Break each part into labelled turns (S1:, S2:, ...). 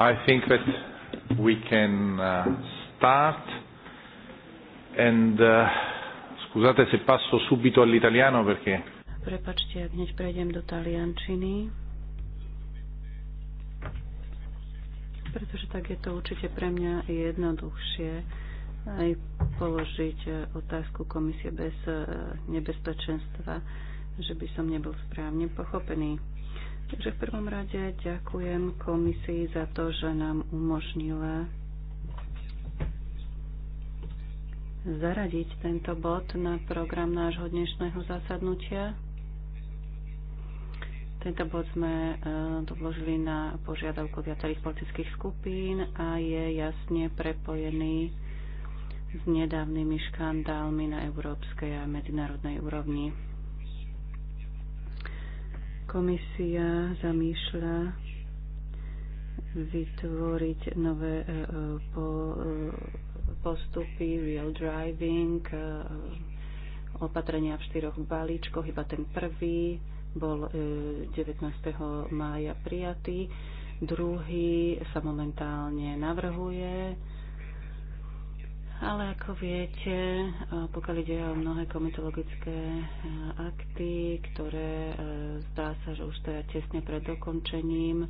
S1: I think that we can uh, start and uh, scusate se passo subito all'italiano perché
S2: Prepačte, ak hneď prejdem do taliančiny. Pretože tak je to určite pre mňa jednoduchšie aj položiť e, otázku komisie bez e, nebezpečenstva, že by som nebol správne pochopený. Takže v prvom rade ďakujem komisii za to, že nám umožnila zaradiť tento bod na program nášho dnešného zasadnutia. Tento bod sme e, dovložili na požiadavku viacerých politických skupín a je jasne prepojený s nedávnymi škandálmi na európskej a medzinárodnej úrovni. Komisia zamýšľa vytvoriť nové e, e, e, postupy, real driving, opatrenia v štyroch balíčkoch, iba ten prvý bol 19. mája prijatý, druhý sa momentálne navrhuje ale ako viete, pokiaľ ide o mnohé komitologické e, akty, ktoré e, zdá sa, že už stoja teda tesne pred dokončením e,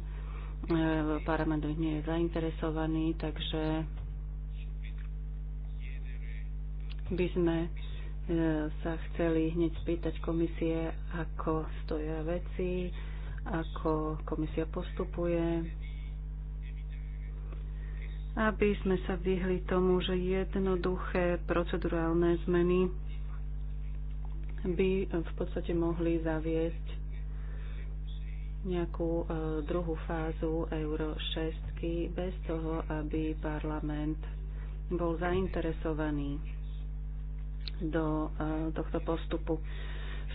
S2: parlament nie je zainteresovaný, takže by sme sa chceli hneď spýtať komisie, ako stoja veci, ako komisia postupuje, aby sme sa vyhli tomu, že jednoduché procedurálne zmeny by v podstate mohli zaviesť nejakú e, druhú fázu Euro 6 bez toho, aby parlament bol zainteresovaný do e, tohto postupu.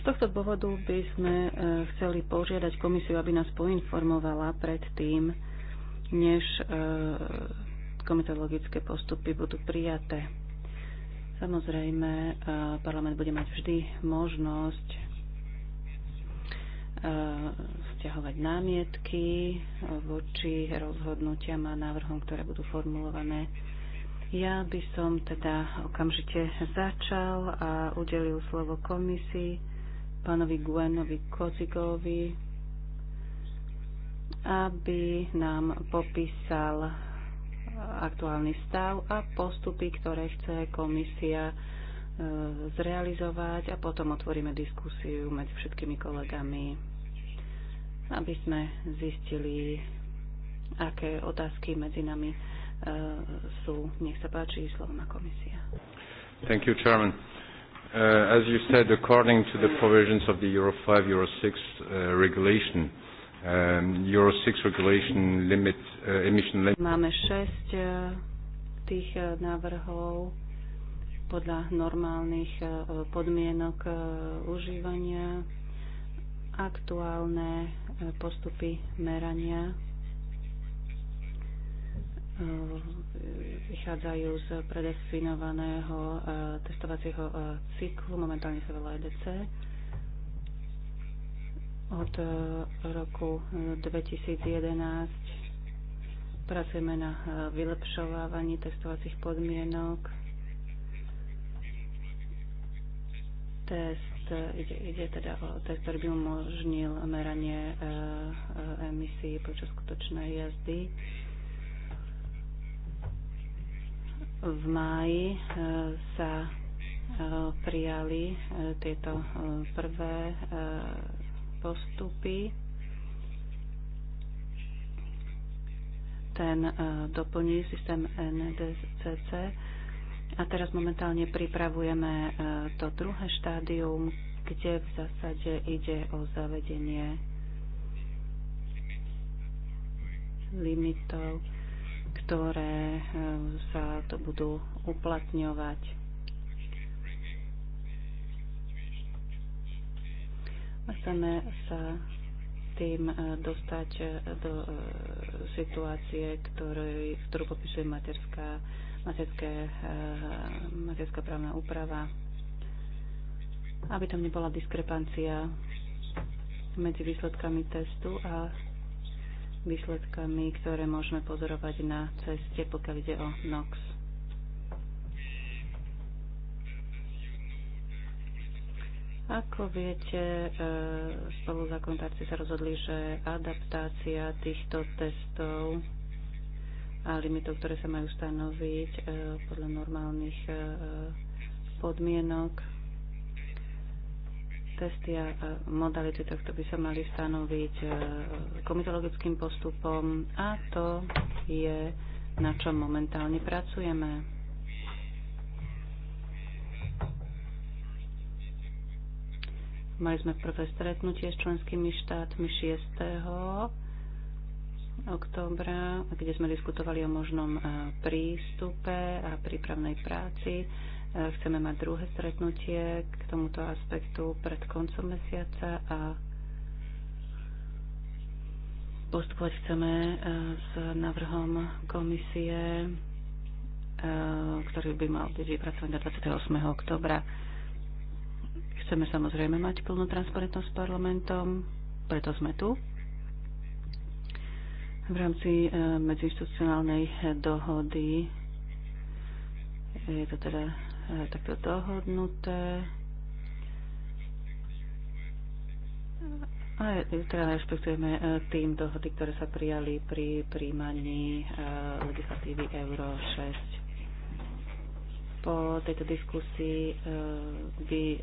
S2: Z tohto dôvodu by sme e, chceli požiadať komisiu, aby nás poinformovala predtým, než komitologické postupy budú prijaté. Samozrejme, e, parlament bude mať vždy možnosť vzťahovať e, námietky voči rozhodnutiam a návrhom, ktoré budú formulované. Ja by som teda okamžite začal a udelil slovo komisii pánovi Gwenovi Kozigovi, aby nám popísal aktuálny stav a postupy, ktoré chce komisia e, zrealizovať a potom otvoríme diskusiu medzi všetkými kolegami, aby sme zistili, aké otázky medzi nami e, sú. Nech sa páči, slovo má komisia.
S1: Thank you, Chairman. Uh, as you said, according to the provisions of the Euro 5, Euro 6 uh, regulation, Um, Euro 6 regulation limit, uh, emission limit.
S2: Máme šesť uh, tých uh, návrhov podľa normálnych podmienok užívania, aktuálne postupy merania vychádzajú z predefinovaného testovacieho cyklu, momentálne sa volá EDC od e, roku 2011 e, pracujeme na e, vylepšovávaní testovacích podmienok. Test, ide, ide teda o test, ktorý by umožnil meranie emisí počas skutočnej jazdy. v máji sa prijali tieto prvé postupy. Ten e, doplní systém NDCC a teraz momentálne pripravujeme e, to druhé štádium, kde v zásade ide o zavedenie limitov, ktoré e, sa to budú uplatňovať Chceme sa tým e, dostať e, do e, situácie, ktorý, ktorú popisuje materská, materské, materská právna úprava, aby tam nebola diskrepancia medzi výsledkami testu a výsledkami, ktoré môžeme pozorovať na ceste, pokiaľ ide o NOX. Ako viete, e, spoluzákonodárci sa rozhodli, že adaptácia týchto testov a limitov, ktoré sa majú stanoviť e, podľa normálnych e, podmienok, testy a modality tohto by sa mali stanoviť komitologickým postupom a to je na čom momentálne pracujeme. Mali sme prvé stretnutie s členskými štátmi 6. oktobra, kde sme diskutovali o možnom e, prístupe a prípravnej práci. E, chceme mať druhé stretnutie k tomuto aspektu pred koncom mesiaca a postupovať chceme e, s návrhom komisie, ktorý by mal byť vypracovaný do 28. oktobra. Chceme samozrejme mať plnú transparentnosť s parlamentom, preto sme tu. V rámci e, medziinstitucionálnej dohody e, je to teda e, takto dohodnuté. A teda rešpektujeme tým dohody, ktoré sa prijali pri príjmaní legislatívy Euro 6. Po tejto diskusii by e, e,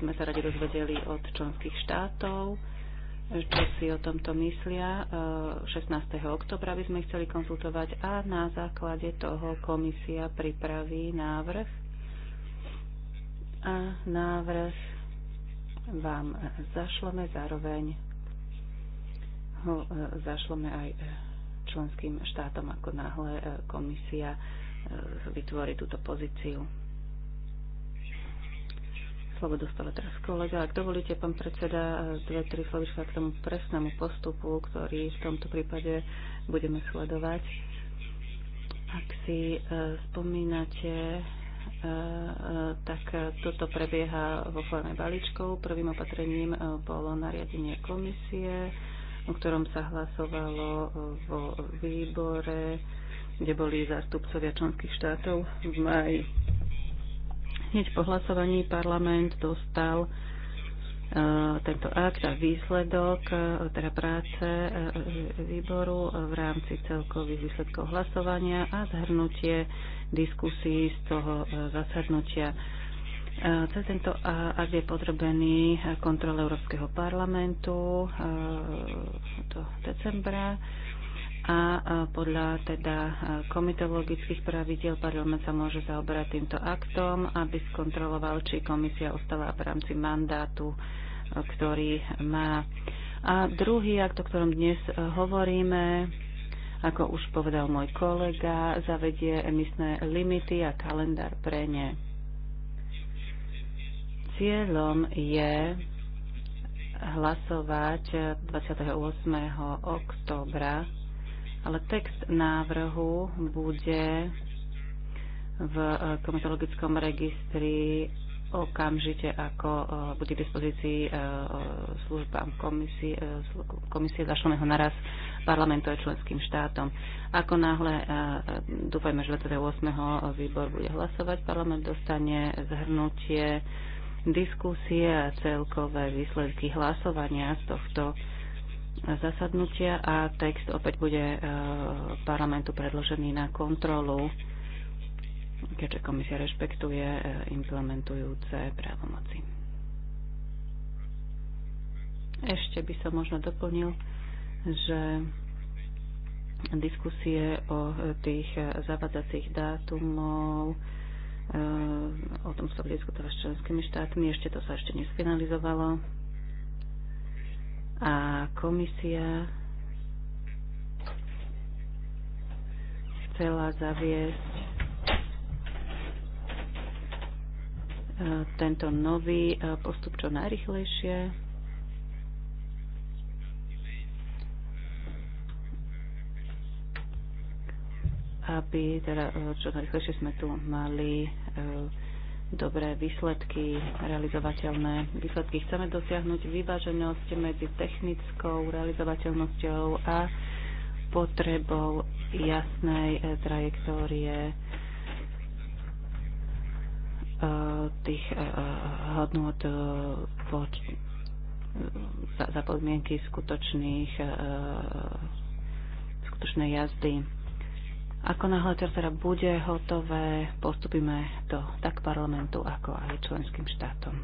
S2: sme sa radi dozvedeli od členských štátov, čo si o tomto myslia. 16. E, oktobra by sme chceli konzultovať a na základe toho komisia pripraví návrh. A návrh vám zašleme zároveň ho zašleme aj členským štátom, ako náhle komisia vytvorí túto pozíciu. Slovo dostáva teraz kolega. Ak dovolíte, pán predseda, dve, tri slovička k tomu presnému postupu, ktorý v tomto prípade budeme sledovať. Ak si e, spomínate, e, e, tak toto prebieha vo forme balíčkov. Prvým opatrením bolo nariadenie komisie, o ktorom sa hlasovalo vo výbore kde boli zástupcovia členských štátov v maji. Hneď po hlasovaní parlament dostal e, tento akt a výsledok e, teda práce e, výboru v rámci celkových výsledkov hlasovania a zhrnutie diskusí z toho zasadnutia. Cez tento akt je podrobený kontrole Európskeho parlamentu do decembra a podľa teda komitologických pravidiel parlament sa môže zaoberať týmto aktom, aby skontroloval, či komisia ostala v rámci mandátu, ktorý má. A druhý akt, o ktorom dnes hovoríme, ako už povedal môj kolega, zavedie emisné limity a kalendár pre ne. Cieľom je hlasovať 28. oktobra ale text návrhu bude v e, komitologickom registri okamžite, ako e, bude k dispozícii e, službám komisie, komisie zašleného naraz parlamentu a členským štátom. Ako náhle, dúfajme, že 28. výbor bude hlasovať, parlament dostane zhrnutie diskusie a celkové výsledky hlasovania z tohto zasadnutia a text opäť bude e, parlamentu predložený na kontrolu, keďže komisia rešpektuje e, implementujúce právomoci. Ešte by som možno doplnil, že diskusie o e, tých zavadzacích dátumov, o tom sa bude diskutovať s členskými štátmi, ešte to sa ešte nesfinalizovalo a komisia chcela zaviesť e, tento nový e, postup čo najrychlejšie. aby teda e, čo najrychlejšie sme tu mali dobré výsledky, realizovateľné výsledky. Chceme dosiahnuť vyváženosť medzi technickou realizovateľnosťou a potrebou jasnej eh, trajektórie eh, tých eh, hodnot za podmienky skutočných skutočnej jazdy ako náhle to teda bude hotové, postupíme to tak parlamentu, ako aj členským štátom.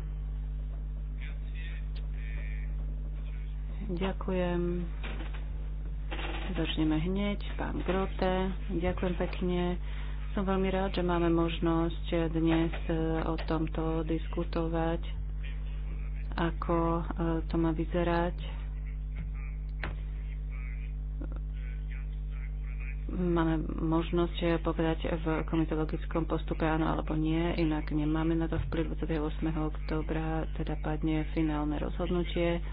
S2: Ďakujem. Začneme hneď. Pán Grote, ďakujem pekne. Som veľmi rád, že máme možnosť dnes e, o tomto diskutovať, ako e, to má vyzerať máme možnosť eh, povedať v komitologickom postupe áno alebo nie, inak nemáme na to vplyv 28. oktobra, teda padne finálne rozhodnutie.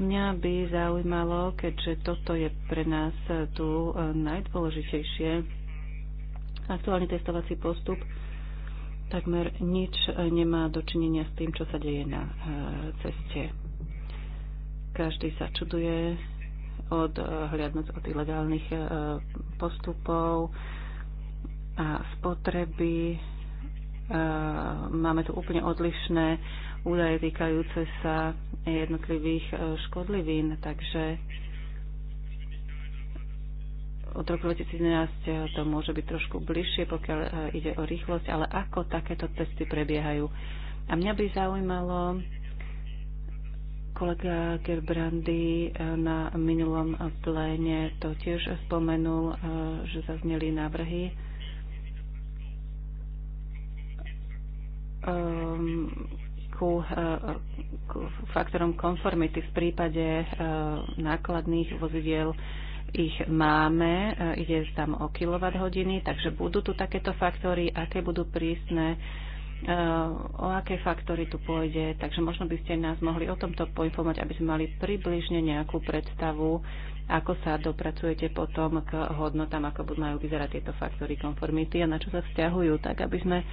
S2: Mňa by zaujímalo, keďže toto je pre nás eh, tu eh, najdôležitejšie, aktuálny testovací postup takmer nič nemá dočinenia s tým, čo sa deje na ceste. Každý sa čuduje, odhliadnúť od ilegálnych e, postupov a spotreby. E, máme tu úplne odlišné údaje týkajúce sa jednotlivých e, škodlivín, takže od roku 2011 to môže byť trošku bližšie, pokiaľ ide o rýchlosť, ale ako takéto testy prebiehajú. A mňa by zaujímalo, Kolega Gerbrandy e, na minulom pléne to tiež spomenul, e, že zazneli návrhy. Ehm, e, ku, faktorom konformity v prípade nákladných vozidiel ich máme, ide tam o kilowatt hodiny, takže budú tu takéto faktory, aké budú prísne, o aké faktory tu pôjde, takže možno by ste nás mohli o tomto poinformovať, aby sme mali približne nejakú predstavu, ako sa dopracujete potom k hodnotám, ako majú vyzerať tieto faktory konformity a na čo sa vzťahujú, tak aby sme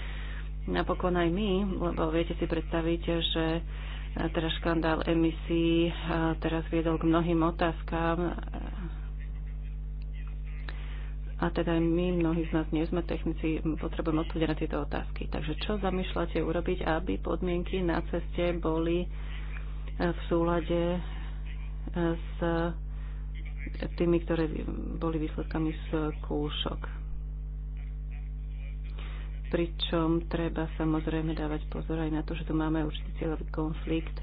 S2: napokon aj my, lebo viete si predstaviť, že teraz škandál emisí eh, teraz viedol k mnohým otázkam a teda aj my, mnohí z nás nie sme technici, potrebujeme odpovedať na tieto otázky. Takže čo zamýšľate urobiť, aby podmienky na ceste boli e, v súlade e, s tými, ktoré boli výsledkami z kúšok. Pričom treba samozrejme dávať pozor aj na to, že tu máme určitý cieľový konflikt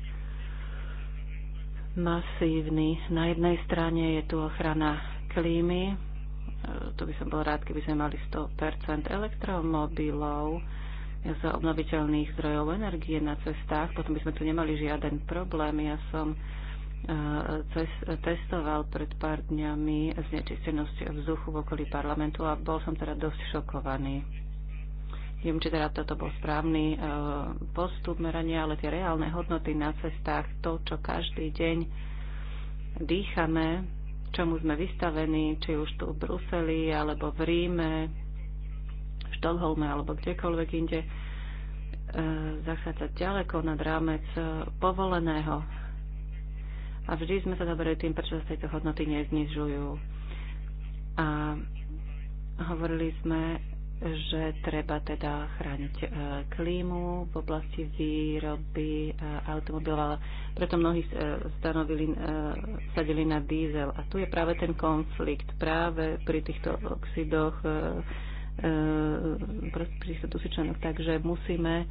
S2: masívny. Na jednej strane je tu ochrana klímy, to by som bol rád, keby sme mali 100% elektromobilov z obnoviteľných zdrojov energie na cestách, potom by sme tu nemali žiaden problém. Ja som eh, testoval pred pár dňami znečistenosť vzduchu v okolí parlamentu a bol som teda dosť šokovaný. Viem, či teda toto bol správny eh, postup merania, ale tie reálne hodnoty na cestách, to, čo každý deň dýchame, čomu sme vystavení, či už tu v Bruseli, alebo v Ríme, v Štolholme, alebo kdekoľvek inde, e, zachádzať ďaleko nad rámec e, povoleného. A vždy sme sa zaberali tým, prečo sa tejto hodnoty neznižujú. A hovorili sme že treba teda chrániť e, klímu v oblasti výroby e, automobilov, ale preto mnohí e, stanovili, sadili na diesel. A tu je práve ten konflikt práve pri týchto oxidoch, pri týchto dusičanoch. Takže musíme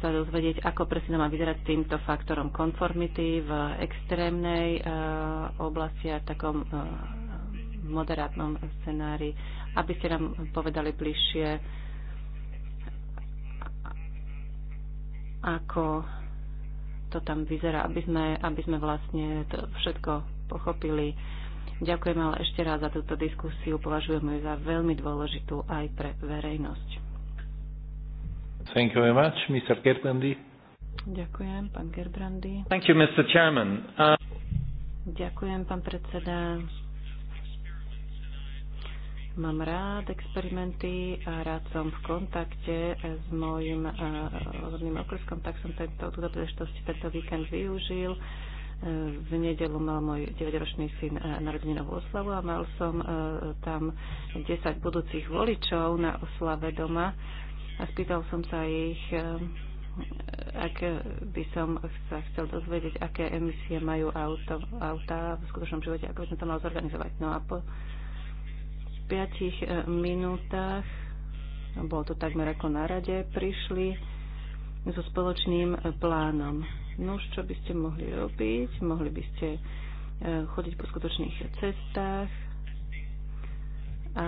S2: sa dozvedieť, ako presne má vyzerať týmto faktorom konformity v extrémnej oblasti a takom moderátnom scenári, aby ste nám povedali bližšie, ako to tam vyzerá, aby sme, aby sme vlastne to všetko pochopili. Ďakujem ale ešte raz za túto diskusiu, považujem ju za veľmi dôležitú aj pre verejnosť.
S1: Thank you very much, Mr. Gerbrandy.
S2: Ďakujem, pán Gerbrandy. Thank you, Mr. Chairman. Uh... Ďakujem, pán predseda. Mám rád experimenty a rád som v kontakte s mojim hlavným eh, okreskom, tak som tento, túto príležitosť tento víkend využil. Eh, v nedelu mal môj 9-ročný syn eh, narodeninovú oslavu a mal som tam 10 budúcich voličov na oslave doma a spýtal som sa ich, ak by som sa chcel dozvedieť, aké emisie majú auto, auta v skutočnom živote, ako by sme to mal zorganizovať. No a po, piatich e, minútach, bolo to takmer ako na rade, prišli so spoločným e, plánom. No už čo by ste mohli robiť? Mohli by ste e, chodiť po skutočných cestách a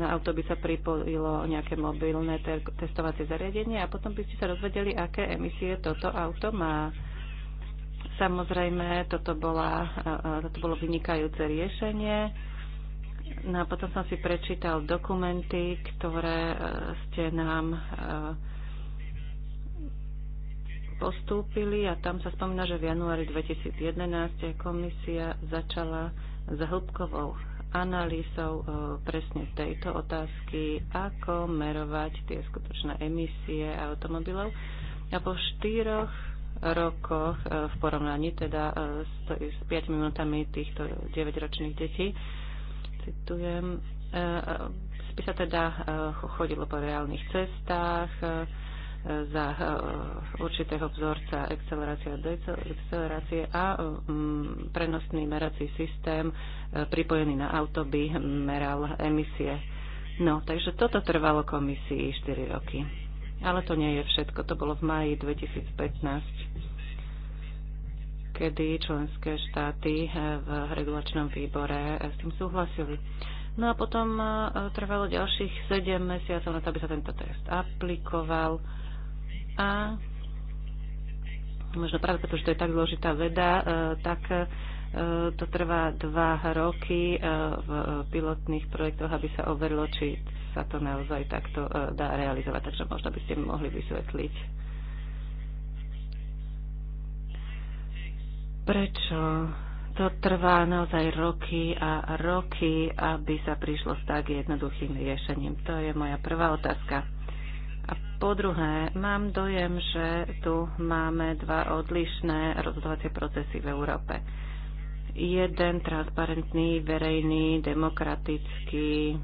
S2: na auto by sa pripojilo nejaké mobilné testovacie zariadenie a potom by ste sa rozvedeli, aké emisie toto auto má. Samozrejme, toto, bola, toto bolo vynikajúce riešenie No a potom som si prečítal dokumenty, ktoré e, ste nám e, postúpili a tam sa spomína, že v januári 2011 komisia začala s hĺbkovou analýzou e, presne tejto otázky, ako merovať tie skutočné emisie automobilov. A po štyroch rokoch v porovnaní teda s 5 minútami týchto 9-ročných detí citujem, e, e, by sa teda e, chodilo po reálnych cestách za určitého vzorca akcelerácie a deakcelerácie a prenosný merací systém pripojený na auto by meral emisie. No, takže toto trvalo komisii 4 roky. Ale to nie je všetko. To bolo v maji 2015 kedy členské štáty eh, v regulačnom výbore eh, s tým súhlasili. No a potom eh, trvalo ďalších 7 mesiacov na to, aby sa tento test aplikoval. A možno práve preto, že to je tak zložitá veda, tak to trvá dva roky v pilotných projektoch, aby sa overilo, či sa to naozaj takto dá realizovať. Takže možno by ste mohli vysvetliť Prečo to trvá naozaj roky a roky, aby sa prišlo s tak jednoduchým riešením? To je moja prvá otázka. A po druhé, mám dojem, že tu máme dva odlišné rozhodovacie procesy v Európe. Jeden transparentný, verejný, demokratický, e,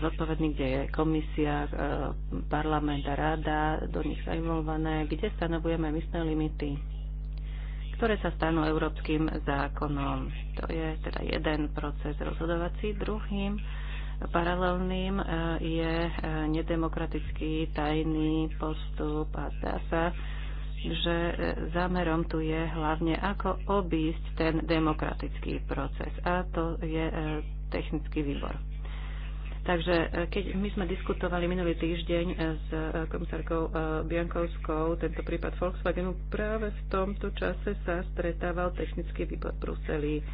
S2: zodpovedný, kde je komisia, e, parlament a rada, do nich involvané, kde stanovujeme mysné limity ktoré sa stanú európskym zákonom. To je teda jeden proces rozhodovací. Druhým paralelným e, je e, nedemokratický tajný postup a dá sa že e, zámerom tu je hlavne, ako obísť ten demokratický proces. A to je technický výbor. Takže e, keď my sme diskutovali minulý týždeň e, s e, komisárkou Biankovskou tento prípad Volkswagenu, práve v tomto čase sa stretával technický výbor Bruseli.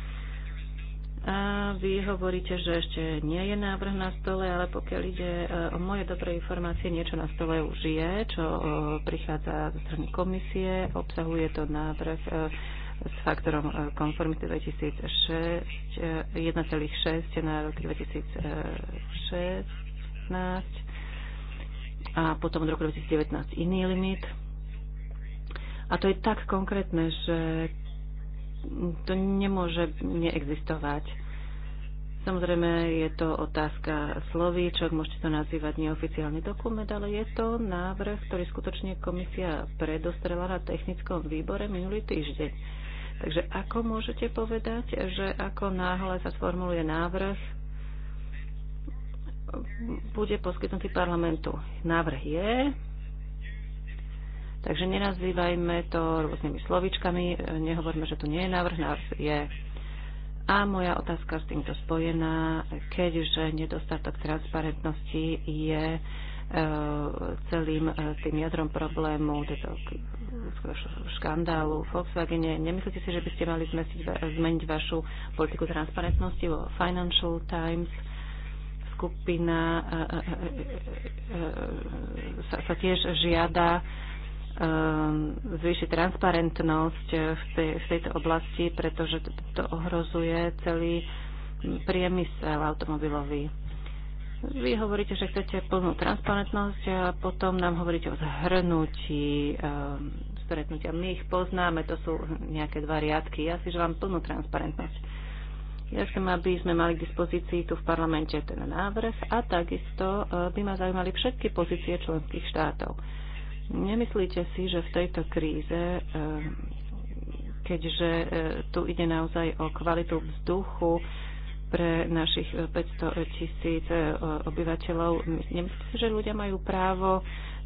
S2: A vy hovoríte, že ešte nie je návrh na stole, ale pokiaľ ide o moje dobré informácie, niečo na stole už je, čo prichádza zo strany komisie, obsahuje to návrh s faktorom e, konformity 2006, 1,6 e, na rok 2016 a potom od roku 2019 iný limit. A to je tak konkrétne, že to nemôže neexistovať. Samozrejme, je to otázka slovíčok, môžete to nazývať neoficiálny dokument, ale je to návrh, ktorý skutočne komisia predostrela na technickom výbore minulý týždeň. Takže ako môžete povedať, že ako náhle sa sformuluje návrh, bude poskytnutý parlamentu. Návrh je, takže nenazývajme to rôznymi slovičkami, nehovorme, že tu nie je návrh, návrh je. A moja otázka s týmto spojená, keďže nedostatok transparentnosti je e, celým e, tým jadrom problému teda škandálu Volkswagene. Nemyslíte si, že by ste mali zmesiť, zmeniť vašu politiku transparentnosti vo Financial Times? Skupina e, e, e, sa, sa tiež žiada ehm, zvýšiť transparentnosť v, tej, v tejto oblasti, pretože to, to ohrozuje celý priemysel automobilový. Vy hovoríte, že chcete plnú transparentnosť a potom nám hovoríte o zhrnutí ehm, stretnutia. My ich poznáme, to sú nejaké dva riadky. Ja si želám plnú transparentnosť. Ja chcem, aby sme mali k dispozícii tu v parlamente ten návrh a takisto e, by ma zaujímali všetky pozície členských štátov. Nemyslíte si, že v tejto kríze, e, keďže e, tu ide naozaj o kvalitu vzduchu, pre našich 500 tisíc obyvateľov. Nemyslíte si, že ľudia majú právo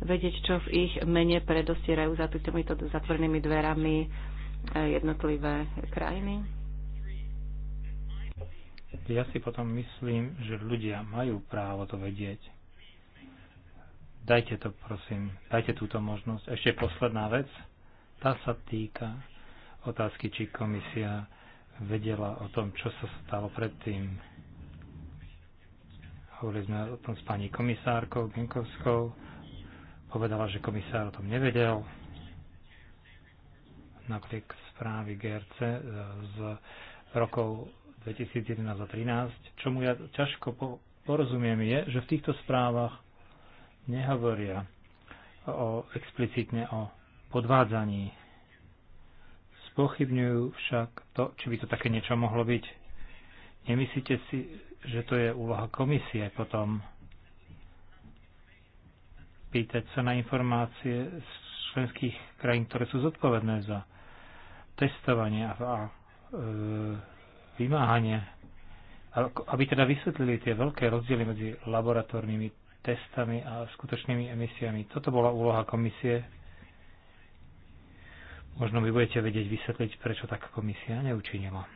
S2: vedieť, čo v ich mene predostierajú za týmito zatvorenými dverami e, jednotlivé krajiny?
S1: Ja si potom myslím, že ľudia majú právo to vedieť. Dajte to, prosím, dajte túto možnosť. Ešte posledná vec, tá sa týka otázky, či komisia vedela o tom, čo sa stalo predtým. Hovorili sme o tom s pani komisárkou Genkovskou Povedala, že komisár o tom nevedel. Napriek správy GRC e, z rokov 2011 a 2013, čomu ja ťažko porozumiem je, že v týchto správach nehovoria o, explicitne o podvádzaní. Spochybňujú však to, či by to také niečo mohlo byť. Nemyslíte si, že to je úloha komisie potom pýtať sa na informácie z členských krajín, ktoré sú zodpovedné za testovanie a, a e, vymáhanie, aby teda vysvetlili tie veľké rozdiely medzi laboratórnymi testami a skutočnými emisiami. Toto bola úloha komisie. Možno vy budete vedieť vysvetliť, prečo tak komisia neučinila.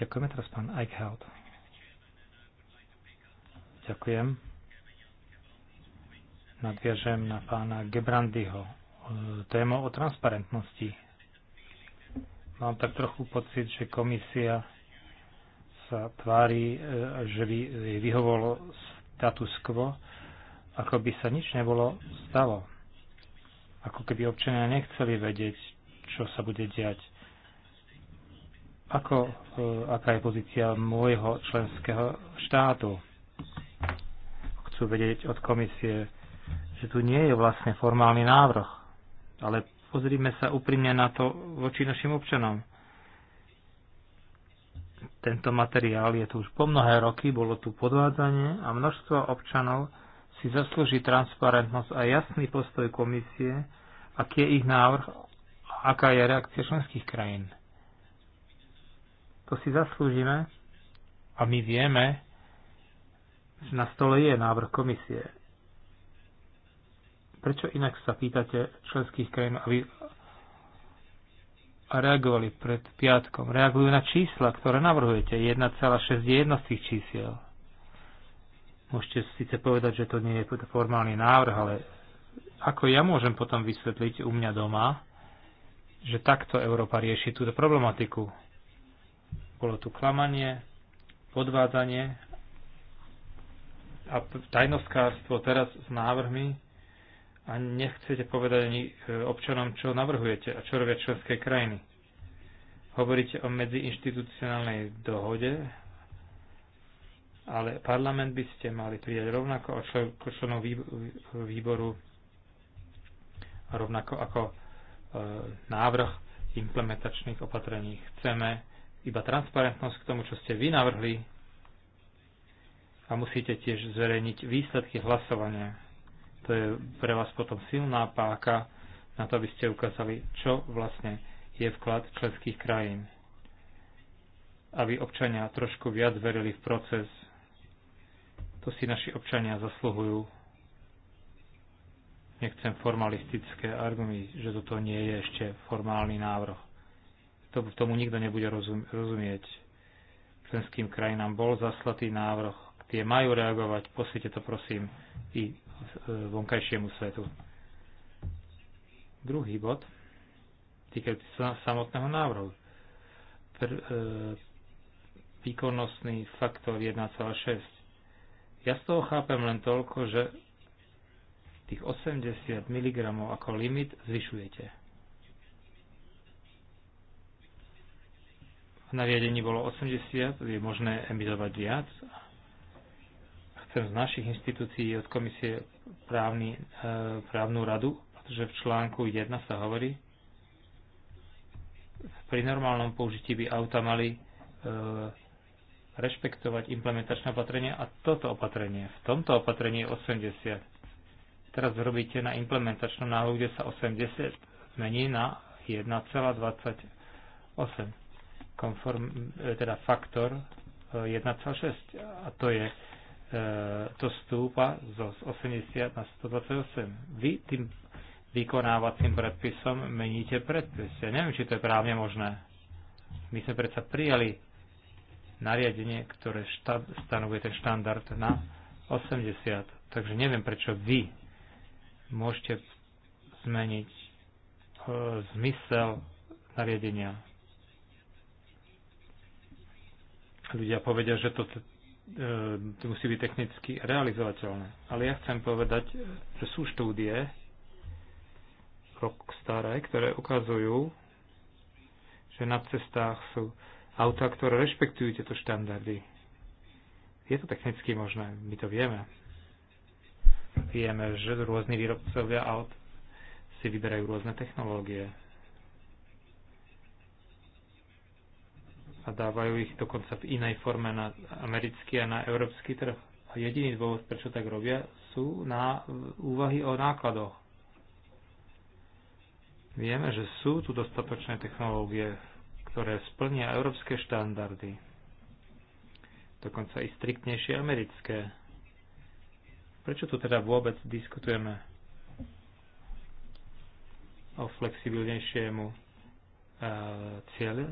S1: Ďakujeme teraz pán Eichhout. Ďakujem nadviažem na pána Gebrandyho. Tému o transparentnosti. Mám tak trochu pocit, že komisia sa tvári, e, že by jej vyhovolo status quo, ako by sa nič nebolo stalo. Ako keby občania nechceli vedieť, čo sa bude diať. Ako, e, aká je pozícia môjho členského štátu? Chcú vedieť od komisie, že tu nie je vlastne formálny návrh, ale pozrime sa úprimne na to voči našim občanom. Tento materiál je tu už po mnohé roky, bolo tu podvádzanie a množstvo občanov si zaslúži transparentnosť a jasný postoj komisie, aký je ich návrh a aká je reakcia členských krajín. To si zaslúžime a my vieme, že na stole je návrh komisie Prečo inak sa pýtate členských krajín, aby reagovali pred piatkom? Reagujú na čísla, ktoré navrhujete. 1,6 je z tých čísiel. Môžete síce povedať, že to nie je formálny návrh, ale ako ja môžem potom vysvetliť u mňa doma, že takto Európa rieši túto problematiku? Bolo tu klamanie, podvádzanie a tajnostkárstvo teraz s návrhmi a nechcete povedať ani e, občanom, čo navrhujete a čo robia členské krajiny. Hovoríte o medziinstitucionálnej dohode, ale parlament by ste mali prijať rovnako ako členov výboru, rovnako ako e, návrh implementačných opatrení. Chceme iba transparentnosť k tomu, čo ste vy navrhli a musíte tiež zverejniť výsledky hlasovania to je pre vás potom silná páka na to, aby ste ukázali, čo vlastne je vklad členských krajín. Aby občania trošku viac verili v proces. To si naši občania zasluhujú. Nechcem formalistické argumy, že toto nie je ešte formálny návrh. To, tomu nikto nebude rozum, rozumieť. Členským krajinám bol zaslatý návrh, tie majú reagovať, poslite to prosím i vonkajšiemu svetu. Druhý bod, týka sa samotného návrhu. Pr, e, výkonnostný faktor 1,6. Ja z toho chápem len toľko, že tých 80 mg ako limit zvyšujete. V nariadení bolo 80, je možné emitovať viac a Chcem z našich inštitúcií od komisie právny, e, právnu radu, pretože v článku 1 sa hovorí, pri normálnom použití by auta mali e, rešpektovať implementačné opatrenie a toto opatrenie. V tomto opatrení je 80. Teraz robíte na implementačnom návrhu, kde sa 80 zmení na 1,28. Konform, e, teda faktor 1,6. A to je E, to stúpa z 80 na 128. Vy tým vykonávacím predpisom meníte predpis. Ja neviem, či to je právne možné. My sme predsa prijali nariadenie, ktoré stanovuje ten štandard na 80. Takže neviem, prečo vy môžete zmeniť e, zmysel nariadenia. Ľudia povedia, že to Ehm, to musí byť technicky realizovateľné. Ale ja chcem povedať, že sú štúdie rok staré, ktoré ukazujú, že na cestách sú autá, ktoré rešpektujú tieto štandardy. Je to technicky možné, my to vieme. Vieme, že rôzni výrobcovia aut si vyberajú rôzne technológie. a dávajú ich dokonca v inej forme na americký a na európsky trh. A jediný dôvod, prečo tak robia, sú na úvahy o nákladoch. Vieme, že sú tu dostatočné technológie, ktoré splnia európske štandardy, dokonca i striktnejšie americké. Prečo tu teda vôbec diskutujeme o flexibilnejšiemu e, cieľu?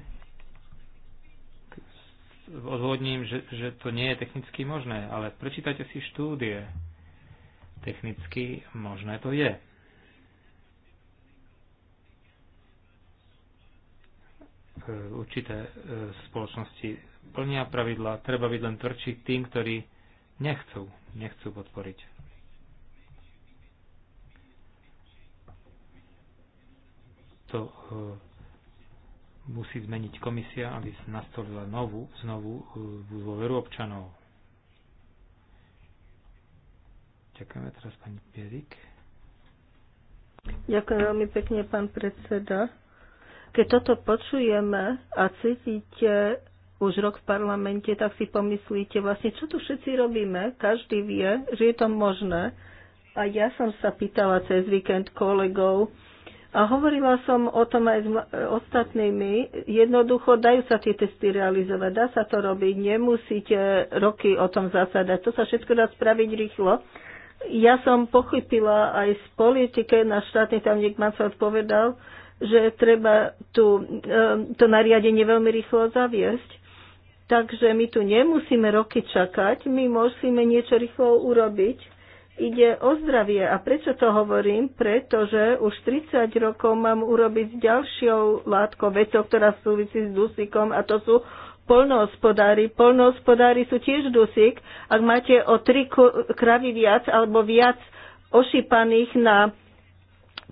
S1: odvodním, že, že to nie je technicky možné, ale prečítajte si štúdie. Technicky možné to je. E, určité e, spoločnosti plnia pravidla, treba byť len tvrdší tým, ktorí nechcú, nechcú podporiť. To e, musí zmeniť komisia, aby nastolila novú, znovu e, dôveru občanov. Ďakujeme teraz pani Pierik.
S3: Ďakujem veľmi pekne, pán predseda. Keď toto počujeme a cítite už rok v parlamente, tak si pomyslíte vlastne, čo tu všetci robíme. Každý vie, že je to možné. A ja som sa pýtala cez víkend kolegov, a hovorila som o tom aj s ostatnými. Jednoducho dajú sa tie testy realizovať, dá sa to robiť, nemusíte roky o tom zasadať. To sa všetko dá spraviť rýchlo. Ja som pochopila aj z politike, na štátny tamník sa povedal, že treba tu, ehm, to nariadenie veľmi rýchlo zaviesť. Takže my tu nemusíme roky čakať, my musíme niečo rýchlo urobiť ide o zdravie. A prečo to hovorím? Pretože už 30 rokov mám urobiť ďalšou látkou, vecou, ktorá súvisí s dusíkom a to sú polnohospodári. Polnohospodári sú tiež dusík. Ak máte o tri kravy viac alebo viac ošípaných na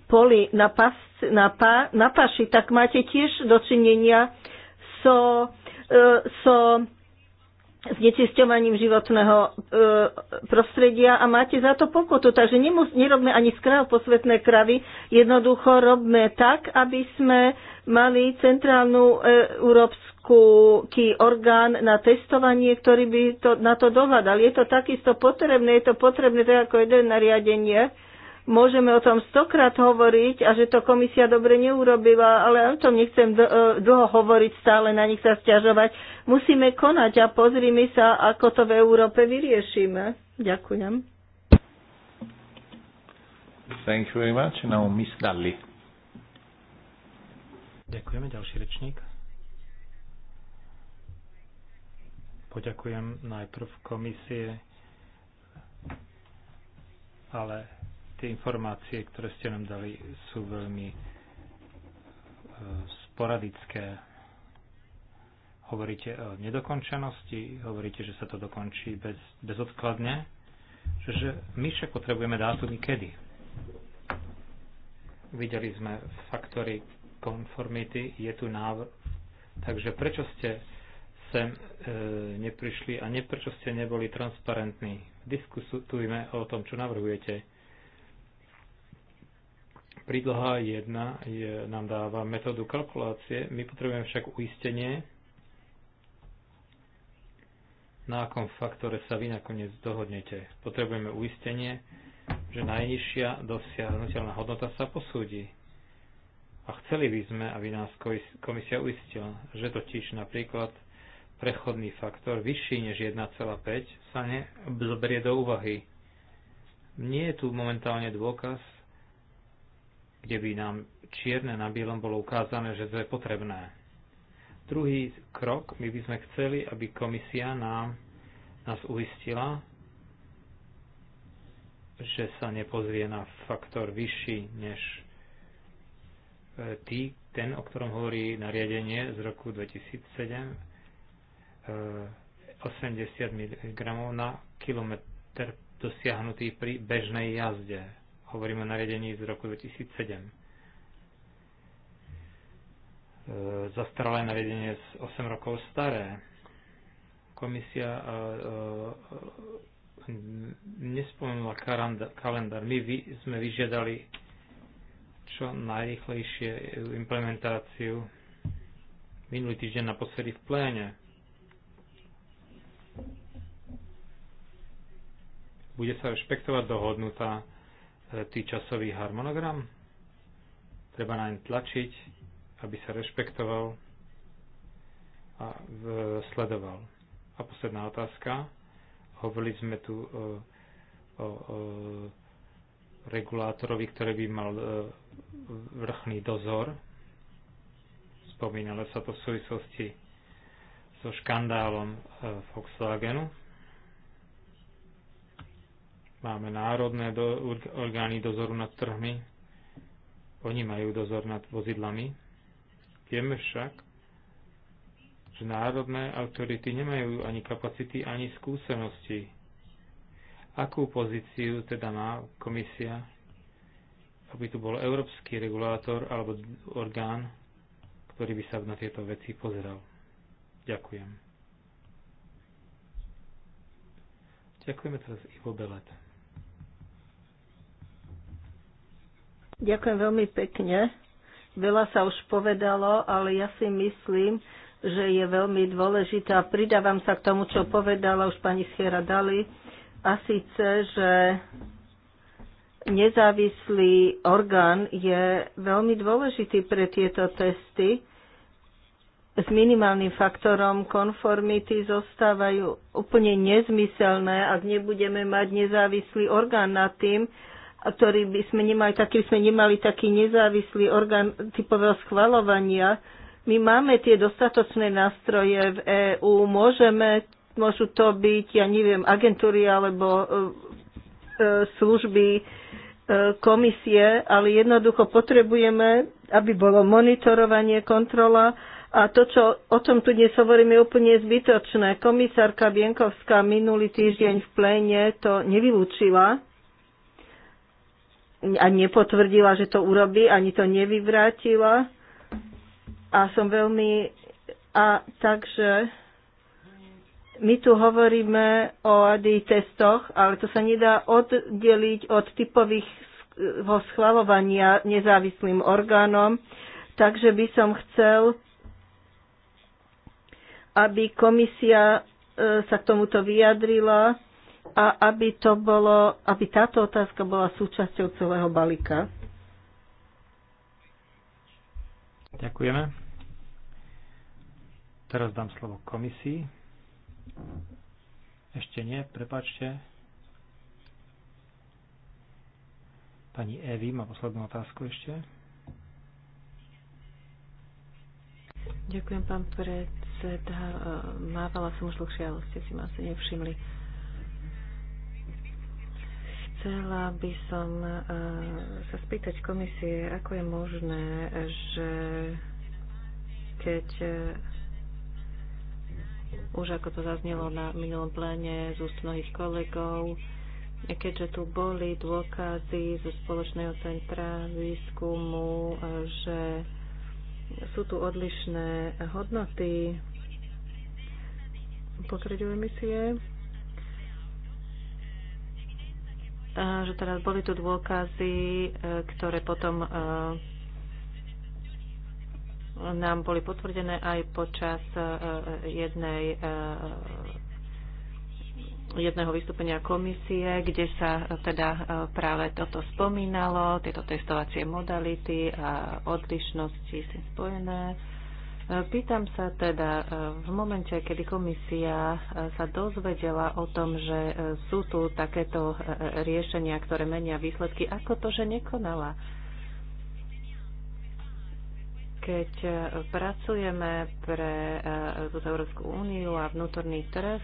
S3: poli, na, pas, na, pa, na paši, tak máte tiež dočinenia so, e, so znečisťovaním životného e, prostredia a máte za to pokutu. Takže nemus, nerobme ani z kráv posvetné kravy, jednoducho robme tak, aby sme mali centrálnu e, európsky orgán na testovanie, ktorý by to, na to dohľadal. Je to takisto potrebné, je to potrebné tak ako jeden nariadenie, Môžeme o tom stokrát hovoriť a že to komisia dobre neurobila, ale o tom nechcem e, dlho hovoriť stále, na nich sa stiažovať. Musíme konať a pozrime sa, ako to v Európe vyriešime. Ďakujem. Thank you very much.
S1: Now Miss Dalli. Ďakujeme, ďalší rečník. Poďakujem najprv komisie, ale tie informácie, ktoré ste nám dali, sú veľmi e, sporadické. Hovoríte o nedokončenosti, hovoríte, že sa to dokončí bez, bezodkladne, že my však potrebujeme dátum kedy. Videli sme faktory konformity, je tu návrh. Takže prečo ste sem e, neprišli a ne, prečo ste neboli transparentní? Diskusujme o tom, čo navrhujete Pridlha 1 je, nám dáva metódu kalkulácie, my potrebujeme však uistenie, na akom faktore sa vy nakoniec dohodnete. Potrebujeme uistenie, že najnižšia dosiahnutelná hodnota sa posúdi. A chceli by sme, aby nás komisia uistila, že totiž napríklad prechodný faktor vyšší než 1,5 sa nezoberie do úvahy. Nie je tu momentálne dôkaz, kde by nám čierne na bielom bolo ukázané, že to je potrebné. Druhý krok, my by sme chceli, aby komisia nám, nás uistila, že sa nepozrie na faktor vyšší než e, tý, ten, o ktorom hovorí nariadenie z roku 2007, 80 mg na kilometr dosiahnutý pri bežnej jazde. Hovoríme o nariadení z roku 2007. E, zastaralé nariadenie z 8 rokov staré. Komisia e, e, nespomenula kalendár. My sme vyžiadali čo najrychlejšie implementáciu minulý týždeň naposledy v pléne. Bude sa rešpektovať dohodnutá E, tý časový harmonogram. Treba naň tlačiť, aby sa rešpektoval a sledoval. A posledná otázka. Hovorili sme tu o, e, o, o regulátorovi, ktorý by mal e, vrchný dozor. Spomínalo sa to v súvislosti so škandálom Volkswagenu. Máme národné do, orgány dozoru nad trhmi. Oni majú dozor nad vozidlami. Vieme však, že národné autority nemajú ani kapacity, ani skúsenosti. Akú pozíciu teda má komisia, aby tu bol európsky regulátor alebo orgán, ktorý by sa na tieto veci pozeral? Ďakujem. Ďakujeme teraz Ivo Belet.
S3: Ďakujem veľmi pekne. Veľa sa už povedalo, ale ja si myslím, že je veľmi dôležité a pridávam sa k tomu, čo povedala už pani Schiera Dali a síce, že nezávislý orgán je veľmi dôležitý pre tieto testy. S minimálnym faktorom konformity zostávajú úplne nezmyselné, ak nebudeme mať nezávislý orgán nad tým, ktorý by sme nemali, taký by sme nemali taký nezávislý orgán typového schvalovania. My máme tie dostatočné nástroje v EÚ, môžeme, môžu to byť, ja neviem, agentúry alebo e, e, služby e, komisie, ale jednoducho potrebujeme, aby bolo monitorovanie, kontrola a to, čo o tom tu dnes hovorím, je úplne zbytočné. Komisárka Bienkovská minulý týždeň v pléne to nevylúčila, a nepotvrdila, že to urobí, ani to nevyvrátila. A som veľmi... A takže my tu hovoríme o ADI testoch, ale to sa nedá oddeliť od typových schvalovania nezávislým orgánom. Takže by som chcel, aby komisia e, sa k tomuto vyjadrila a aby, to bolo, aby táto otázka bola súčasťou celého balíka.
S1: Ďakujeme. Teraz dám slovo komisii. Ešte nie, prepačte. Pani Evi má poslednú otázku ešte.
S2: Ďakujem, pán predseda. Mávala som už dlhšie, ale ste si ma asi nevšimli. Chcela by som e, sa spýtať komisie, ako je možné, že keď e, už ako to zaznelo na minulom pléne z úst mnohých kolegov, keďže tu boli dôkazy zo spoločného centra výskumu, e, že sú tu odlišné hodnoty, pokiaľ emisie, že teda boli tu dôkazy, e, ktoré potom e, nám boli potvrdené aj počas e, jednej jedného vystúpenia komisie, kde sa teda práve toto spomínalo, tieto testovacie modality a odlišnosti sú spojené. Pýtam sa teda, e, v momente, kedy komisia e, sa dozvedela o tom, že e, sú tu takéto riešenia, ktoré menia výsledky, ako to, že nekonala? Keď pracujeme pre Európsku úniu a vnútorný trh,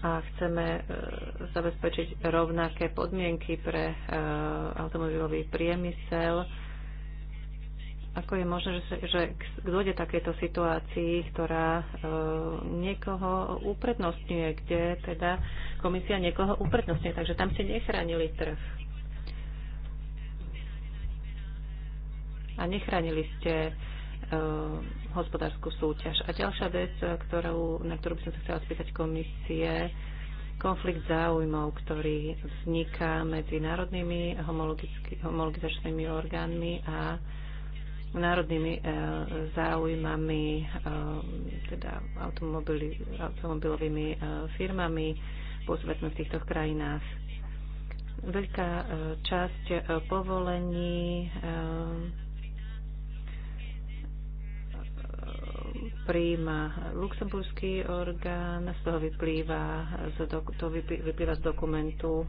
S2: a chceme e, zabezpečiť rovnaké podmienky pre e, automobilový priemysel. Ako je možné, že, že dôjde takéto situácii, ktorá e, niekoho uprednostňuje, kde teda komisia niekoho uprednostňuje, takže tam ste nechránili trh. A nechránili ste Eh, hospodárskú súťaž. A ďalšia vec, ktorú, na ktorú by som sa chcela spýtať komisie, konflikt záujmov, ktorý vzniká medzi národnými homologizačnými orgánmi a národnými e, záujmami, e, teda automobilovými e, firmami, pôsobecme v týchto krajinách. Veľká e, časť e, povolení e, príjma luxemburský orgán, z toho vyplýva z, to vyplýva z dokumentu,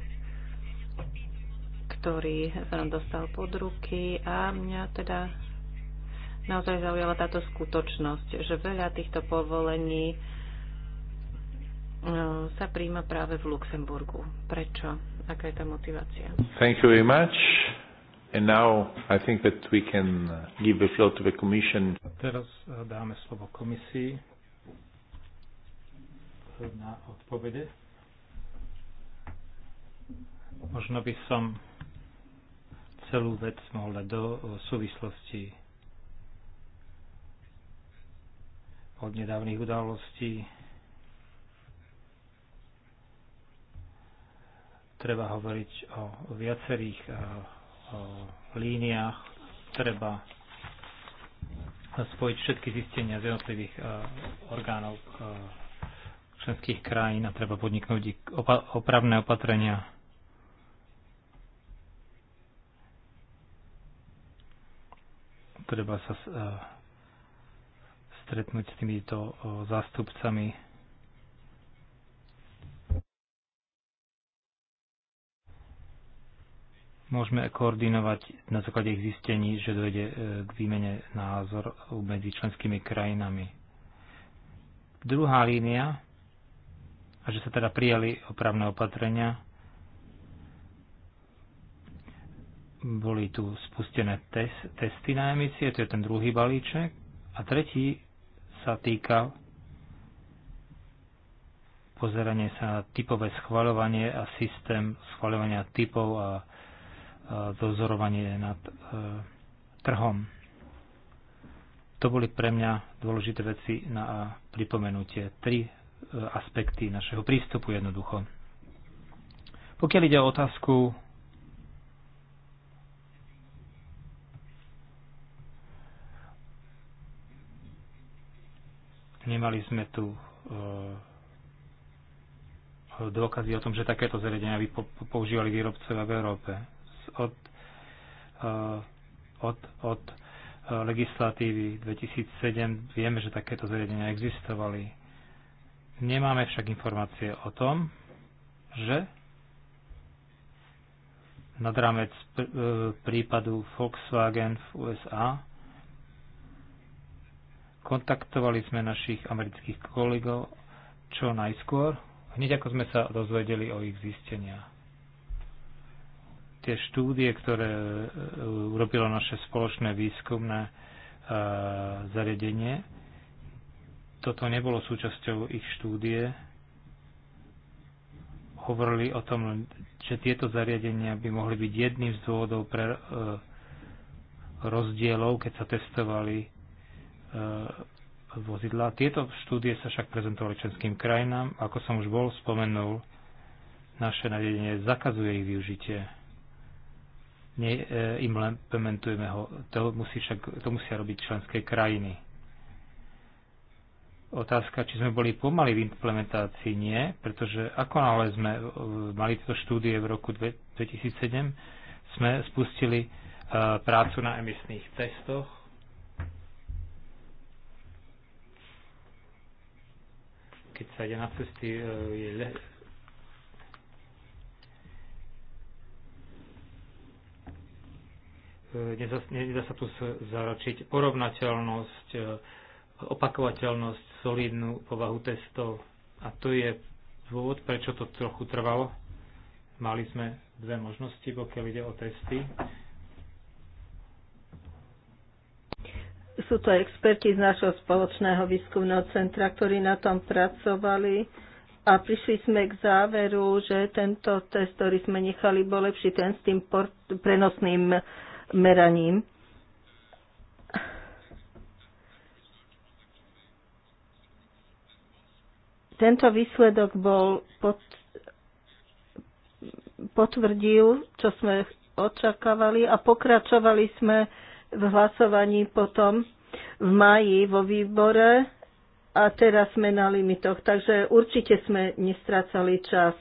S2: ktorý sa nám dostal pod ruky a mňa teda naozaj zaujala táto skutočnosť, že veľa týchto povolení e, sa príjma práve v Luxemburgu. Prečo? Aká je tá motivácia? Thank you very
S1: much. And now I think that we can uh, give the floor to the Commission. Teraz uh, dáme slovo komisii na odpovede. Možno by som celú vec mohol dať do uh, súvislosti od nedávnych udalostí. Treba hovoriť o viacerých líniách treba spojiť všetky zistenia z jednotlivých e, orgánov e, členských krajín a treba podniknúť opravné opatrenia. Treba sa e, stretnúť s týmito zástupcami Môžeme koordinovať na základe ich zistení, že dojde e, k výmene názor medzi členskými krajinami. Druhá línia, a že sa teda prijali opravné opatrenia, boli tu spustené test, testy na emisie, to je ten druhý balíček. A tretí sa týka pozeranie sa na typové schvaľovanie a systém schvaľovania typov a dozorovanie nad e, trhom. To boli pre mňa dôležité veci na no pripomenutie. Tri e, aspekty našeho prístupu jednoducho. Pokiaľ ide o otázku nemali sme tu e, dôkazy o tom, že takéto zariadenia by používali výrobcovia v Európe. Eh, od, od, od eh, legislatívy 2007. Vieme, že takéto zariadenia existovali. Nemáme však informácie o tom, že nad rámec eh, prípadu Volkswagen v USA kontaktovali sme našich amerických kolegov čo najskôr, hneď ako sme sa dozvedeli o ich zisteniach tie štúdie, ktoré e, urobilo naše spoločné výskumné e, zariadenie, toto nebolo súčasťou ich štúdie. Hovorili o tom, že tieto zariadenia by mohli byť jedným z dôvodov pre e, rozdielov, keď sa testovali vozidla. Tieto štúdie sa však prezentovali členským krajinám. Ako som už bol spomenul, naše nariadenie zakazuje ich využitie neimplementujeme e, ho. To, musí však, to musia robiť členské krajiny. Otázka, či sme boli pomaly v implementácii, nie, pretože ako náhle sme e, mali tieto štúdie v roku 2007, sme spustili e, prácu na emisných testoch. Keď sa ide na cesty, je E, nedá, sa tu zaručiť porovnateľnosť, e, opakovateľnosť, solidnú povahu testov. A to je dôvod, prečo to trochu trvalo. Mali sme dve možnosti, pokiaľ ide o testy.
S3: Sú to experti z nášho spoločného výskumného centra, ktorí na tom pracovali a prišli sme k záveru, že tento test, ktorý sme nechali, bol lepší ten s tým prenosným meraním. Tento výsledok bol pod, potvrdil, čo sme očakávali a pokračovali sme v hlasovaní potom v maji vo výbore a teraz sme na limitoch, takže určite sme nestrácali čas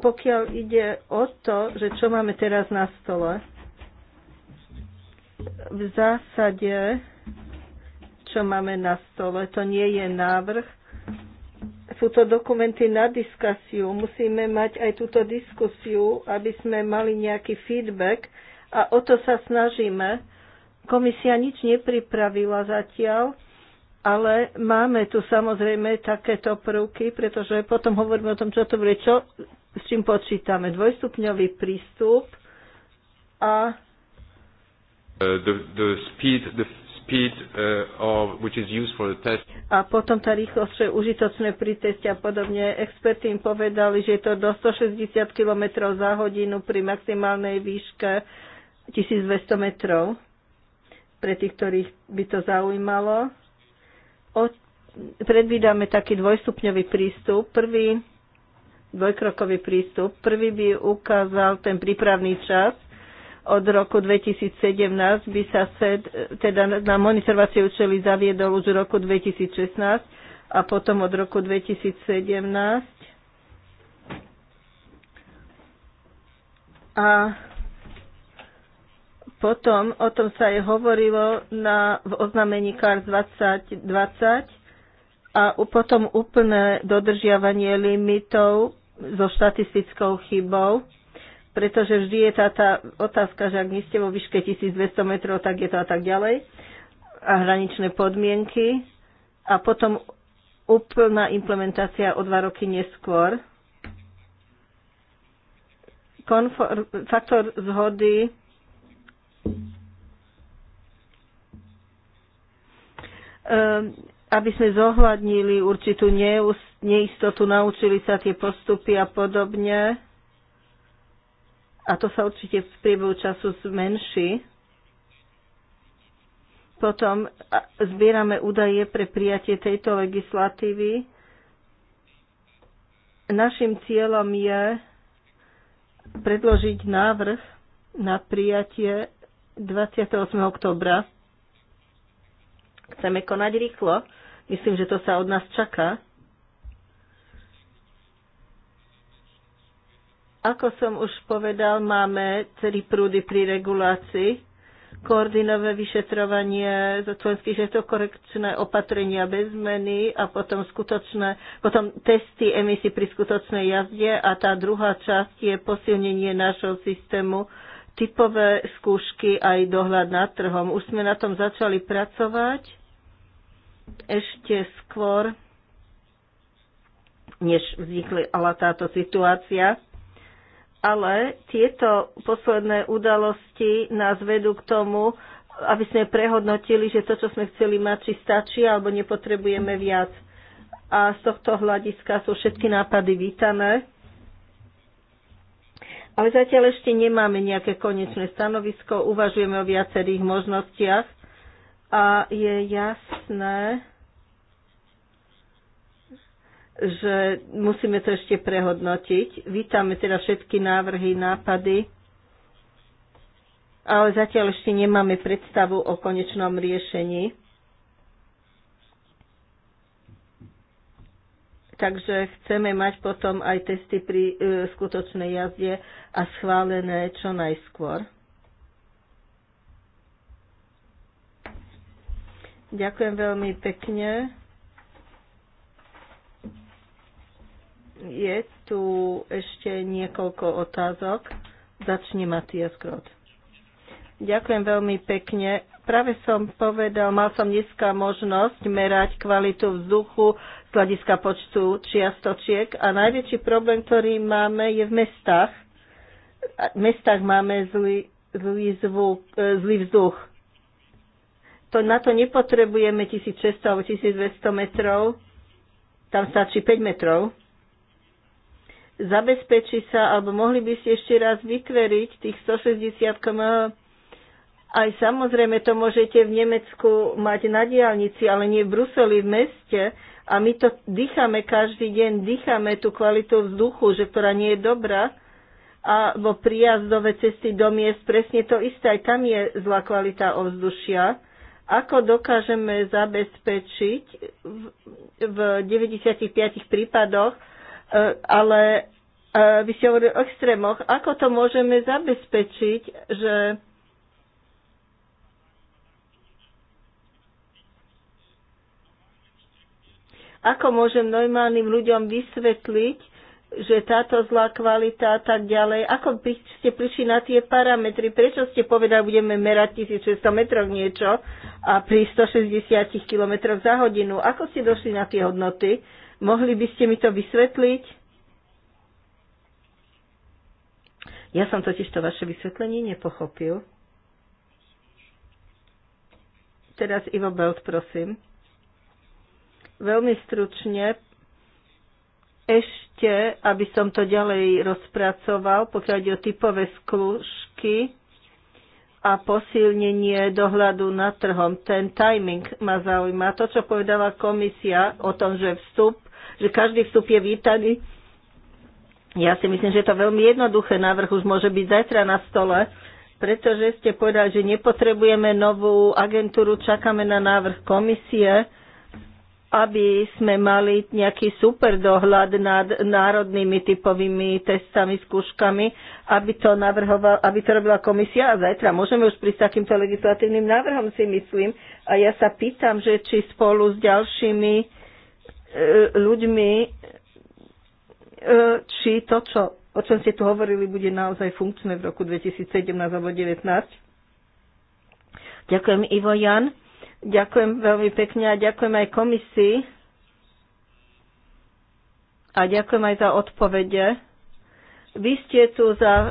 S3: pokiaľ ide o to, že čo máme teraz na stole, v zásade, čo máme na stole, to nie je návrh. Sú to dokumenty na diskusiu. Musíme mať aj túto diskusiu, aby sme mali nejaký feedback a o to sa snažíme. Komisia nič nepripravila zatiaľ ale máme tu samozrejme takéto prvky, pretože potom hovoríme o tom, čo to bude, čo s čím počítame. Dvojstupňový prístup a uh, uh, A potom tá rýchlosť, čo je užitočné pri teste a podobne. Experti im povedali, že je to do 160 km za hodinu pri maximálnej výške 1200 metrov. Pre tých, ktorých by to zaujímalo. O, predvídame taký dvojstupňový prístup. Prvý dvojkrokový prístup. Prvý by ukázal ten prípravný čas. Od roku 2017 by sa SED, teda na monitorovacie účely zaviedol už v roku 2016 a potom od roku 2017 a potom o tom sa aj hovorilo na, v oznamení CARS 2020 a potom úplné dodržiavanie limitov so štatistickou chybou, pretože vždy je tá, tá otázka, že ak nie ste vo výške 1200 metrov, tak je to a tak ďalej a hraničné podmienky a potom úplná implementácia o dva roky neskôr. Konfor- faktor zhody um, aby sme zohľadnili určitú neistotu, naučili sa tie postupy a podobne. A to sa určite v priebehu času zmenší. Potom zbierame údaje pre prijatie tejto legislatívy. Našim cieľom je predložiť návrh na prijatie 28. oktobra Chceme konať rýchlo. Myslím, že to sa od nás čaká. Ako som už povedal, máme celý prúdy pri regulácii, koordinové vyšetrovanie členských štátov, korekčné opatrenia bez zmeny a potom, skutočné, potom testy emisí pri skutočnej jazde a tá druhá časť je posilnenie nášho systému typové skúšky, aj dohľad nad trhom. Už sme na tom začali pracovať ešte skôr, než vznikla táto situácia. Ale tieto posledné udalosti nás vedú k tomu, aby sme prehodnotili, že to, čo sme chceli mať, či stačí, alebo nepotrebujeme viac. A z tohto hľadiska sú všetky nápady vítané ale zatiaľ ešte nemáme nejaké konečné stanovisko, uvažujeme o viacerých možnostiach a je jasné, že musíme to ešte prehodnotiť. Vítame teda všetky návrhy, nápady, ale zatiaľ ešte nemáme predstavu o konečnom riešení. takže chceme mať potom aj testy pri e, skutočnej jazde a schválené čo najskôr. Ďakujem veľmi pekne. Je tu ešte niekoľko otázok. Začne Matias Krot. Ďakujem veľmi pekne. Práve som povedal, mal som dneska možnosť merať kvalitu vzduchu z hľadiska počtu čiastočiek a najväčší problém, ktorý máme, je v mestách. V mestách máme zlý, zlý, zvuk, e, zlý vzduch. To, na to nepotrebujeme 1600 alebo 1200 metrov, tam stačí 5 metrov. Zabezpečí sa, alebo mohli by ste ešte raz vytveriť tých 160 km aj samozrejme to môžete v Nemecku mať na diálnici, ale nie v Bruseli, v meste. A my to dýchame každý deň, dýchame tú kvalitu vzduchu, že ktorá nie je dobrá. a vo prijazdové cesty do miest, presne to isté, aj tam je zlá kvalita ovzdušia. Ako dokážeme zabezpečiť v, v 95 prípadoch, e, ale e, vy ste hovorili o extrémoch, ako to môžeme zabezpečiť, že Ako môžem normálnym ľuďom vysvetliť, že táto zlá kvalita a tak ďalej, ako by ste prišli na tie parametry, prečo ste povedali, budeme merať 1600 metrov niečo a pri 160 km za hodinu, ako ste došli na tie hodnoty? Mohli by ste mi to vysvetliť? Ja som totiž to vaše vysvetlenie nepochopil. Teraz Ivo Belt, prosím veľmi stručne ešte, aby som to ďalej rozpracoval, pokiaľ ide o typové skúšky a posilnenie dohľadu nad trhom. Ten timing ma zaujíma. To, čo povedala komisia o tom, že vstup, že každý vstup je vítaný, ja si myslím, že to veľmi jednoduché návrh už môže byť zajtra na stole, pretože ste povedali, že nepotrebujeme novú agentúru, čakáme na návrh komisie, aby sme mali nejaký super dohľad nad národnými typovými testami, skúškami, aby to, navrhoval, aby to robila komisia a zajtra môžeme už prísť takýmto legislatívnym návrhom, si myslím. A ja sa pýtam, že či spolu s ďalšími e, ľuďmi, e, či to, čo, o čom ste tu hovorili, bude naozaj funkčné v roku 2017 alebo 2019. Ďakujem, Ivo Jan. Ďakujem veľmi pekne a ďakujem aj komisii. A ďakujem aj za odpovede. Vy ste tu za e,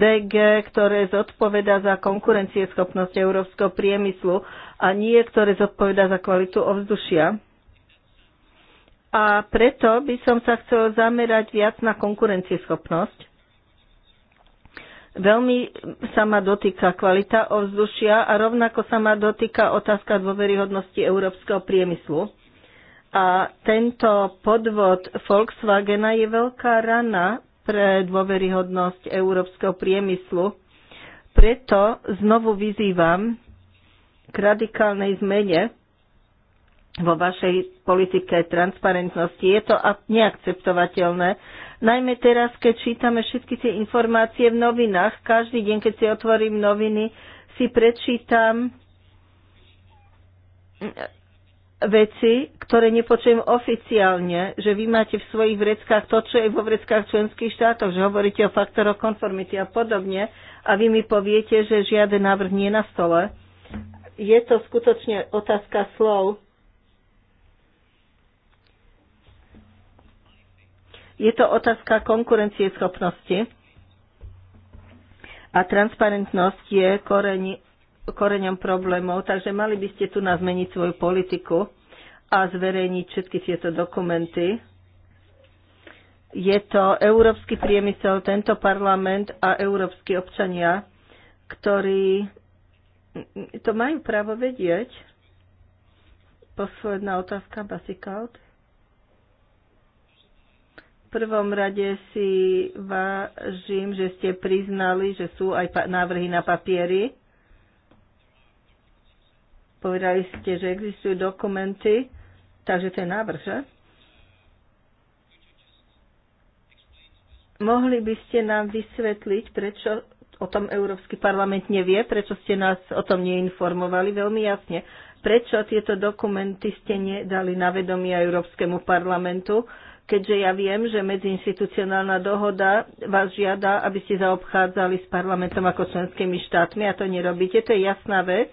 S3: DG, ktoré zodpoveda za konkurencieschopnosť európskeho priemyslu a nie, ktoré zodpoveda za kvalitu ovzdušia. A preto by som sa chcel zamerať viac na konkurencieschopnosť. Veľmi sa ma dotýka kvalita ovzdušia a rovnako sa ma dotýka otázka dôveryhodnosti európskeho priemyslu. A tento podvod Volkswagena je veľká rana pre dôveryhodnosť európskeho priemyslu. Preto znovu vyzývam k radikálnej zmene vo vašej politike transparentnosti. Je to neakceptovateľné, Najmä teraz, keď čítame všetky tie informácie v novinách, každý deň, keď si otvorím noviny, si prečítam veci, ktoré nepočujem oficiálne, že vy máte v svojich vreckách to, čo je vo vreckách členských štátov, že hovoríte o faktoroch konformity a podobne a vy mi poviete, že žiaden návrh nie je na stole. Je to skutočne otázka slov. Je to otázka konkurencie schopnosti a transparentnosť je koreň, koreňom problémov, takže mali by ste tu nazmeniť svoju politiku a zverejniť všetky tieto dokumenty. Je to európsky priemysel, tento parlament a európsky občania, ktorí to majú právo vedieť. Posledná otázka, Basikaut prvom rade si vážim, že ste priznali, že sú aj návrhy na papiery. Povedali ste, že existujú dokumenty, takže to je návrh, že? Mohli by ste nám vysvetliť, prečo o tom Európsky parlament nevie, prečo ste nás o tom neinformovali veľmi jasne. Prečo tieto dokumenty ste nedali na vedomie Európskemu parlamentu? keďže ja viem, že medziinstitucionálna dohoda vás žiada, aby ste zaobchádzali s parlamentom ako členskými štátmi a to nerobíte, to je jasná vec.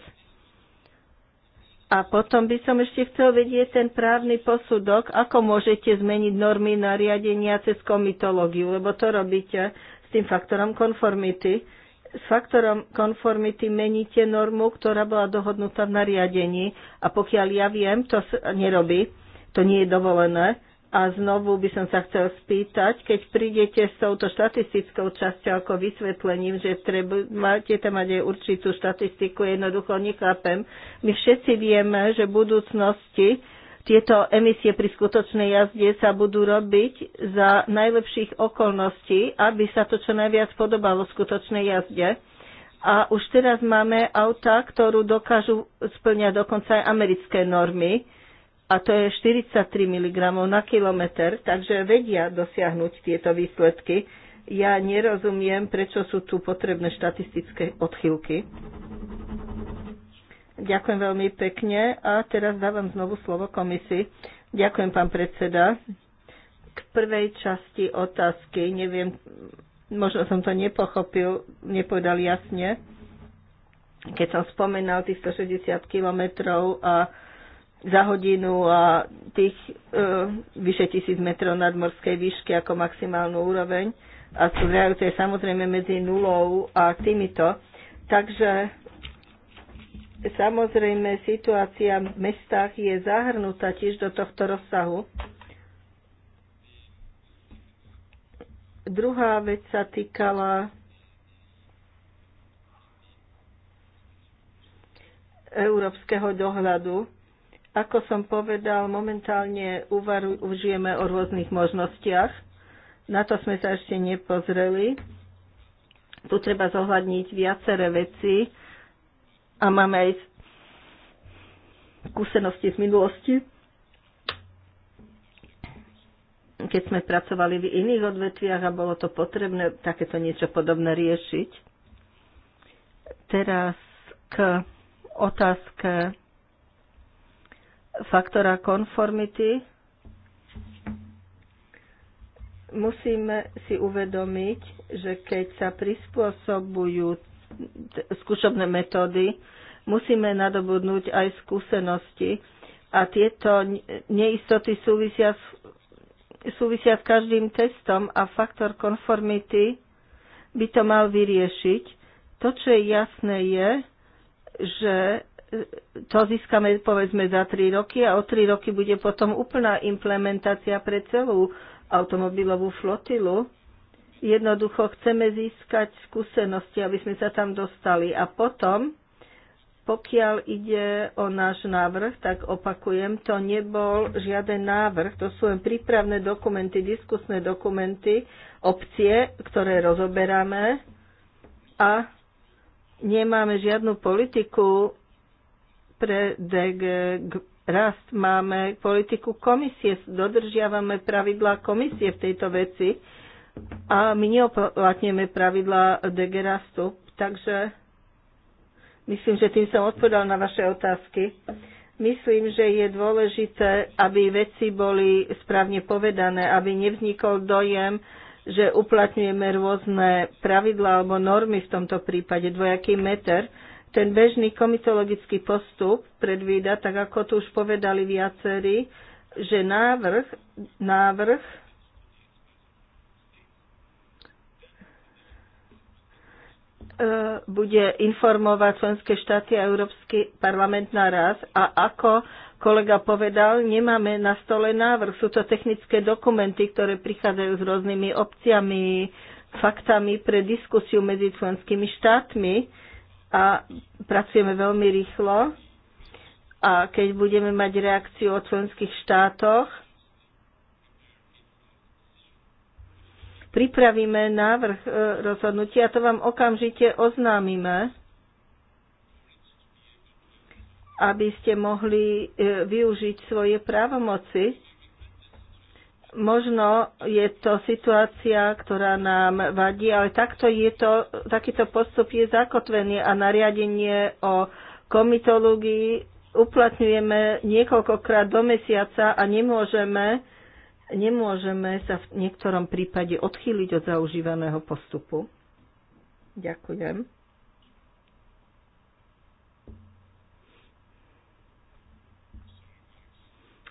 S3: A potom by som ešte chcel vedieť ten právny posudok, ako môžete zmeniť normy nariadenia cez komitológiu, lebo to robíte s tým faktorom konformity. S faktorom konformity meníte normu, ktorá bola dohodnutá v nariadení a pokiaľ ja viem, to nerobí, to nie je dovolené. A znovu by som sa chcel spýtať, keď prídete s touto štatistickou časťou ako vysvetlením, že treba, máte tam mať aj určitú štatistiku, jednoducho nechápem. My všetci vieme, že v budúcnosti tieto emisie pri skutočnej jazde sa budú robiť za najlepších okolností, aby sa to čo najviac podobalo skutočnej jazde. A už teraz máme auta, ktorú dokážu splňať dokonca aj americké normy a to je 43 mg na kilometr, takže vedia dosiahnuť tieto výsledky. Ja nerozumiem, prečo sú tu potrebné štatistické odchylky. Ďakujem veľmi pekne a teraz dávam znovu slovo komisii. Ďakujem, pán predseda. K prvej časti otázky, neviem, možno som to nepochopil, nepovedal jasne, keď som spomenal tých 160 kilometrov a za hodinu a tých e, vyše tisíc metrov nadmorskej výšky ako maximálnu úroveň. A to je samozrejme medzi nulou a týmito. Takže samozrejme situácia v mestách je zahrnutá tiež do tohto rozsahu. Druhá vec sa týkala európskeho dohľadu ako som povedal, momentálne uvažujeme o rôznych možnostiach. Na to sme sa ešte nepozreli. Tu treba zohľadniť viaceré veci a máme aj skúsenosti z minulosti, keď sme pracovali v iných odvetviach a bolo to potrebné takéto niečo podobné riešiť. Teraz k otázke faktora konformity, musíme si uvedomiť, že keď sa prispôsobujú skúšobné metódy, musíme nadobudnúť aj skúsenosti a tieto neistoty súvisia s, súvisia s každým testom a faktor konformity by to mal vyriešiť. To, čo je jasné, je, že to získame povedzme za 3 roky a o 3 roky bude potom úplná implementácia pre celú automobilovú flotilu. Jednoducho chceme získať skúsenosti, aby sme sa tam dostali. A potom, pokiaľ ide o náš návrh, tak opakujem, to nebol žiaden návrh, to sú len prípravné dokumenty, diskusné dokumenty, opcie, ktoré rozoberáme a nemáme žiadnu politiku pre DG rast máme politiku komisie, dodržiavame pravidlá komisie v tejto veci a my neoplatneme pravidlá DG rastu. Takže myslím, že tým som odpovedal na vaše otázky. Myslím, že je dôležité, aby veci boli správne povedané, aby nevznikol dojem, že uplatňujeme rôzne pravidlá alebo normy v tomto prípade, dvojaký meter ten bežný komitologický postup predvída, tak ako tu už povedali viacerí, že návrh, návrh e, bude informovať členské štáty a Európsky parlament naraz. A ako kolega povedal, nemáme na stole návrh. Sú to technické dokumenty, ktoré prichádzajú s rôznymi opciami, faktami pre diskusiu medzi členskými štátmi a pracujeme veľmi rýchlo. A keď budeme mať reakciu o členských štátoch, pripravíme návrh e, rozhodnutia a to vám okamžite oznámime, aby ste mohli e, využiť svoje právomoci Možno je to situácia, ktorá nám vadí, ale takto je to, takýto postup je zakotvený a nariadenie o komitológii uplatňujeme niekoľkokrát do mesiaca a nemôžeme, nemôžeme sa v niektorom prípade odchýliť od zaužívaného postupu. Ďakujem.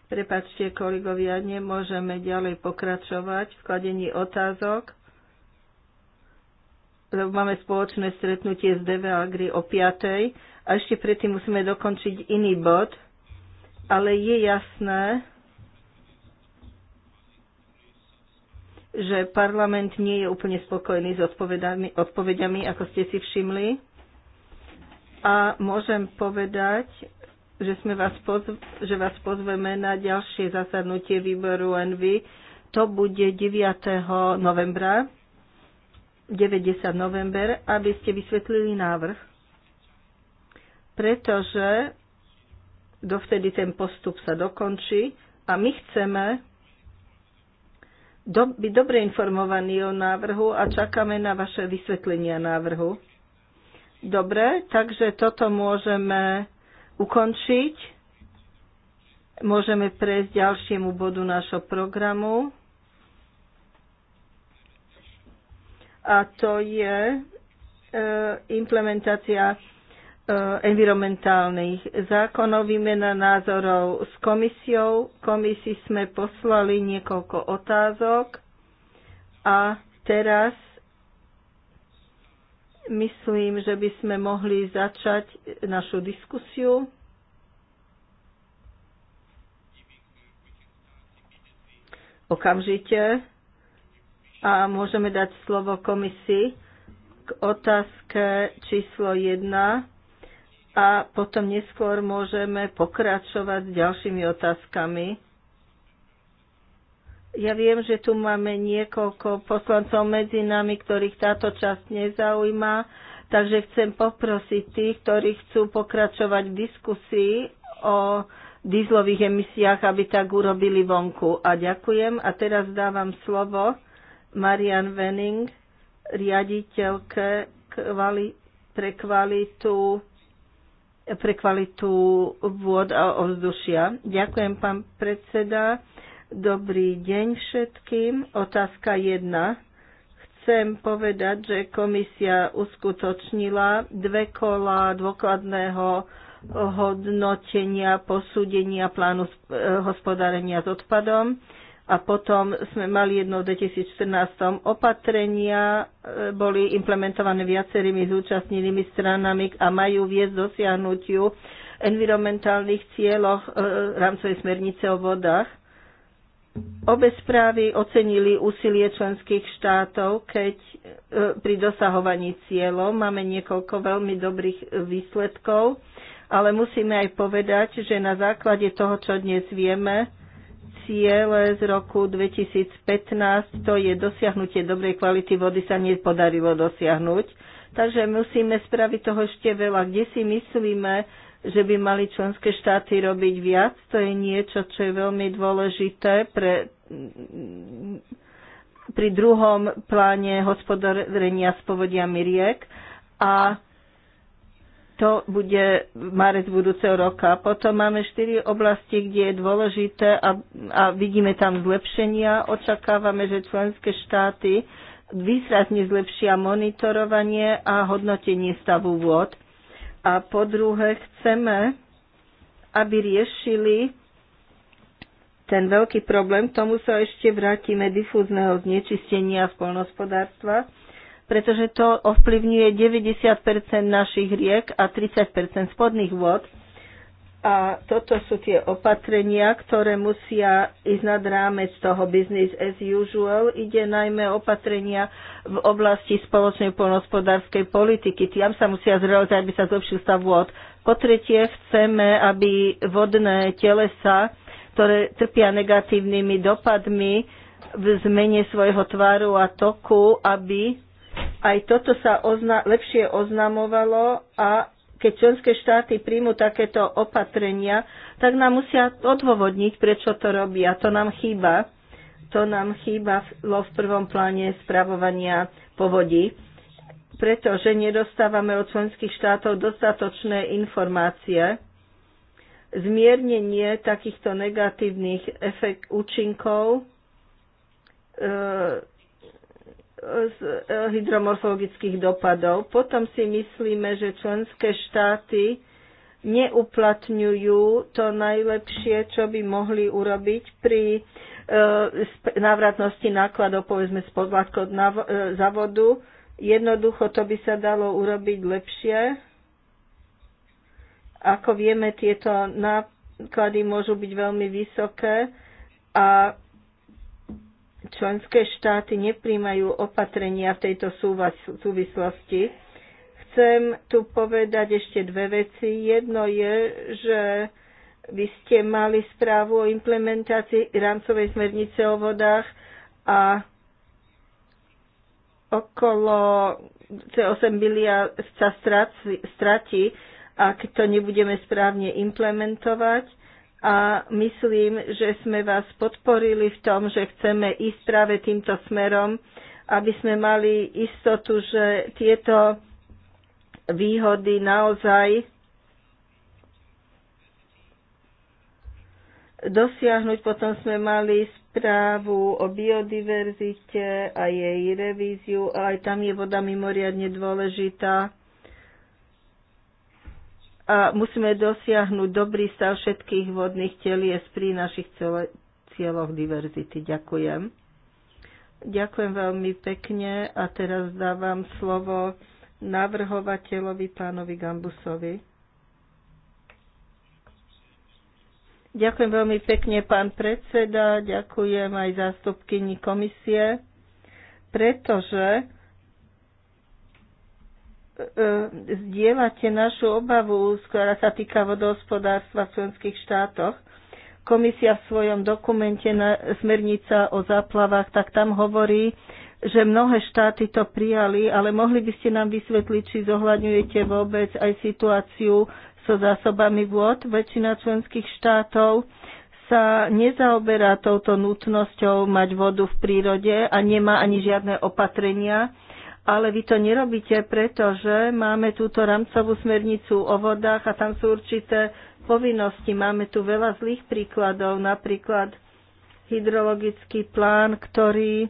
S3: Prepačte, kolegovia, nemôžeme ďalej pokračovať v kladení otázok. Lebo máme spoločné stretnutie s DV Agri o 5. A ešte predtým musíme dokončiť iný bod. Ale je jasné, že parlament nie je úplne spokojný s odpovediami, ako ste si všimli. A môžem povedať, že, sme vás pozv- že vás pozveme na ďalšie zasadnutie výboru NV. To bude 9. novembra, 90 november, aby ste vysvetlili návrh, pretože dovtedy ten postup sa dokončí a my chceme do, byť dobre informovaní o návrhu a čakáme na vaše vysvetlenia návrhu. Dobre, takže toto môžeme ukončiť. Môžeme prejsť ďalšiemu bodu nášho programu. A to je e, implementácia e, environmentálnych zákonov, výmena názorov s komisiou. Komisii sme poslali niekoľko otázok a teraz Myslím, že by sme mohli začať našu diskusiu. Okamžite. A môžeme dať slovo komisii k otázke číslo 1 a potom neskôr môžeme pokračovať s ďalšími otázkami. Ja viem, že tu máme niekoľko poslancov medzi nami, ktorých táto časť nezaujíma, takže chcem poprosiť tých, ktorí chcú pokračovať v diskusii o dízlových emisiách, aby tak urobili vonku. A ďakujem. A teraz dávam slovo Marian Wenning, riaditeľke kvali- pre kvalitu pre kvalitu vôd a ovzdušia. Ďakujem, pán predseda. Dobrý deň všetkým. Otázka jedna. Chcem povedať, že komisia uskutočnila dve kola dôkladného hodnotenia, posúdenia plánu eh, hospodárenia s odpadom a potom sme mali jedno v 2014. Opatrenia eh, boli implementované viacerými zúčastnenými stranami a majú viesť dosiahnutiu environmentálnych cieľov eh, rámcovej smernice o vodách Obe správy ocenili úsilie členských štátov, keď e, pri dosahovaní cieľov máme niekoľko veľmi dobrých výsledkov, ale musíme aj povedať, že na základe toho, čo dnes vieme, ciele z roku 2015, to je dosiahnutie dobrej kvality vody, sa nepodarilo dosiahnuť. Takže musíme spraviť toho ešte veľa. Kde si myslíme, že by mali členské štáty robiť viac. To je niečo, čo je veľmi dôležité pre, pri druhom pláne hospodárenia s povodiami riek. A to bude marec budúceho roka. Potom máme štyri oblasti, kde je dôležité a, a vidíme tam zlepšenia. Očakávame, že členské štáty výrazne zlepšia monitorovanie a hodnotenie stavu vôd a po druhé chceme, aby riešili ten veľký problém, k tomu sa ešte vrátime difúzneho znečistenia z polnospodárstva, pretože to ovplyvňuje 90 našich riek a 30 spodných vod a toto sú tie opatrenia, ktoré musia ísť nad rámec toho business as usual. Ide najmä opatrenia v oblasti spoločnej polnospodárskej politiky. Tiam sa musia zrealizovať, aby sa zlepšil stav vod. Po tretie, chceme, aby vodné telesa, ktoré trpia negatívnymi dopadmi v zmene svojho tváru a toku, aby aj toto sa ozna- lepšie oznamovalo a keď členské štáty príjmu takéto opatrenia, tak nám musia odôvodniť, prečo to robia. To nám chýba. To nám chýba v prvom pláne spravovania povodí, pretože nedostávame od členských štátov dostatočné informácie. Zmiernenie takýchto negatívnych efekt účinkov e z e, hydromorfologických dopadov. Potom si myslíme, že členské štáty neuplatňujú to najlepšie, čo by mohli urobiť pri e, návratnosti nákladov, povedzme, z podvládkov e, za vodu. Jednoducho to by sa dalo urobiť lepšie. Ako vieme, tieto náklady môžu byť veľmi vysoké a členské štáty nepríjmajú opatrenia v tejto súvislosti. Chcem tu povedať ešte dve veci. Jedno je, že vy ste mali správu o implementácii rámcovej smernice o vodách a okolo C8 bilia sa stratí, ak to nebudeme správne implementovať a myslím, že sme vás podporili v tom, že chceme ísť práve týmto smerom, aby sme mali istotu, že tieto výhody naozaj dosiahnuť. Potom sme mali správu o biodiverzite a jej revíziu. aj tam je voda mimoriadne dôležitá a musíme dosiahnuť dobrý stav všetkých vodných telies pri našich cieľoch diverzity. Ďakujem. Ďakujem veľmi pekne a teraz dávam slovo navrhovateľovi pánovi Gambusovi. Ďakujem veľmi pekne, pán predseda, ďakujem aj zástupkyni komisie, pretože E, zdieľate našu obavu, ktorá sa týka vodohospodárstva v členských štátoch. Komisia v svojom dokumente na smernica o záplavách, tak tam hovorí, že mnohé štáty to prijali, ale mohli by ste nám vysvetliť, či zohľadňujete vôbec aj situáciu so zásobami vôd. Väčšina členských štátov sa nezaoberá touto nutnosťou mať vodu v prírode a nemá ani žiadne opatrenia ale vy to nerobíte, pretože máme túto rámcovú smernicu o vodách a tam sú určité povinnosti. Máme tu veľa zlých príkladov, napríklad hydrologický plán, ktorý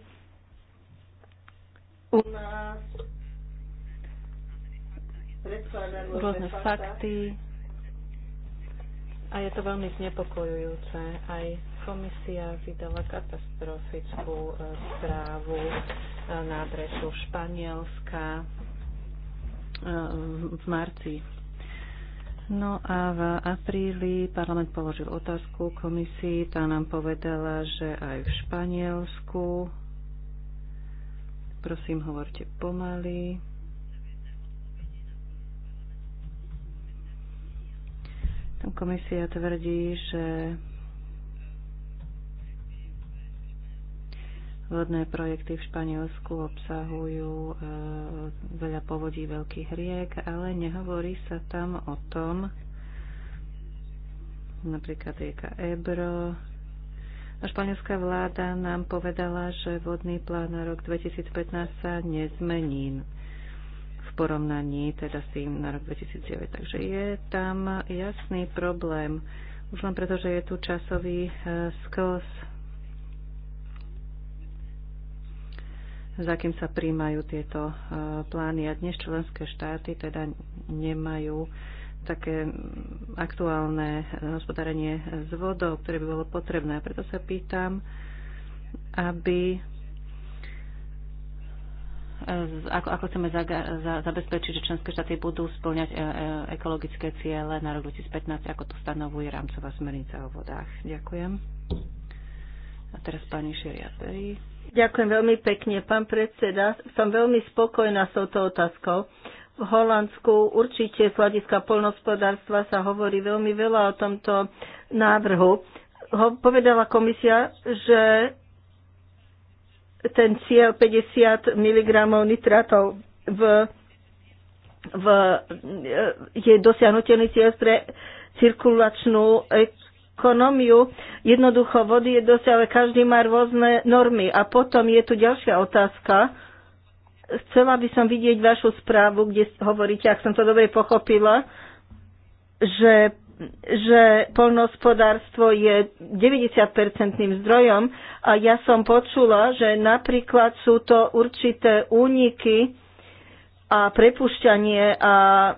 S3: u nás rôzne fakty.
S2: A je to veľmi znepokojujúce aj Komisia vydala katastrofickú e, správu e, na adresu Španielska e, v marci. No a v apríli parlament položil otázku komisii, tá nám povedala, že aj v Španielsku. Prosím, hovorte pomaly. Tam komisia tvrdí, že Vodné projekty v Španielsku obsahujú e, veľa povodí veľkých riek, ale nehovorí sa tam o tom, napríklad rieka Ebro. A španielská vláda nám povedala, že vodný plán na rok 2015 sa nezmení v porovnaní teda s tým na rok 2009. Takže je tam jasný problém, už len preto, že je tu časový e, skos za kým sa príjmajú tieto e, plány. A dnes členské štáty teda nemajú také aktuálne e, hospodárenie s vodou, ktoré by bolo potrebné. A preto sa pýtam, aby e, ako, ako chceme za, za, zabezpečiť, že členské štáty budú splňať e, e, ekologické ciele na rok 2015, ako to stanovuje rámcová smernica o vodách. Ďakujem. A teraz
S3: pani Šeria Ďakujem veľmi pekne, pán predseda. Som veľmi spokojná s touto otázkou. V Holandsku určite z hľadiska polnospodárstva sa hovorí veľmi veľa o tomto návrhu. Ho, povedala komisia, že ten cieľ 50 mg nitratov v, v, je dosiahnutelný cieľ pre cirkulačnú ek- ekonómiu jednoducho vody je dosť, ale každý má rôzne normy. A potom je tu ďalšia otázka. Chcela by som vidieť vašu správu, kde hovoríte, ak som to dobre pochopila, že že polnohospodárstvo je 90-percentným zdrojom a ja som počula, že napríklad sú to určité úniky a prepušťanie a e,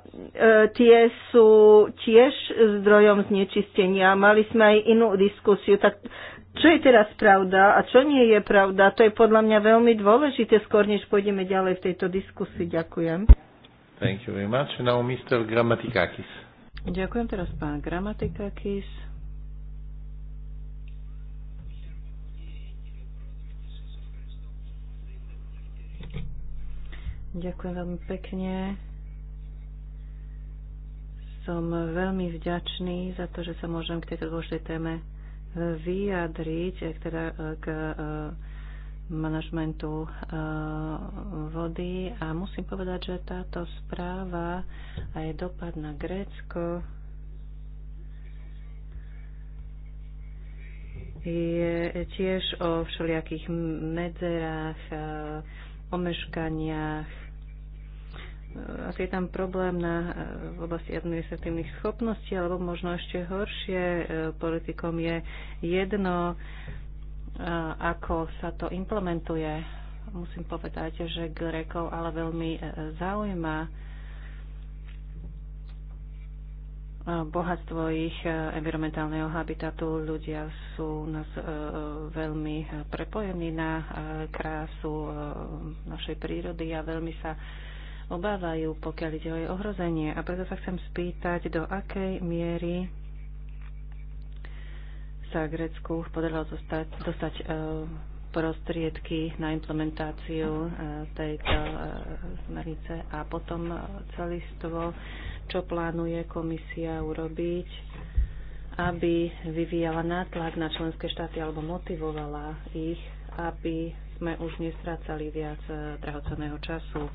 S3: tie sú tiež zdrojom znečistenia. Mali sme aj inú diskusiu, tak čo je teraz pravda a čo nie je pravda, to je podľa mňa veľmi dôležité, skôr než pôjdeme ďalej v tejto diskusii. Ďakujem.
S1: Thank you very much. Now Mr. Grammatikakis.
S3: Ďakujem teraz
S2: pán Gramatikakis. Ďakujem veľmi pekne. Som veľmi vďačný za to, že sa môžem k tejto dôležitej téme vyjadriť, teda e, k e, manažmentu e, vody a musím povedať, že táto správa a dopad na Grécko je tiež o všelijakých medzerách omeškaniach. Asi je tam problém na, v oblasti administratívnych schopností, alebo možno ešte horšie, e, politikom je jedno, e, ako sa to implementuje. Musím povedať, že Grekov ale veľmi e, zaujíma, bohatstvo ich e, environmentálneho habitatu. Ľudia sú nás e, veľmi e, prepojení na krásu našej prírody a veľmi sa obávajú, pokiaľ ide o jej ohrozenie. A preto sa chcem spýtať, do akej miery sa Grécku podarilo dostať, dostať prostriedky na implementáciu e, tejto e, smernice a potom e, celistvo, čo plánuje komisia urobiť, aby vyvíjala nátlak na členské štáty alebo motivovala ich, aby sme už nestrácali viac drahoceného času.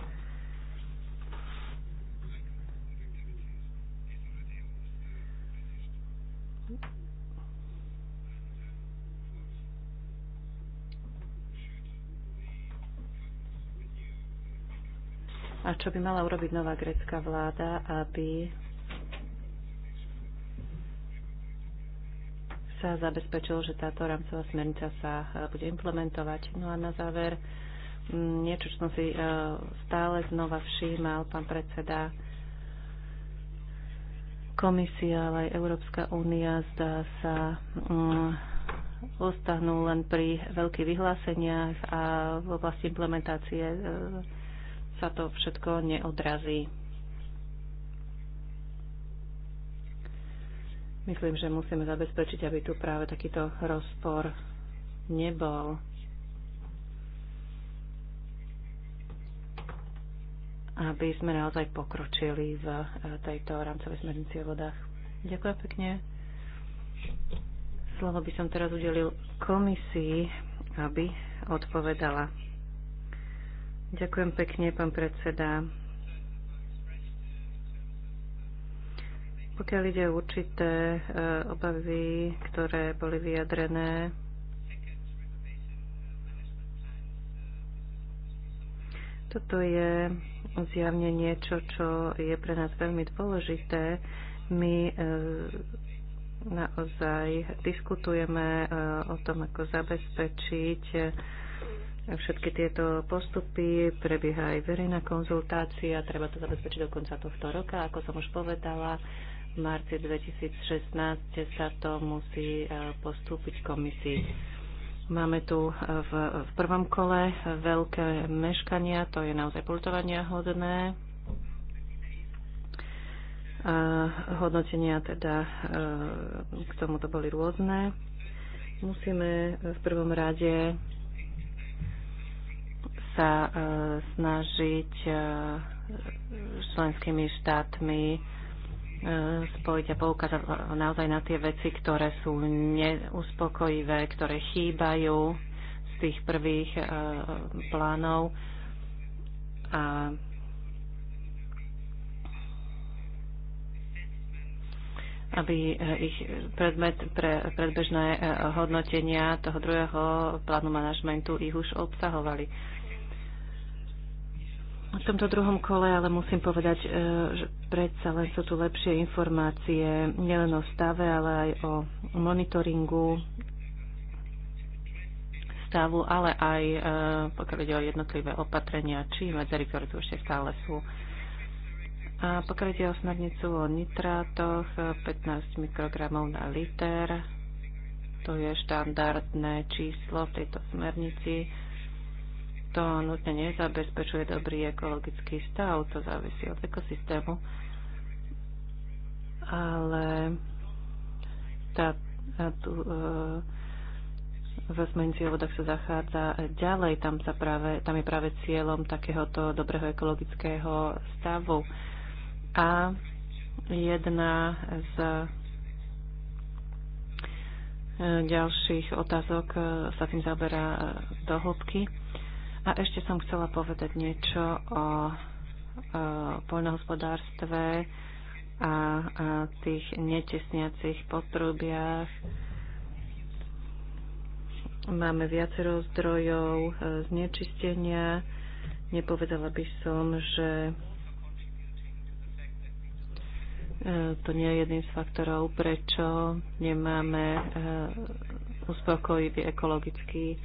S2: A čo by mala urobiť nová grecká vláda, aby sa zabezpečilo, že táto rámcová smernica sa e, bude implementovať. No a na záver niečo, čo som si e, stále znova všímal, pán predseda, komisia, ale aj Európska únia zdá sa ostahnú len pri veľkých vyhláseniach a v oblasti implementácie e, sa to všetko neodrazí. Myslím, že musíme zabezpečiť, aby tu práve takýto rozpor nebol. Aby sme naozaj pokročili v eh, tejto rámcovej smernici o vodách. Ďakujem pekne. Slovo by som teraz udelil komisii, aby odpovedala. Ďakujem pekne, pán predseda. Pokiaľ ide o určité e, obavy, ktoré boli vyjadrené, toto je zjavne niečo, čo je pre nás veľmi dôležité. My e, naozaj diskutujeme e, o tom, ako zabezpečiť všetky tieto postupy, prebieha aj verejná konzultácia, treba to zabezpečiť do konca tohto roka. Ako som už povedala, v marci 2016 sa to musí e, postúpiť komisii. Máme tu e, v, v prvom kole veľké meškania, to je naozaj pultovania hodné. E, hodnotenia teda k tomuto boli rôzne. Musíme v prvom rade sa e, snažiť e, členskými štátmi e, spojiť a poukázať naozaj na tie veci, ktoré sú neuspokojivé, ktoré chýbajú z tých prvých plánov. A aby ich predmet pre predbežné hodnotenia toho druhého plánu manažmentu ich už obsahovali v tomto druhom kole, ale musím povedať, e, že predsa len sú tu lepšie informácie nielen o stave, ale aj o monitoringu stavu, ale aj e, pokiaľ ide o jednotlivé opatrenia, či medzery, ktoré tu ešte stále sú. A pokiaľ ide o smernicu o nitrátoch, 15 e, mikrogramov na liter, to je štandardné číslo v tejto smernici to nutne nezabezpečuje dobrý ekologický stav, to závisí od ekosystému, ale tá, tu, e, v zmenici o vodách sa zachádza ďalej, tam, sa práve, tam je práve cieľom takéhoto dobrého ekologického stavu. A jedna z e, ďalších otázok e, sa tým zaoberá do hĺbky. A ešte som chcela povedať niečo o poľnohospodárstve a tých netesniacich potrubiach. Máme viacero zdrojov e, znečistenia. Nepovedala by som, že e, to nie je jedným z faktorov, prečo nemáme e, uspokojivý ekologický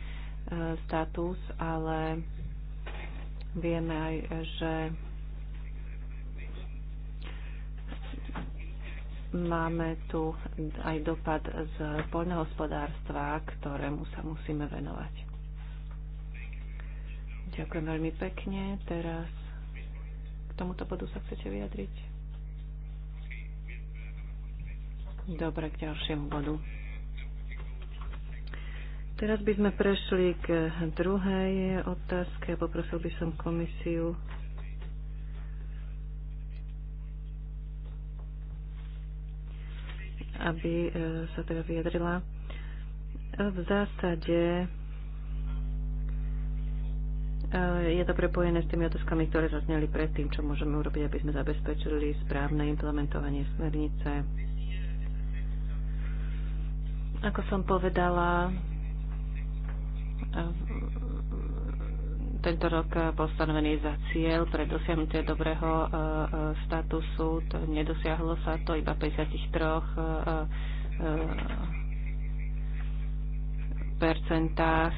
S2: status, ale vieme aj, že máme tu aj dopad z poľnohospodárstva, ktorému sa musíme venovať. Ďakujem veľmi pekne. Teraz k tomuto bodu sa chcete vyjadriť? Dobre, k ďalšiemu bodu. Teraz by sme prešli k druhej otázke. Poprosil by som komisiu. aby e, sa teda vyjadrila. V zásade e, je to prepojené s tými otázkami, ktoré zazneli predtým, čo môžeme urobiť, aby sme zabezpečili správne implementovanie smernice. Ako som povedala, tento rok bol stanovený za cieľ pre dosiahnutie dobrého e, e, statusu. To nedosiahlo sa to iba 53 e, percentách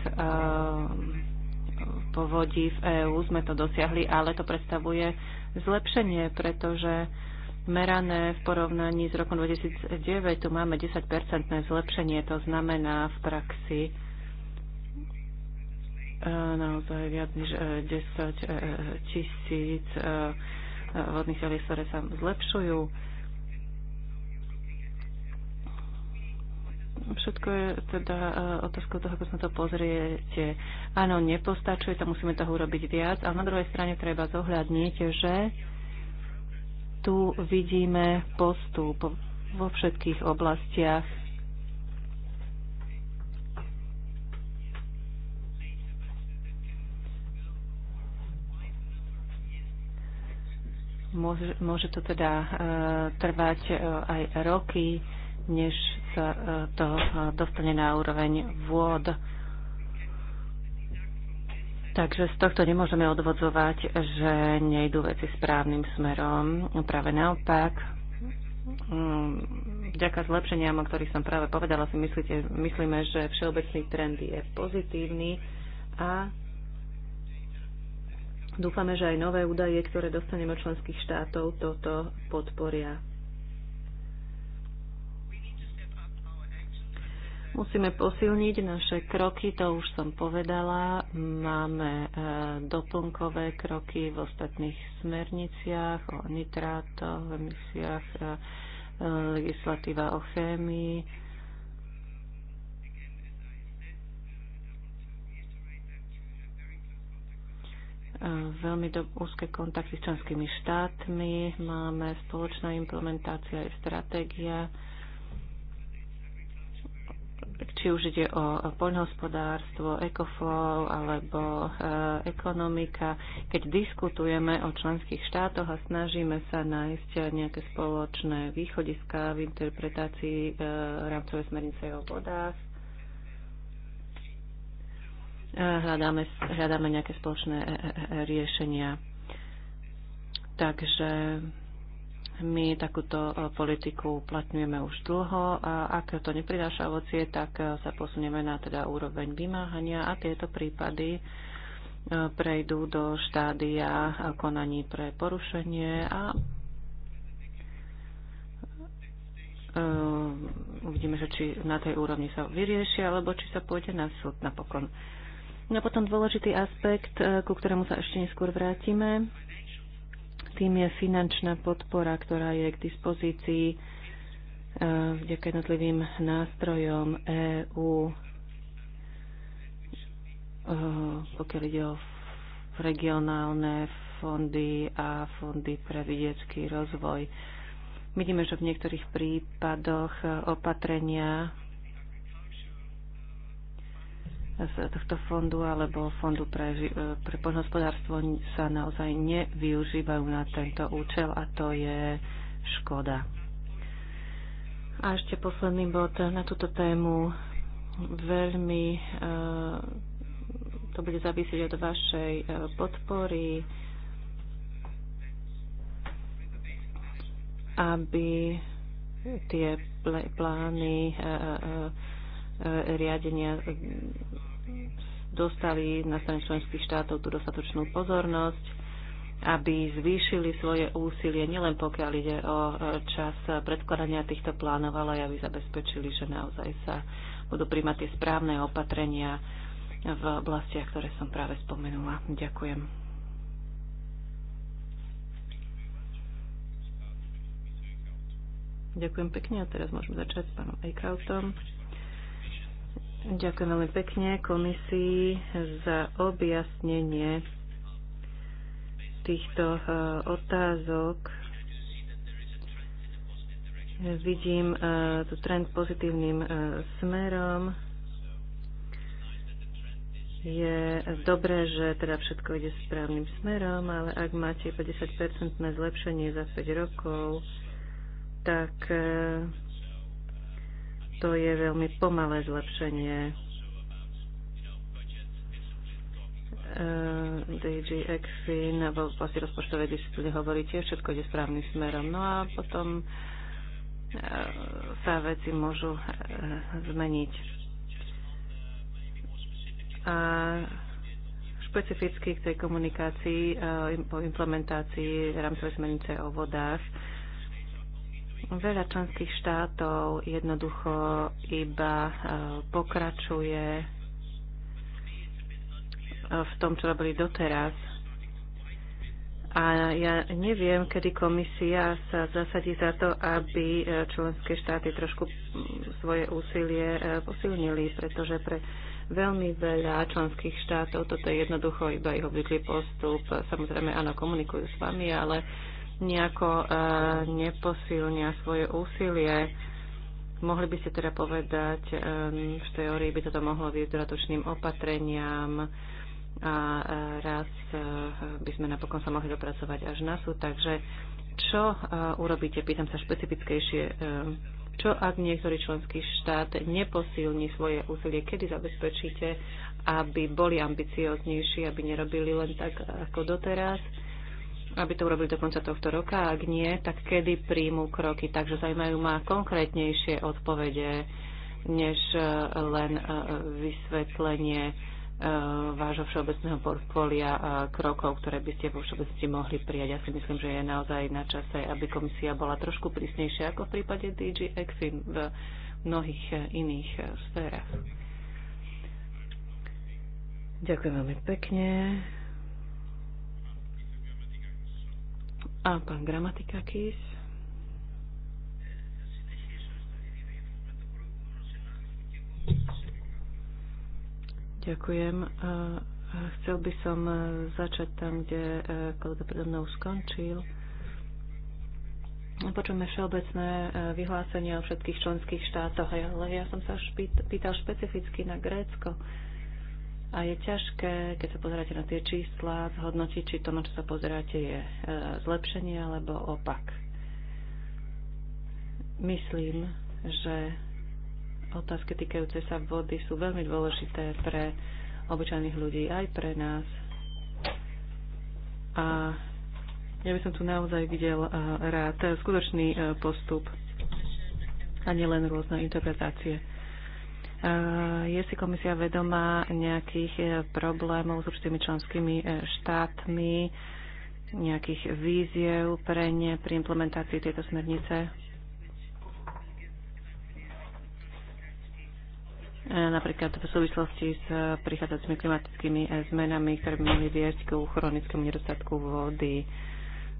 S2: povodí v EÚ sme to dosiahli, ale to predstavuje zlepšenie, pretože merané v porovnaní s rokom 2009 tu máme 10-percentné zlepšenie, to znamená v praxi naozaj viac než 10 e, e, tisíc e, vodných telies, ktoré sa zlepšujú. Všetko je teda otázka toho, ako sa to pozriete. Áno, nepostačuje, tam musíme toho urobiť viac, ale na druhej strane treba zohľadniť, že tu vidíme postup vo všetkých oblastiach Môže, môže to teda uh, trvať uh, aj roky, než sa uh, to uh, dostane na úroveň vôd. Takže z tohto nemôžeme odvodzovať, že nejdú veci správnym smerom. Práve naopak, mm, vďaka zlepšeniam, o ktorých som práve povedala, si myslíte, myslíme, že všeobecný trend je pozitívny a Dúfame, že aj nové údaje, ktoré dostaneme od členských štátov, toto podporia. Musíme posilniť naše kroky, to už som povedala. Máme e, doplnkové kroky v ostatných smerniciach, o nitrátoch, emisiách, e, e, legislatíva o chémii veľmi do, úzke kontakty s členskými štátmi, máme spoločná implementácia aj stratégia, či už ide o poľnohospodárstvo, ekoflow alebo e, ekonomika. Keď diskutujeme o členských štátoch a snažíme sa nájsť nejaké spoločné východiska v interpretácii e, rámcovej smernice o vodách, hľadáme, hľadáme nejaké spoločné e, e, e, riešenia. Takže my takúto politiku uplatňujeme už dlho a ak to neprináša ovocie, tak sa posunieme na teda úroveň vymáhania a tieto prípady prejdú do štádia konaní pre porušenie a uvidíme, že či na tej úrovni sa vyriešia, alebo či sa pôjde na súd napokon. No a potom dôležitý aspekt, e, ku ktorému sa ešte neskôr vrátime, tým je finančná podpora, ktorá je k dispozícii e, vďaka jednotlivým nástrojom EÚ, e, pokiaľ ide o regionálne fondy a fondy pre vidiecký rozvoj. Vidíme, že v niektorých prípadoch opatrenia z tohto fondu alebo fondu pre, e, pre poľnohospodárstvo sa naozaj nevyužívajú na tento účel a to je škoda. A ešte posledný bod na túto tému. Veľmi e, to bude závisieť od vašej e, podpory, aby tie plány riadenia dostali na strane členských štátov tú dostatočnú pozornosť, aby zvýšili svoje úsilie, nielen pokiaľ ide o e, čas predkladania týchto plánov, ale aj aby zabezpečili, že naozaj sa budú príjmať tie správne opatrenia v oblastiach, ktoré som práve spomenula. Ďakujem. Ďakujem pekne a teraz môžeme začať s pánom Eichautom. Ďakujem veľmi pekne komisii za objasnenie týchto eh, otázok. Vidím eh, tu trend pozitívnym eh, smerom. Je dobré, že teda všetko ide správnym smerom, ale ak máte 50-percentné zlepšenie za 5 rokov, tak to je veľmi pomalé zlepšenie. Eh, DG ECFIN alebo vlastne rozpočtové disciplíne hovorí tiež, všetko ide správnym smerom. No a potom eh, sa veci môžu eh, zmeniť. A špecificky k tej komunikácii o implementácii rámcovej smernice o vodách Veľa členských štátov jednoducho iba e, pokračuje e, v tom, čo robili doteraz. A ja neviem, kedy komisia sa zasadí za to, aby e, členské štáty trošku svoje úsilie posilnili, pretože pre veľmi veľa členských štátov toto je jednoducho iba ich obvyklý postup. Samozrejme, áno, komunikujú s vami, ale nejako e, neposilnia svoje úsilie. Mohli by ste teda povedať, e, v teórii by toto mohlo viesť dodatočným opatreniam a e, raz by sme napokon sa mohli dopracovať až na súd. Takže čo urobíte, pýtam sa špecifickejšie, čo ak niektorý členský štát neposilní svoje úsilie, kedy zabezpečíte, aby boli ambicioznejší, aby nerobili len tak ako doteraz? aby to urobili do konca tohto roka. Ak nie, tak kedy príjmú kroky. Takže zaujímajú ma konkrétnejšie odpovede, než e, len e, vysvetlenie e, vášho všeobecného portfólia krokov, ktoré by ste vo všeobecnosti mohli prijať. Ja si myslím, že je naozaj na čase, aby komisia bola trošku prísnejšia ako v prípade DG Exim v mnohých iných sférach. Ďakujem veľmi pekne. A pán gramatika Kis. Ďakujem. E, chcel by som e, začať tam, kde e, kolega predo mnou skončil. Počujeme všeobecné vyhlásenia o všetkých členských štátoch, ale ja som sa pýtal špecificky na Grécko. A je ťažké, keď sa pozeráte na tie čísla, zhodnotiť, či to, na čo sa pozeráte, je e, zlepšenie alebo opak. Myslím, že otázky týkajúce sa vody sú veľmi dôležité pre obyčajných ľudí, aj pre nás. A ja by som tu naozaj videl e, rád skutočný e, postup a nielen rôzne interpretácie. Eh, je si komisia vedomá nejakých eh, problémov s určitými členskými eh, štátmi, nejakých víziev pre ne pri implementácii tejto smernice? napríklad v súvislosti s prichádzajúcimi klimatickými zmenami, ktoré by mohli viesť k chronickému nedostatku vody.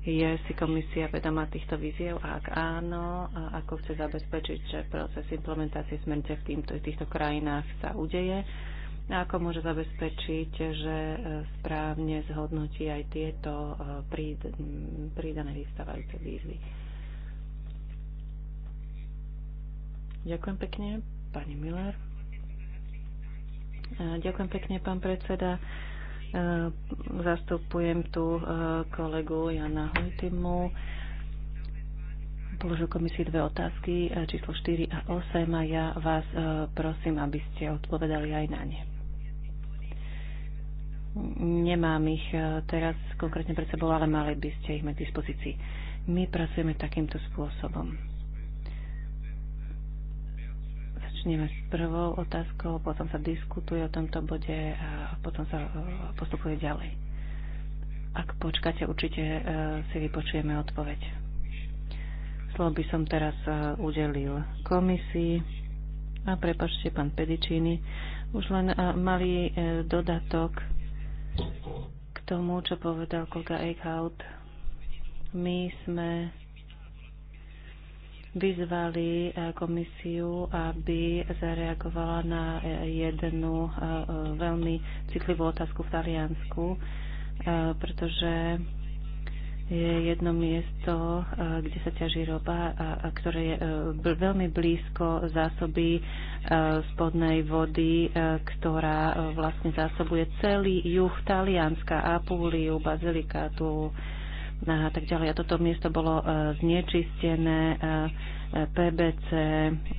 S2: Je si komisia vedomá týchto víziev a ak áno, a ako chce zabezpečiť, že proces implementácie smernice v týmto, týchto krajinách sa udeje a ako môže zabezpečiť, že e, správne zhodnotí aj tieto e, prídané vystávajúce výzvy. Ďakujem pekne, pani Miller. E, ďakujem pekne, pán predseda. Eh, zastupujem tu eh, kolegu Jana Hojtymu. Položil komisii dve otázky, eh, číslo 4 a 8 a ja vás prosím, aby ste odpovedali aj na ne. Nemám ich teraz konkrétne pred sebou, ale mali by ste ich mať k dispozícii. My pracujeme takýmto spôsobom Začneme s prvou otázkou, potom sa diskutuje o tomto bode a potom sa e, postupuje ďalej. Ak počkáte, určite e, si vypočujeme odpoveď. Slovo by som teraz e, udelil komisii a prepačte pán Pedičíny, už len malý dodatok k tomu, čo povedal kolega Eichhout. My sme vyzvali eh, komisiu, aby zareagovala na eh, jednu eh, veľmi citlivú otázku v Taliansku, pretože je jedno miesto, kde sa ťaží roba a, ktoré je veľmi blízko zásoby spodnej vody, ktorá vlastne zásobuje celý juh Talianska, Apuliu, Bazilikátu, a tak ďalej. A toto miesto bolo e, znečistené e, e, PBC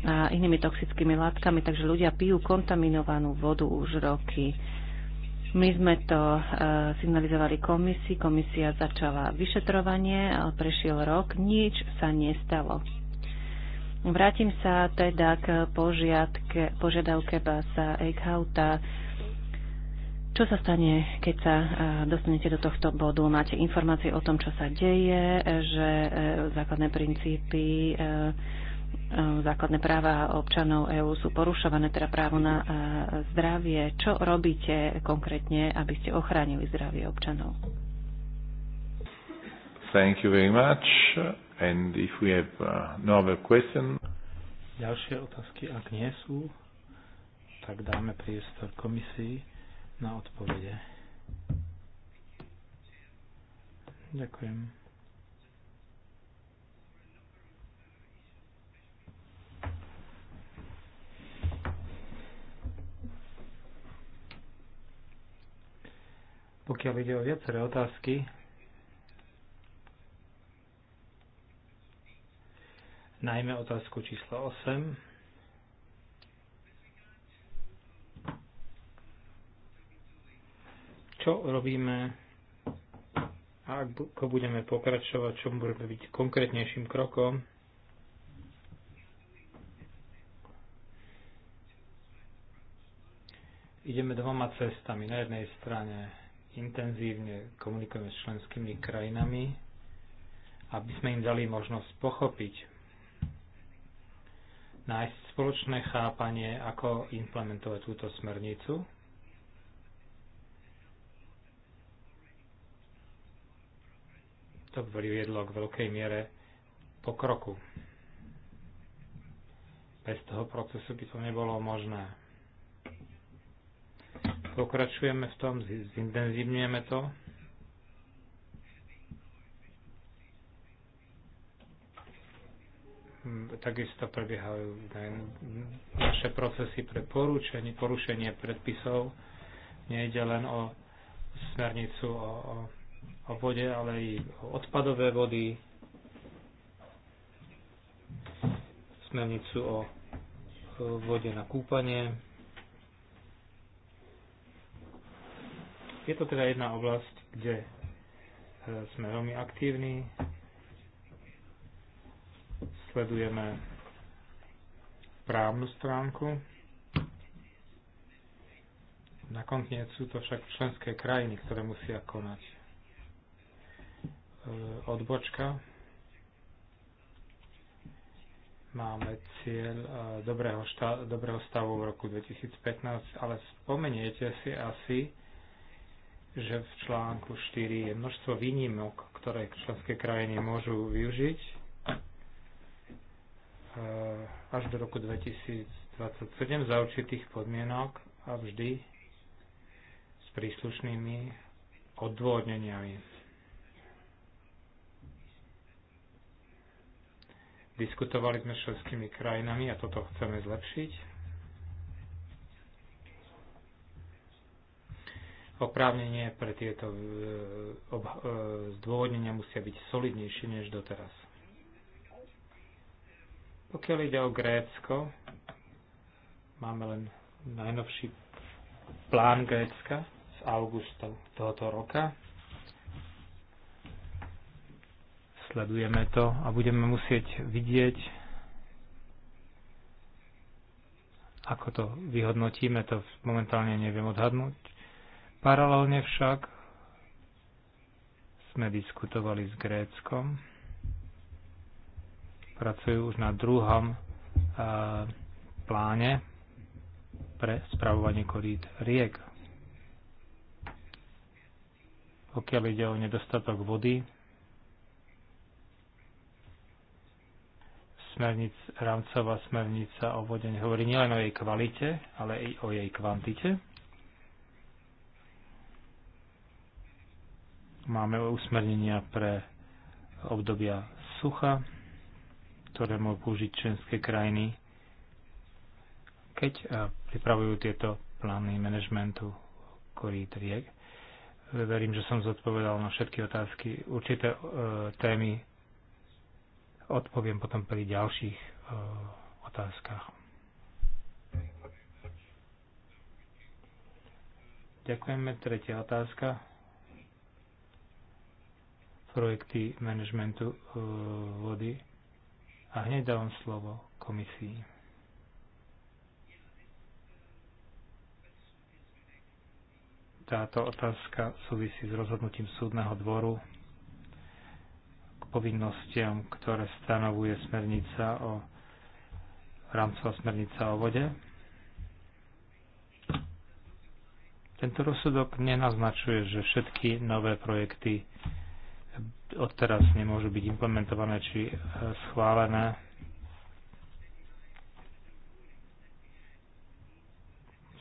S2: a inými toxickými látkami, takže ľudia pijú kontaminovanú vodu už roky. My sme to signalizovali komisii, komisia začala vyšetrovanie, ale prešiel rok, nič sa nestalo. Vrátim sa teda k požiadke, požiadavke Basa Eichhauta čo sa stane, keď sa e, dostanete do tohto bodu? Máte informácie o tom, čo sa deje, že e, základné princípy, e, základné práva občanov EÚ sú porušované, teda právo na zdravie. Čo robíte konkrétne, aby ste ochránili zdravie občanov?
S1: Thank you very much. And if we have uh, no other question... Ďalšie otázky, ak nie sú, tak dáme priestor komisii na odpovede. Ďakujem. Pokiaľ ide o viaceré otázky, najmä otázku číslo 8, čo robíme a ako budeme pokračovať, čo budeme byť konkrétnejším krokom. Ideme dvoma cestami. Na jednej strane intenzívne komunikujeme s členskými krajinami, aby sme im dali možnosť pochopiť, nájsť spoločné chápanie, ako implementovať túto smernicu To priviedlo k veľkej miere pokroku. Bez toho procesu by to nebolo možné. Pokračujeme v tom, zintenzívňujeme to. takisto prebiehajú naše procesy pre porušenie predpisov. Nejde len o smernicu o, o o vode, ale i odpadové vody, smernicu o vode na kúpanie. Je to teda jedna oblasť, kde e, sme veľmi aktívni. Sledujeme právnu stránku. Nakoniec sú to však členské krajiny, ktoré musia konať odbočka. Máme cieľ e, dobrého, šta- dobrého stavu v roku 2015, ale spomeniete si asi, že v článku 4 je množstvo výnimok, ktoré členské krajiny môžu využiť e, až do roku 2027 za určitých podmienok a vždy s príslušnými odvodneniami. Diskutovali sme s členskými krajinami a toto chceme zlepšiť. oprávnenie pre tieto e, e, zdôvodnenia musia byť solidnejšie než doteraz. Pokiaľ ide o Grécko, máme len najnovší plán Grécka z augusta tohoto roka. Sledujeme to a budeme musieť vidieť, ako to vyhodnotíme, to momentálne neviem odhadnúť. Paralelne však sme diskutovali s Gréckom. Pracujú už na druhom e, pláne pre spravovanie korít riek. Pokiaľ ide o nedostatok vody, smernic, rámcová smernica o vode hovorí nielen o jej kvalite, ale i o jej kvantite. Máme usmernenia pre obdobia sucha, ktoré môžu použiť členské krajiny, keď eh, pripravujú tieto plány manažmentu korít riek. Verím, že som zodpovedal na všetky otázky. Určité e, témy odpoviem potom pri ďalších eh, otázkach. Ďakujeme. Tretia otázka. Projekty manažmentu eh, vody. A hneď dávam slovo komisii. Táto otázka súvisí s rozhodnutím súdneho dvoru povinnostiam, ktoré stanovuje smernica o rámcová smernica o vode. Tento rozsudok nenaznačuje, že všetky nové projekty odteraz nemôžu byť implementované či e, schválené.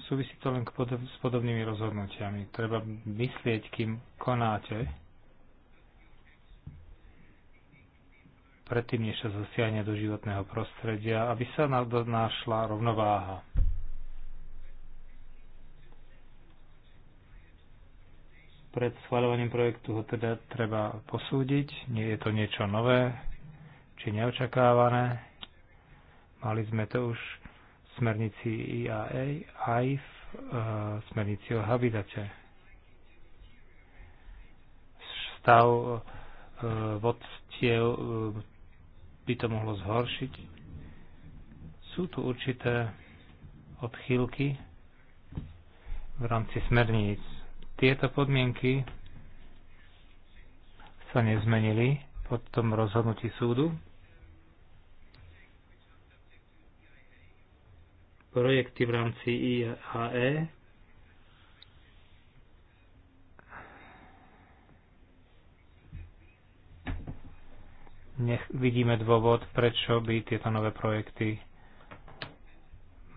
S1: Súvisí to len s podobnými rozhodnutiami. Treba myslieť, kým konáte predtým, než sa zasiahne do životného prostredia, aby sa našla rovnováha. Pred schváľovaním projektu ho teda treba posúdiť, nie je to niečo nové či neočakávané. Mali sme to už v smernici IAA aj v e, smernici o habitate. Stav e, vodstiev by to mohlo zhoršiť. Sú tu určité odchýlky v rámci smerníc. Tieto podmienky sa nezmenili po tom rozhodnutí súdu. Projekty v rámci IAE. nech vidíme dôvod, prečo by tieto nové projekty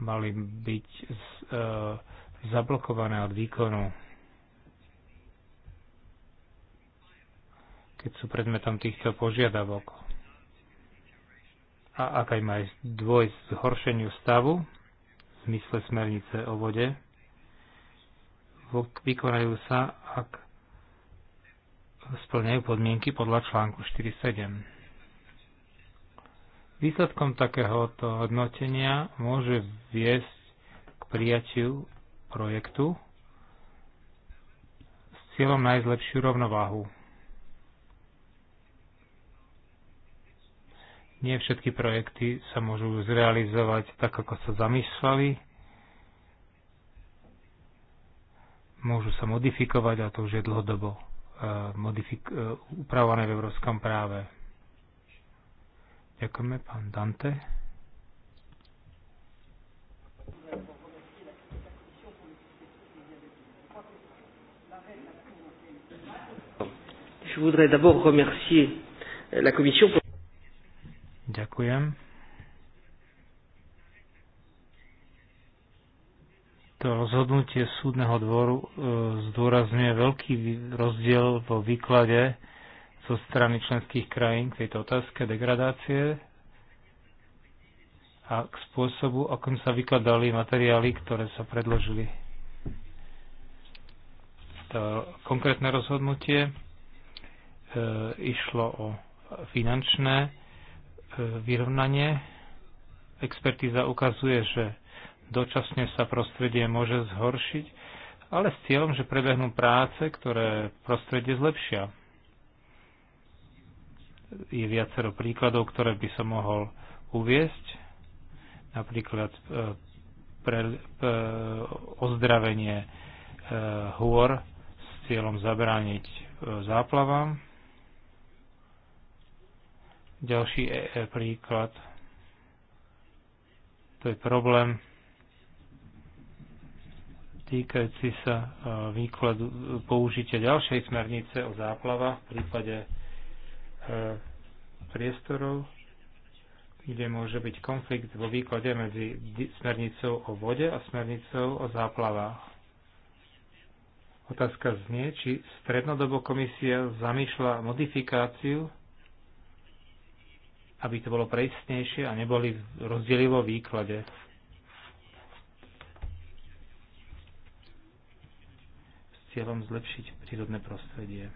S1: mali byť z, e, zablokované od výkonu, keď sú predmetom týchto požiadavok. A ak aj má dôjsť zhoršeniu stavu v zmysle smernice o vode, vykonajú sa, ak splňajú podmienky podľa článku 47. Výsledkom takéhoto hodnotenia môže viesť k prijatiu projektu s cieľom nájsť lepšiu rovnováhu. Nie všetky projekty sa môžu zrealizovať tak, ako sa zamýšľali. Môžu sa modifikovať a to už je dlhodobo eh, eh, upravované v európskom práve. Ďakujeme, pán Dante.
S3: Je voudrais d'abord remercier
S1: euh, la Commission pour... Ďakujem. To rozhodnutie súdneho dvoru e, zdôrazňuje veľký rozdiel vo výklade zo strany členských krajín k tejto otázke degradácie a k spôsobu, akom sa vykladali materiály, ktoré sa predložili. To konkrétne rozhodnutie e, išlo o finančné e, vyrovnanie. Expertíza ukazuje, že dočasne sa prostredie môže zhoršiť, ale s cieľom, že prebehnú práce, ktoré prostredie zlepšia je viacero príkladov, ktoré by som mohol uviesť. Napríklad e, pre, pre ozdravenie e, hôr s cieľom zabrániť e, záplavám. Ďalší príklad, to je problém týkajúci sa výkladu použitia ďalšej smernice o záplavách v prípade E, priestorov, kde môže byť konflikt vo výklade medzi smernicou o vode a smernicou o záplavách. Otázka znie, či strednodobo komisia zamýšľa modifikáciu, aby to bolo presnejšie a neboli rozdiely vo výklade. S cieľom zlepšiť prírodné prostredie.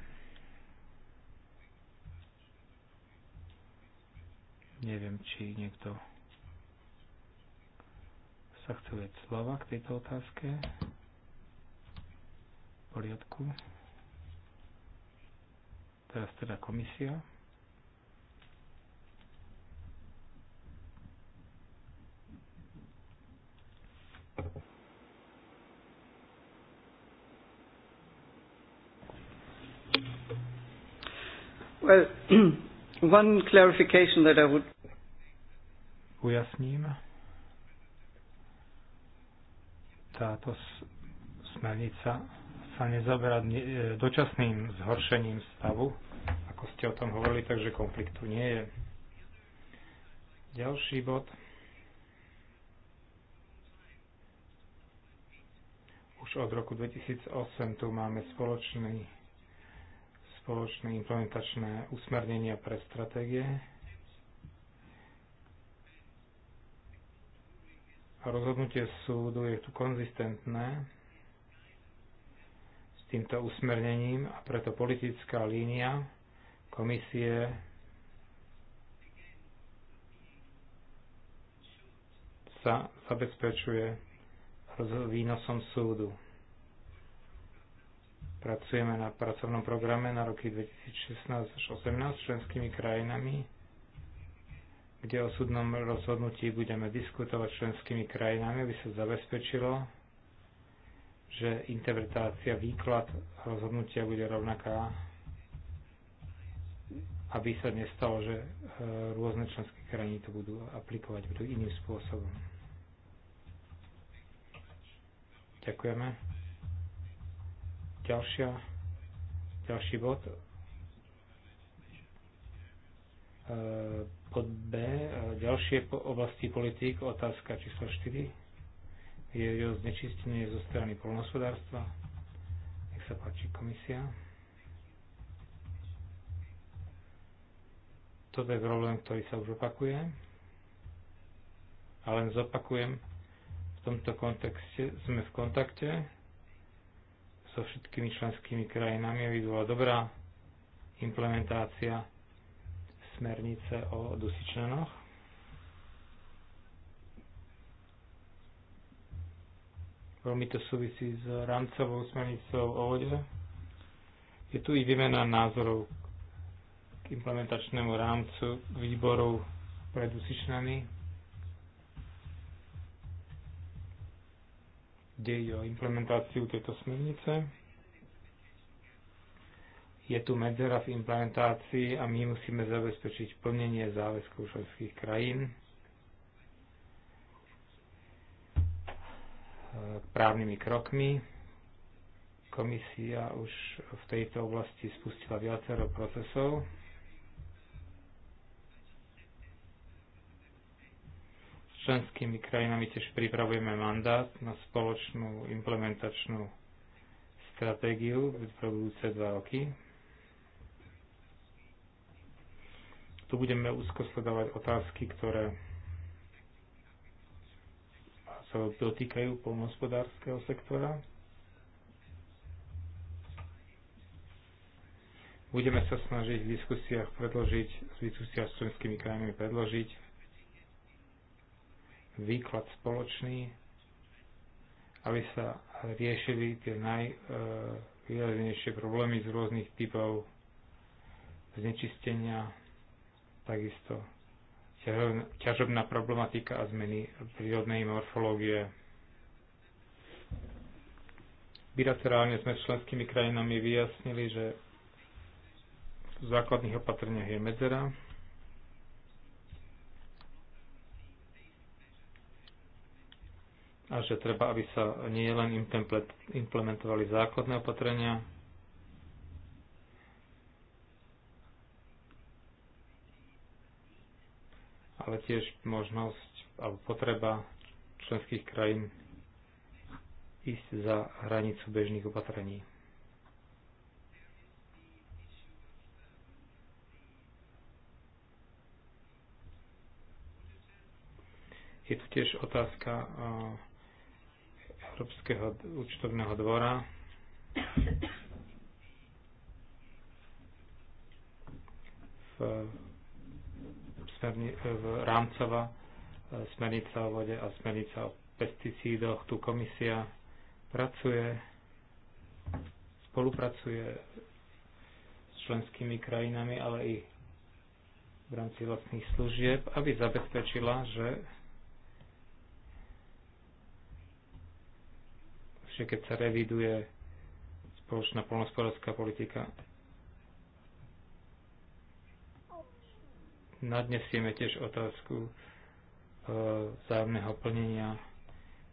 S1: Neviem, či niekto sa chce vedieť slova k tejto otázke. V poriadku. Teraz teda komisia.
S3: Well, One clarification that I would...
S1: Ujasním. Táto smernica sa nezaberá e, dočasným zhoršením stavu, ako ste o tom hovorili, takže konfliktu nie je. Ďalší bod. Už od roku 2008 tu máme spoločný spoločné implementačné usmernenia pre stratégie a rozhodnutie súdu je tu konzistentné s týmto usmernením a preto politická línia komisie sa zabezpečuje s výnosom súdu. Pracujeme na pracovnom programe na roky 2016 až 2018 s členskými krajinami, kde o súdnom rozhodnutí budeme diskutovať s členskými krajinami, aby sa zabezpečilo, že interpretácia, výklad rozhodnutia bude rovnaká, aby sa nestalo, že e, rôzne členské krajiny to budú aplikovať budú iným spôsobom. Ďakujeme. Ďalšia, ďalší bod. E, pod B. E, ďalšie oblasti politík. Otázka číslo 4. Je o znečistenie zo strany polnospodárstva. Nech sa páči komisia. Toto je problém, ktorý sa už opakuje. A len zopakujem, v tomto kontexte sme v kontakte so všetkými členskými krajinami, aby bola dobrá implementácia smernice o dusičnanoch. Veľmi to súvisí s rámcovou smernicou o vode. Je tu i výmena názorov k implementačnému rámcu výboru pre dusičnany kde ide o implementáciu tejto smernice. Je tu medzera v implementácii a my musíme zabezpečiť plnenie záväzkov členských krajín právnymi krokmi. Komisia už v tejto oblasti spustila viacero procesov. členskými krajinami tiež pripravujeme mandát na spoločnú implementačnú stratégiu pre budúce dva roky. Tu budeme úzko sledovať otázky, ktoré sa dotýkajú polnohospodárskeho sektora. Budeme sa snažiť v diskusiách predložiť, v diskusiách s členskými krajinami predložiť výklad spoločný, aby sa riešili tie najvýraznejšie problémy z rôznych typov znečistenia, takisto ťažobná problematika a zmeny prírodnej morfológie. Bilaterálne sme s členskými krajinami vyjasnili, že v základných opatreniach je medzera, a že treba, aby sa nie len implementovali základné opatrenia, ale tiež možnosť alebo potreba členských krajín ísť za hranicu bežných opatrení. Je tu tiež otázka Srbského účtovného dvora. V, smerni, v rámcova e, smernica o vode a smernica o pesticídoch. Tu komisia pracuje, spolupracuje s členskými krajinami, ale i v rámci vlastných služieb, aby zabezpečila, že skutočne, keď sa reviduje spoločná polnospodárska politika, nadnesieme tiež otázku e, vzájomného plnenia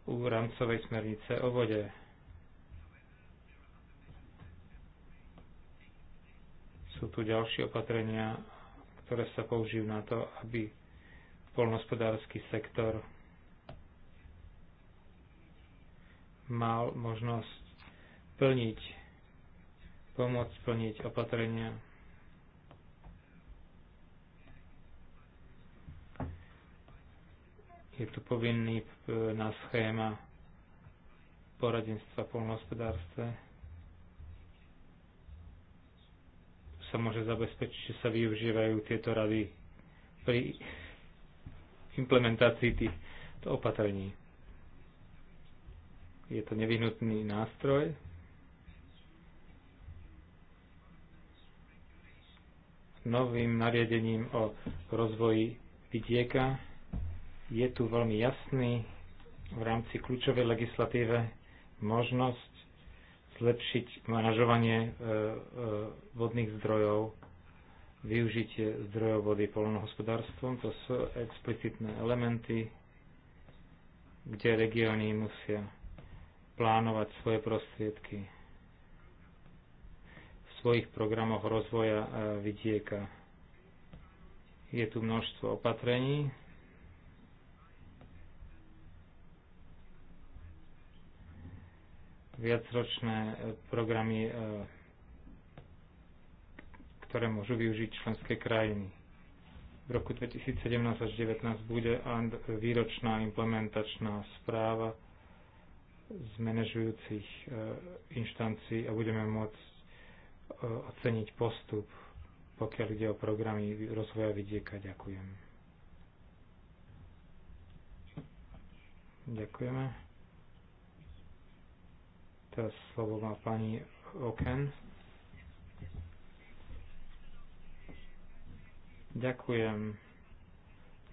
S1: u rámcovej smernice o vode. Sú tu ďalšie opatrenia, ktoré sa použijú na to, aby polnospodársky sektor mal možnosť plniť, pomôcť plniť opatrenia. Je tu povinný e, na schéma poradenstva v polnohospodárstve. Sa môže zabezpečiť, že sa využívajú tieto rady pri implementácii týchto opatrení. Je to nevyhnutný nástroj. Novým nariadením o rozvoji vidieka je tu veľmi jasný v rámci kľúčovej legislatíve možnosť zlepšiť manažovanie e, e, vodných zdrojov, využitie zdrojov vody polnohospodárstvom. To sú explicitné elementy, kde regióny musia plánovať svoje prostriedky v svojich programoch rozvoja e, vidieka. Je tu množstvo opatrení, viacročné e, programy, e, ktoré môžu využiť členské krajiny. V roku 2017 až 2019 bude výročná implementačná správa z manažujúcich e, inštancií a budeme môcť e, oceniť postup, pokiaľ ide o programy rozvoja vidieka. Ďakujem. Ďakujeme. Teraz slovo má pani Oken. Ďakujem.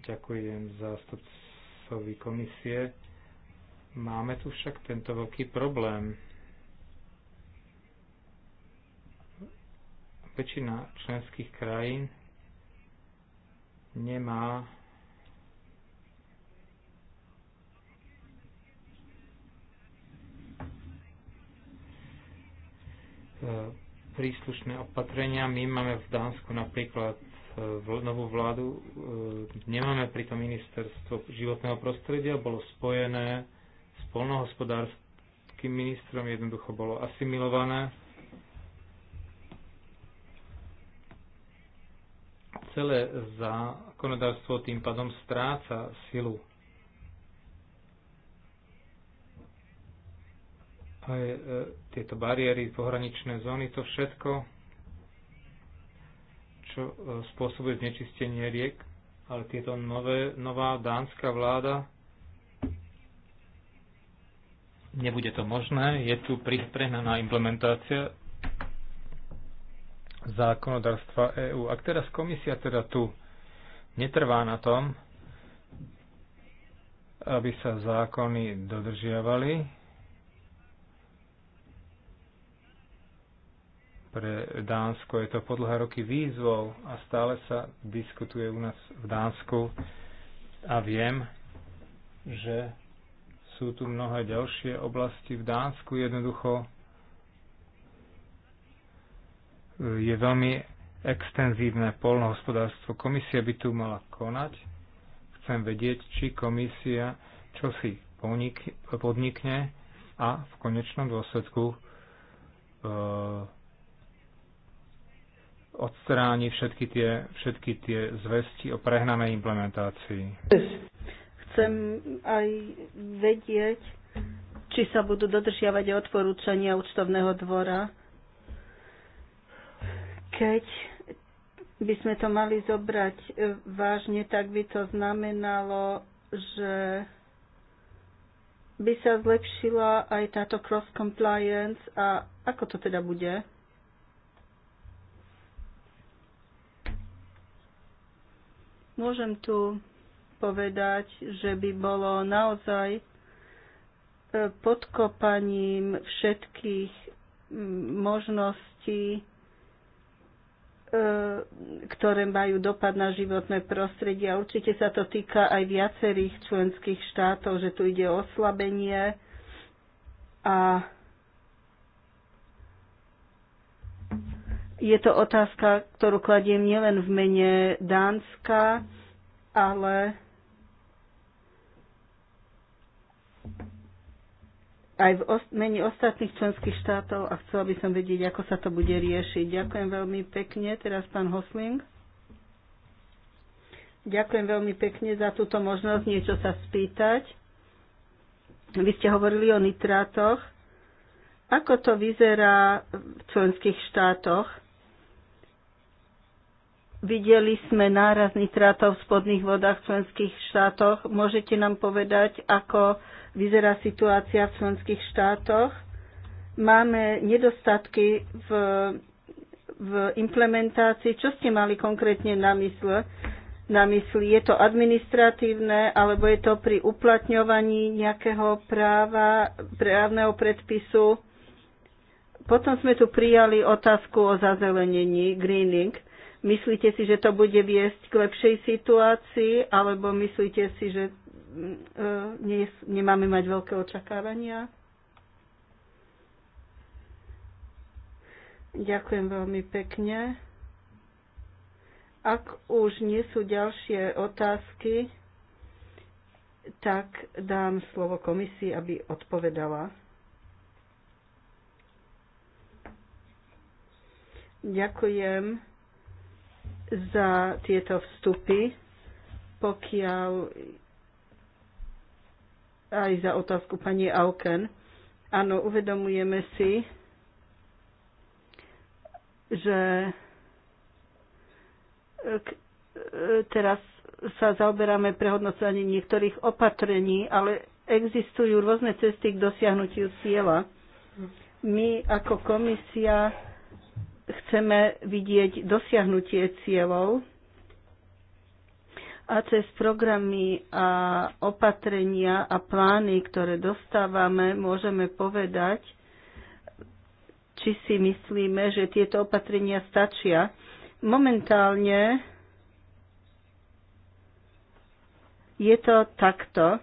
S1: Ďakujem zástupcovi komisie Máme tu však tento veľký problém. Väčšina členských krajín nemá e, príslušné opatrenia. My máme v Dánsku napríklad e, novú vládu, e, nemáme pritom ministerstvo životného prostredia, bolo spojené polnohospodárským ministrom jednoducho bolo asimilované. Celé zákonodárstvo tým pádom stráca silu. Aj e, tieto bariéry, pohraničné zóny, to všetko, čo e, spôsobuje znečistenie riek, ale tieto nové, nová dánska vláda Nebude to možné. Je tu prehnaná implementácia zákonodarstva EÚ. Ak teraz komisia teda tu netrvá na tom, aby sa zákony dodržiavali pre Dánsko. Je to po dlhé roky výzvou a stále sa diskutuje u nás v Dánsku a viem, že sú tu mnohé ďalšie oblasti v Dánsku. Jednoducho je veľmi extenzívne polnohospodárstvo. Komisia by tu mala konať. Chcem vedieť, či komisia čo si podnikne a v konečnom dôsledku e, odstráni všetky tie, všetky tie zvesti o prehnanej implementácii
S3: chcem aj vedieť, či sa budú dodržiavať odporúčania účtovného dvora. Keď by sme to mali zobrať e, vážne, tak by to znamenalo, že by sa zlepšila aj táto cross compliance a ako to teda bude? Môžem tu povedať, že by bolo naozaj e, podkopaním všetkých mm, možností, e, ktoré majú dopad na životné prostredie. A určite sa to týka aj viacerých členských štátov, že tu ide o oslabenie a je to otázka, ktorú kladiem nielen v mene Dánska, ale aj v os- mení ostatných členských štátov a chcela by som vedieť, ako sa to bude riešiť. Ďakujem veľmi pekne. Teraz pán Hosling. Ďakujem veľmi pekne za túto možnosť niečo sa spýtať. Vy ste hovorili o nitrátoch. Ako to vyzerá v členských štátoch? Videli sme náraz nitrátov v spodných vodách v členských štátoch. Môžete nám povedať, ako vyzerá situácia v členských štátoch. Máme nedostatky v, v implementácii. Čo ste mali konkrétne na mysle? na mysli? Je to administratívne, alebo je to pri uplatňovaní nejakého práva, právneho predpisu? Potom sme tu prijali otázku o zazelenení, greening. Myslíte si, že to bude viesť k lepšej situácii, alebo myslíte si, že Mm, e, nie, nemáme mať veľké očakávania. Ďakujem veľmi pekne. Ak už nie sú ďalšie otázky, tak dám slovo komisii, aby odpovedala. Ďakujem za tieto vstupy. Pokiaľ aj za otázku pani Auken. Áno, uvedomujeme si, že e, e, teraz sa zaoberáme prehodnocovaním niektorých opatrení, ale existujú rôzne cesty k dosiahnutiu cieľa. My ako komisia chceme vidieť dosiahnutie cieľov a cez programy a opatrenia a plány, ktoré dostávame, môžeme povedať, či si myslíme, že tieto opatrenia stačia. Momentálne je to takto.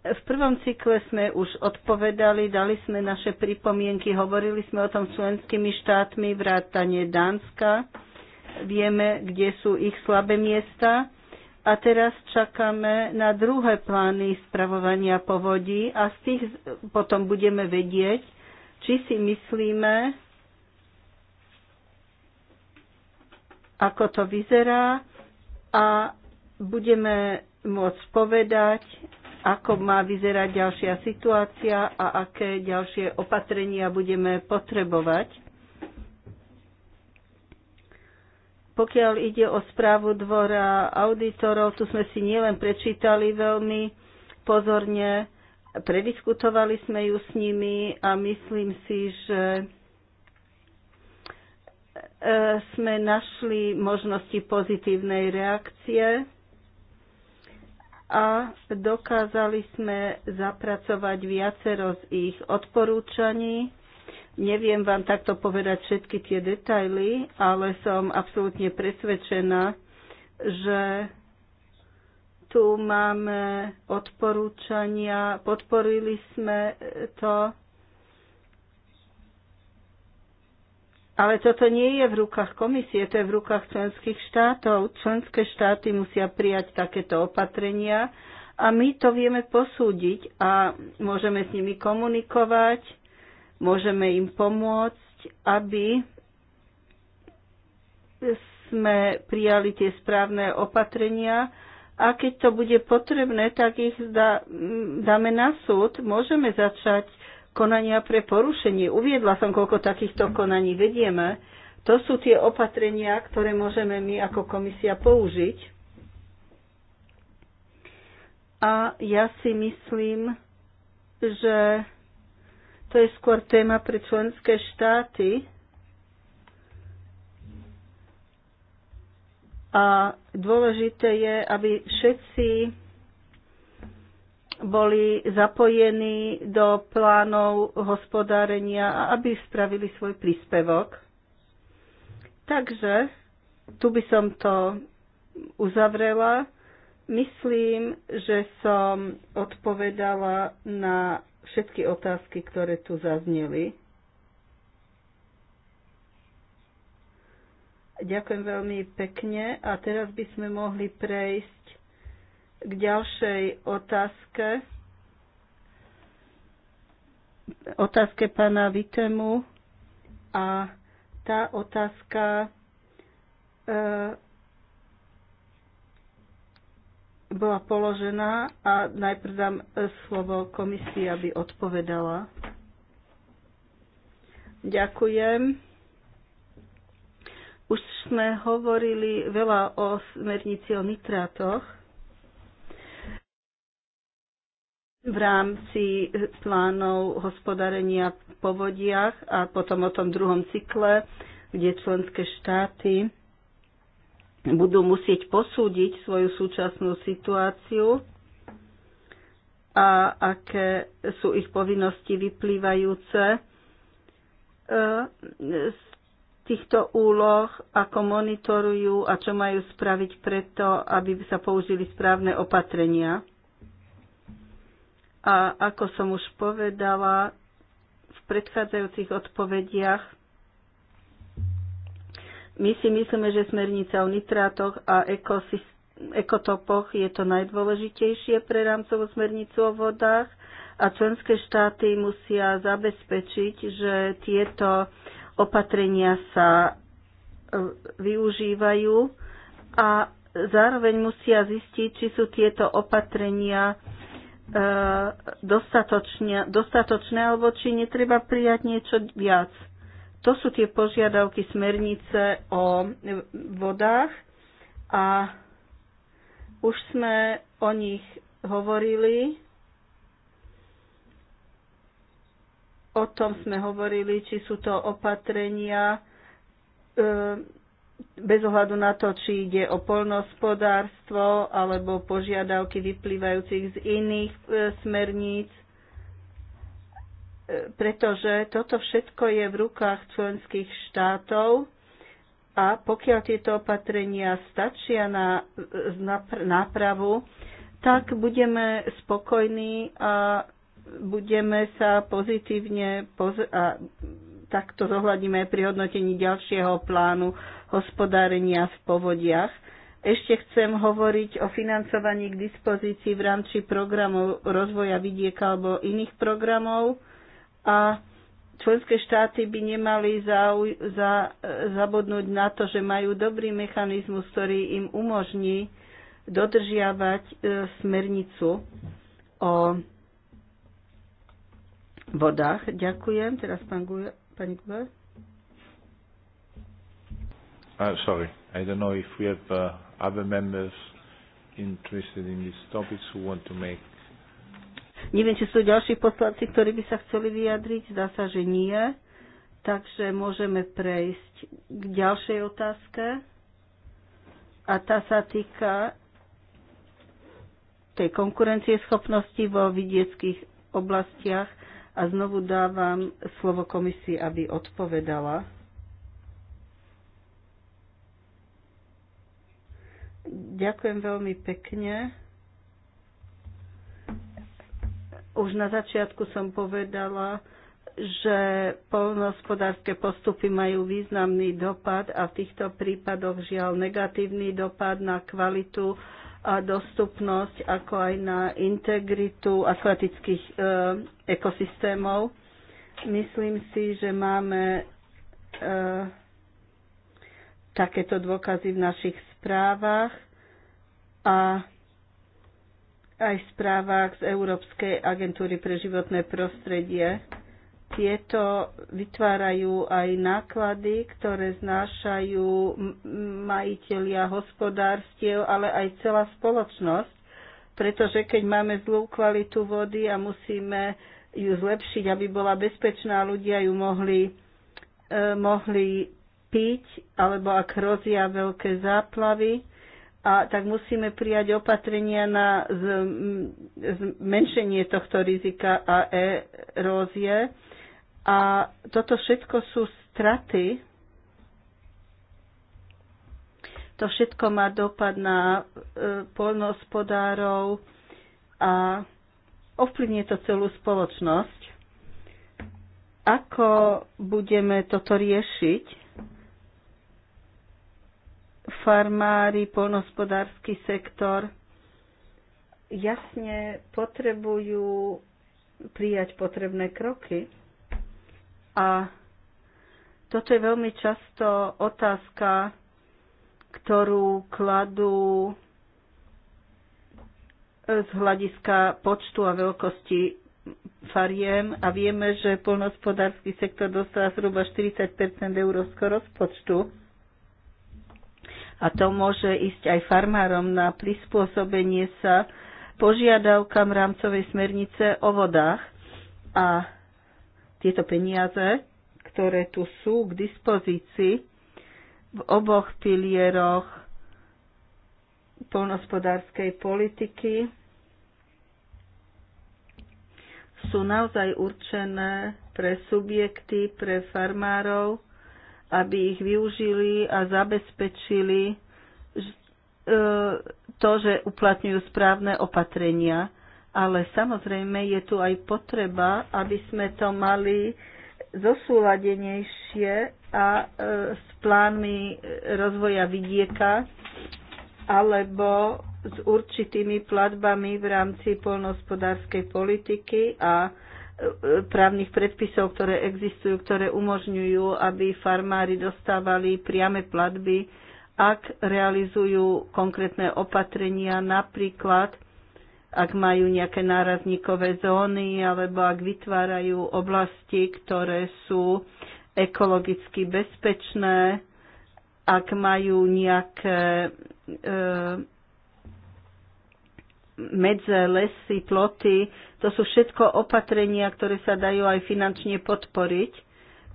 S3: V prvom cykle sme už odpovedali, dali sme naše pripomienky, hovorili sme o tom s členskými štátmi, vrátane Dánska vieme, kde sú ich slabé miesta. A teraz čakáme na druhé plány spravovania povodí a z tých potom budeme vedieť, či si myslíme, ako to vyzerá a budeme môcť povedať, ako má vyzerať ďalšia situácia a aké ďalšie opatrenia budeme potrebovať. Pokiaľ ide o správu dvora auditorov, tu sme si nielen prečítali veľmi pozorne, prediskutovali sme ju s nimi a myslím si, že e, sme našli možnosti pozitívnej reakcie a dokázali sme zapracovať viacero z ich odporúčaní Neviem vám takto povedať všetky tie detaily, ale som absolútne presvedčená, že tu máme odporúčania, podporili sme to, ale toto nie je v rukách komisie, to je v rukách členských štátov. Členské štáty musia prijať takéto opatrenia a my to vieme posúdiť a môžeme s nimi komunikovať Môžeme im pomôcť, aby sme prijali tie správne opatrenia a keď to bude potrebné, tak ich dá, dáme na súd. Môžeme začať konania pre porušenie. Uviedla som, koľko takýchto konaní vedieme. To sú tie opatrenia, ktoré môžeme my ako komisia použiť. A ja si myslím, že to je skôr téma pre členské štáty. A dôležité je, aby všetci boli zapojení do plánov hospodárenia a aby spravili svoj príspevok. Takže tu by som to uzavrela. Myslím, že som odpovedala na všetky otázky, ktoré tu zazneli. Ďakujem veľmi pekne a teraz by sme mohli prejsť k ďalšej otázke. Otázke pána Vitemu a tá otázka e, bola položená a najprv dám e, slovo komisii, aby odpovedala. Ďakujem. Už sme hovorili veľa o smernici o nitrátoch v rámci e, plánov hospodárenia v povodiach a potom o tom druhom cykle, kde členské štáty budú musieť posúdiť svoju súčasnú situáciu a aké sú ich povinnosti vyplývajúce e, z týchto úloh, ako monitorujú a čo majú spraviť preto, aby sa použili správne opatrenia. A ako som už povedala v predchádzajúcich odpovediach, my si myslíme, že smernica o nitrátoch a ekotopoch je to najdôležitejšie pre rámcovú smernicu o vodách a členské štáty musia zabezpečiť, že tieto opatrenia sa e, využívajú a zároveň musia zistiť, či sú tieto opatrenia e, dostatočné, dostatočné alebo či netreba prijať niečo viac. To sú tie požiadavky smernice o vodách a už sme o nich hovorili. O tom sme hovorili, či sú to opatrenia e, bez ohľadu na to, či ide o polnospodárstvo alebo požiadavky vyplývajúcich z iných e, smerníc pretože toto všetko je v rukách členských štátov a pokiaľ tieto opatrenia stačia na nápravu, tak budeme spokojní a budeme sa pozitívne poz- a takto zohľadíme aj pri hodnotení ďalšieho plánu hospodárenia v povodiach. Ešte chcem hovoriť o financovaní k dispozícii v rámci programov rozvoja vidieka alebo iných programov a členské štáty by nemali za, za, zabudnúť na to, že majú dobrý mechanizmus, ktorý im umožní dodržiavať e, smernicu o vodách. Ďakujem. Teraz pán Guver, pani Guver.
S1: Uh, sorry, I don't know if we have uh, other members interested in these topics who want to make
S3: Neviem, či sú ďalší poslanci, ktorí by sa chceli vyjadriť. Zdá sa, že nie. Takže môžeme prejsť k ďalšej otázke. A tá sa týka tej konkurencie schopnosti vo vidieckých oblastiach a znovu dávam slovo komisii, aby odpovedala. Ďakujem veľmi pekne. Už na začiatku som povedala, že polnohospodárske postupy majú významný dopad a v týchto prípadoch žiaľ negatívny dopad na kvalitu a dostupnosť, ako aj na integritu akvatických e, ekosystémov. Myslím si, že máme e, takéto dôkazy v našich správach a aj v správach z Európskej agentúry pre životné prostredie. Tieto vytvárajú aj náklady, ktoré znášajú majiteľia hospodárstiev, ale aj celá spoločnosť, pretože keď máme zlú kvalitu vody a musíme ju zlepšiť, aby bola bezpečná, ľudia ju mohli, eh, mohli piť, alebo ak hrozia veľké záplavy, a tak musíme prijať opatrenia na zmenšenie tohto rizika a erózie. A toto všetko sú straty. To všetko má dopad na e, polnohospodárov a ovplyvne to celú spoločnosť. Ako budeme toto riešiť? farmári, polnospodársky sektor jasne potrebujú prijať potrebné kroky. A toto je veľmi často otázka, ktorú kladú z hľadiska počtu a veľkosti fariem a vieme, že polnospodársky sektor dostáva zhruba 40 európskeho rozpočtu a to môže ísť aj farmárom na prispôsobenie sa požiadavkám rámcovej smernice o vodách. A tieto peniaze, ktoré tu sú k dispozícii v oboch pilieroch polnospodárskej politiky, sú naozaj určené pre subjekty, pre farmárov, aby ich využili a zabezpečili e, to, že uplatňujú správne opatrenia. Ale samozrejme je tu aj potreba, aby sme to mali zosúladenejšie a e, s plánmi rozvoja vidieka alebo s určitými platbami v rámci polnohospodárskej politiky a právnych predpisov, ktoré existujú, ktoré umožňujú, aby farmári dostávali priame platby, ak realizujú konkrétne opatrenia, napríklad ak majú nejaké nárazníkové zóny alebo ak vytvárajú oblasti, ktoré sú ekologicky bezpečné, ak majú nejaké e, medze, lesy, ploty, to sú všetko opatrenia, ktoré sa dajú aj finančne podporiť.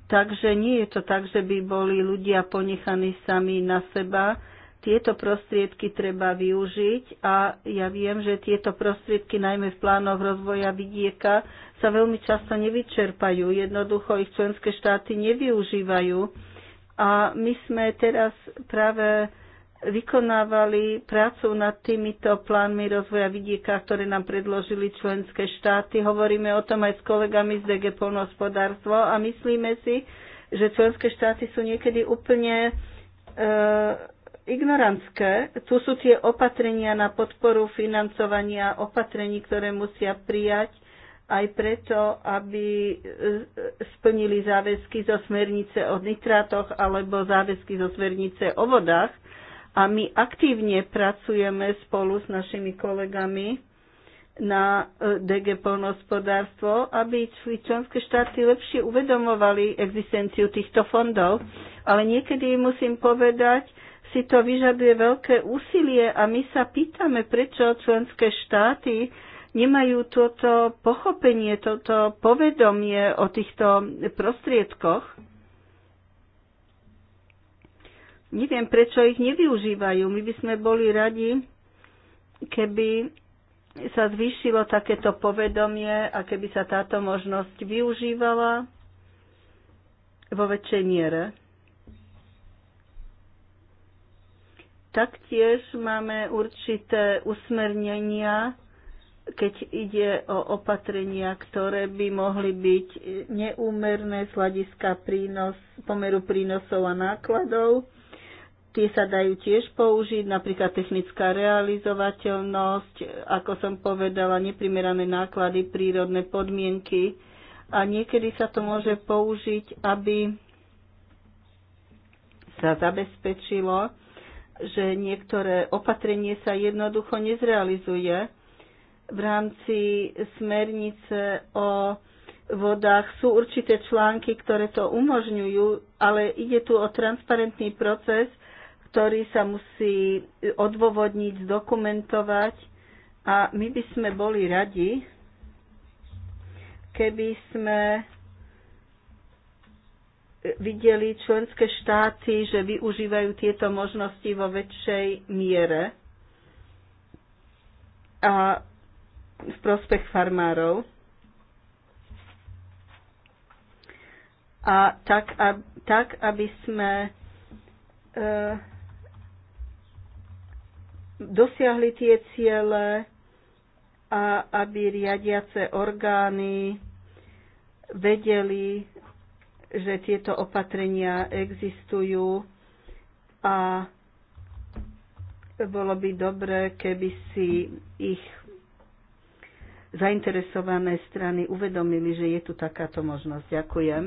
S3: Takže nie je to tak, že by boli ľudia ponechaní sami na seba. Tieto prostriedky treba využiť a ja viem, že tieto prostriedky najmä v plánoch rozvoja vidieka sa veľmi často nevyčerpajú. Jednoducho ich členské štáty nevyužívajú. A my sme teraz práve vykonávali prácu nad týmito plánmi rozvoja vidieka, ktoré nám predložili členské štáty. Hovoríme o tom aj s kolegami z DG Polnohospodárstvo a myslíme si, že členské štáty sú niekedy úplne e, ignorantské. Tu sú tie opatrenia na podporu financovania, opatrení, ktoré musia prijať aj preto, aby e, splnili záväzky zo smernice o nitrátoch alebo záväzky zo smernice o vodách a my aktívne pracujeme spolu s našimi kolegami na e, DG polnohospodárstvo, aby členské štáty lepšie uvedomovali existenciu týchto fondov. Ale niekedy musím povedať, si to vyžaduje veľké úsilie a my sa pýtame, prečo členské štáty nemajú toto pochopenie, toto povedomie o týchto prostriedkoch. Neviem, prečo ich nevyužívajú. My by sme boli radi, keby sa zvýšilo takéto povedomie a keby sa táto možnosť využívala vo väčšej miere. Taktiež máme určité usmernenia, keď ide o opatrenia, ktoré by mohli byť neúmerné z hľadiska prínos, pomeru prínosov a nákladov. Tie sa dajú tiež použiť, napríklad technická realizovateľnosť, ako som povedala, neprimerané náklady, prírodné podmienky. A niekedy sa to môže použiť, aby sa zabezpečilo, že niektoré opatrenie sa jednoducho nezrealizuje. V rámci smernice o vodách sú určité články, ktoré to umožňujú, ale ide tu o transparentný proces, ktorý sa musí odôvodniť, zdokumentovať a my by sme boli radi, keby sme videli členské štáty, že využívajú tieto možnosti vo väčšej miere a v prospech farmárov. A tak, a, tak aby sme e, dosiahli tie ciele a aby riadiace orgány vedeli, že tieto opatrenia existujú a bolo by dobré, keby si ich zainteresované strany uvedomili, že je tu takáto možnosť. Ďakujem.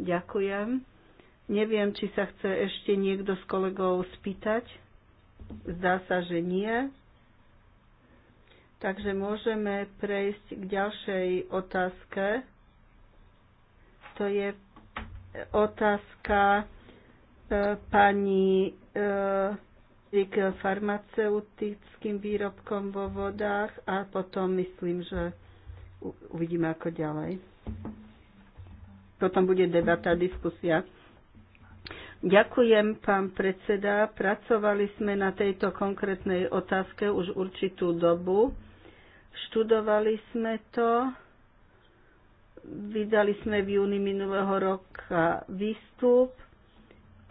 S3: Ďakujem. Neviem, či sa chce ešte niekto z kolegov spýtať. Zdá sa, že nie. Takže môžeme prejsť k ďalšej otázke. To je otázka e, pani e, k farmaceutickým výrobkom vo vodách a potom myslím, že uvidíme ako ďalej. Potom bude debata, diskusia. Ďakujem, pán predseda. Pracovali sme na tejto konkrétnej otázke už určitú dobu. Študovali sme to. Vydali sme v júni minulého roka výstup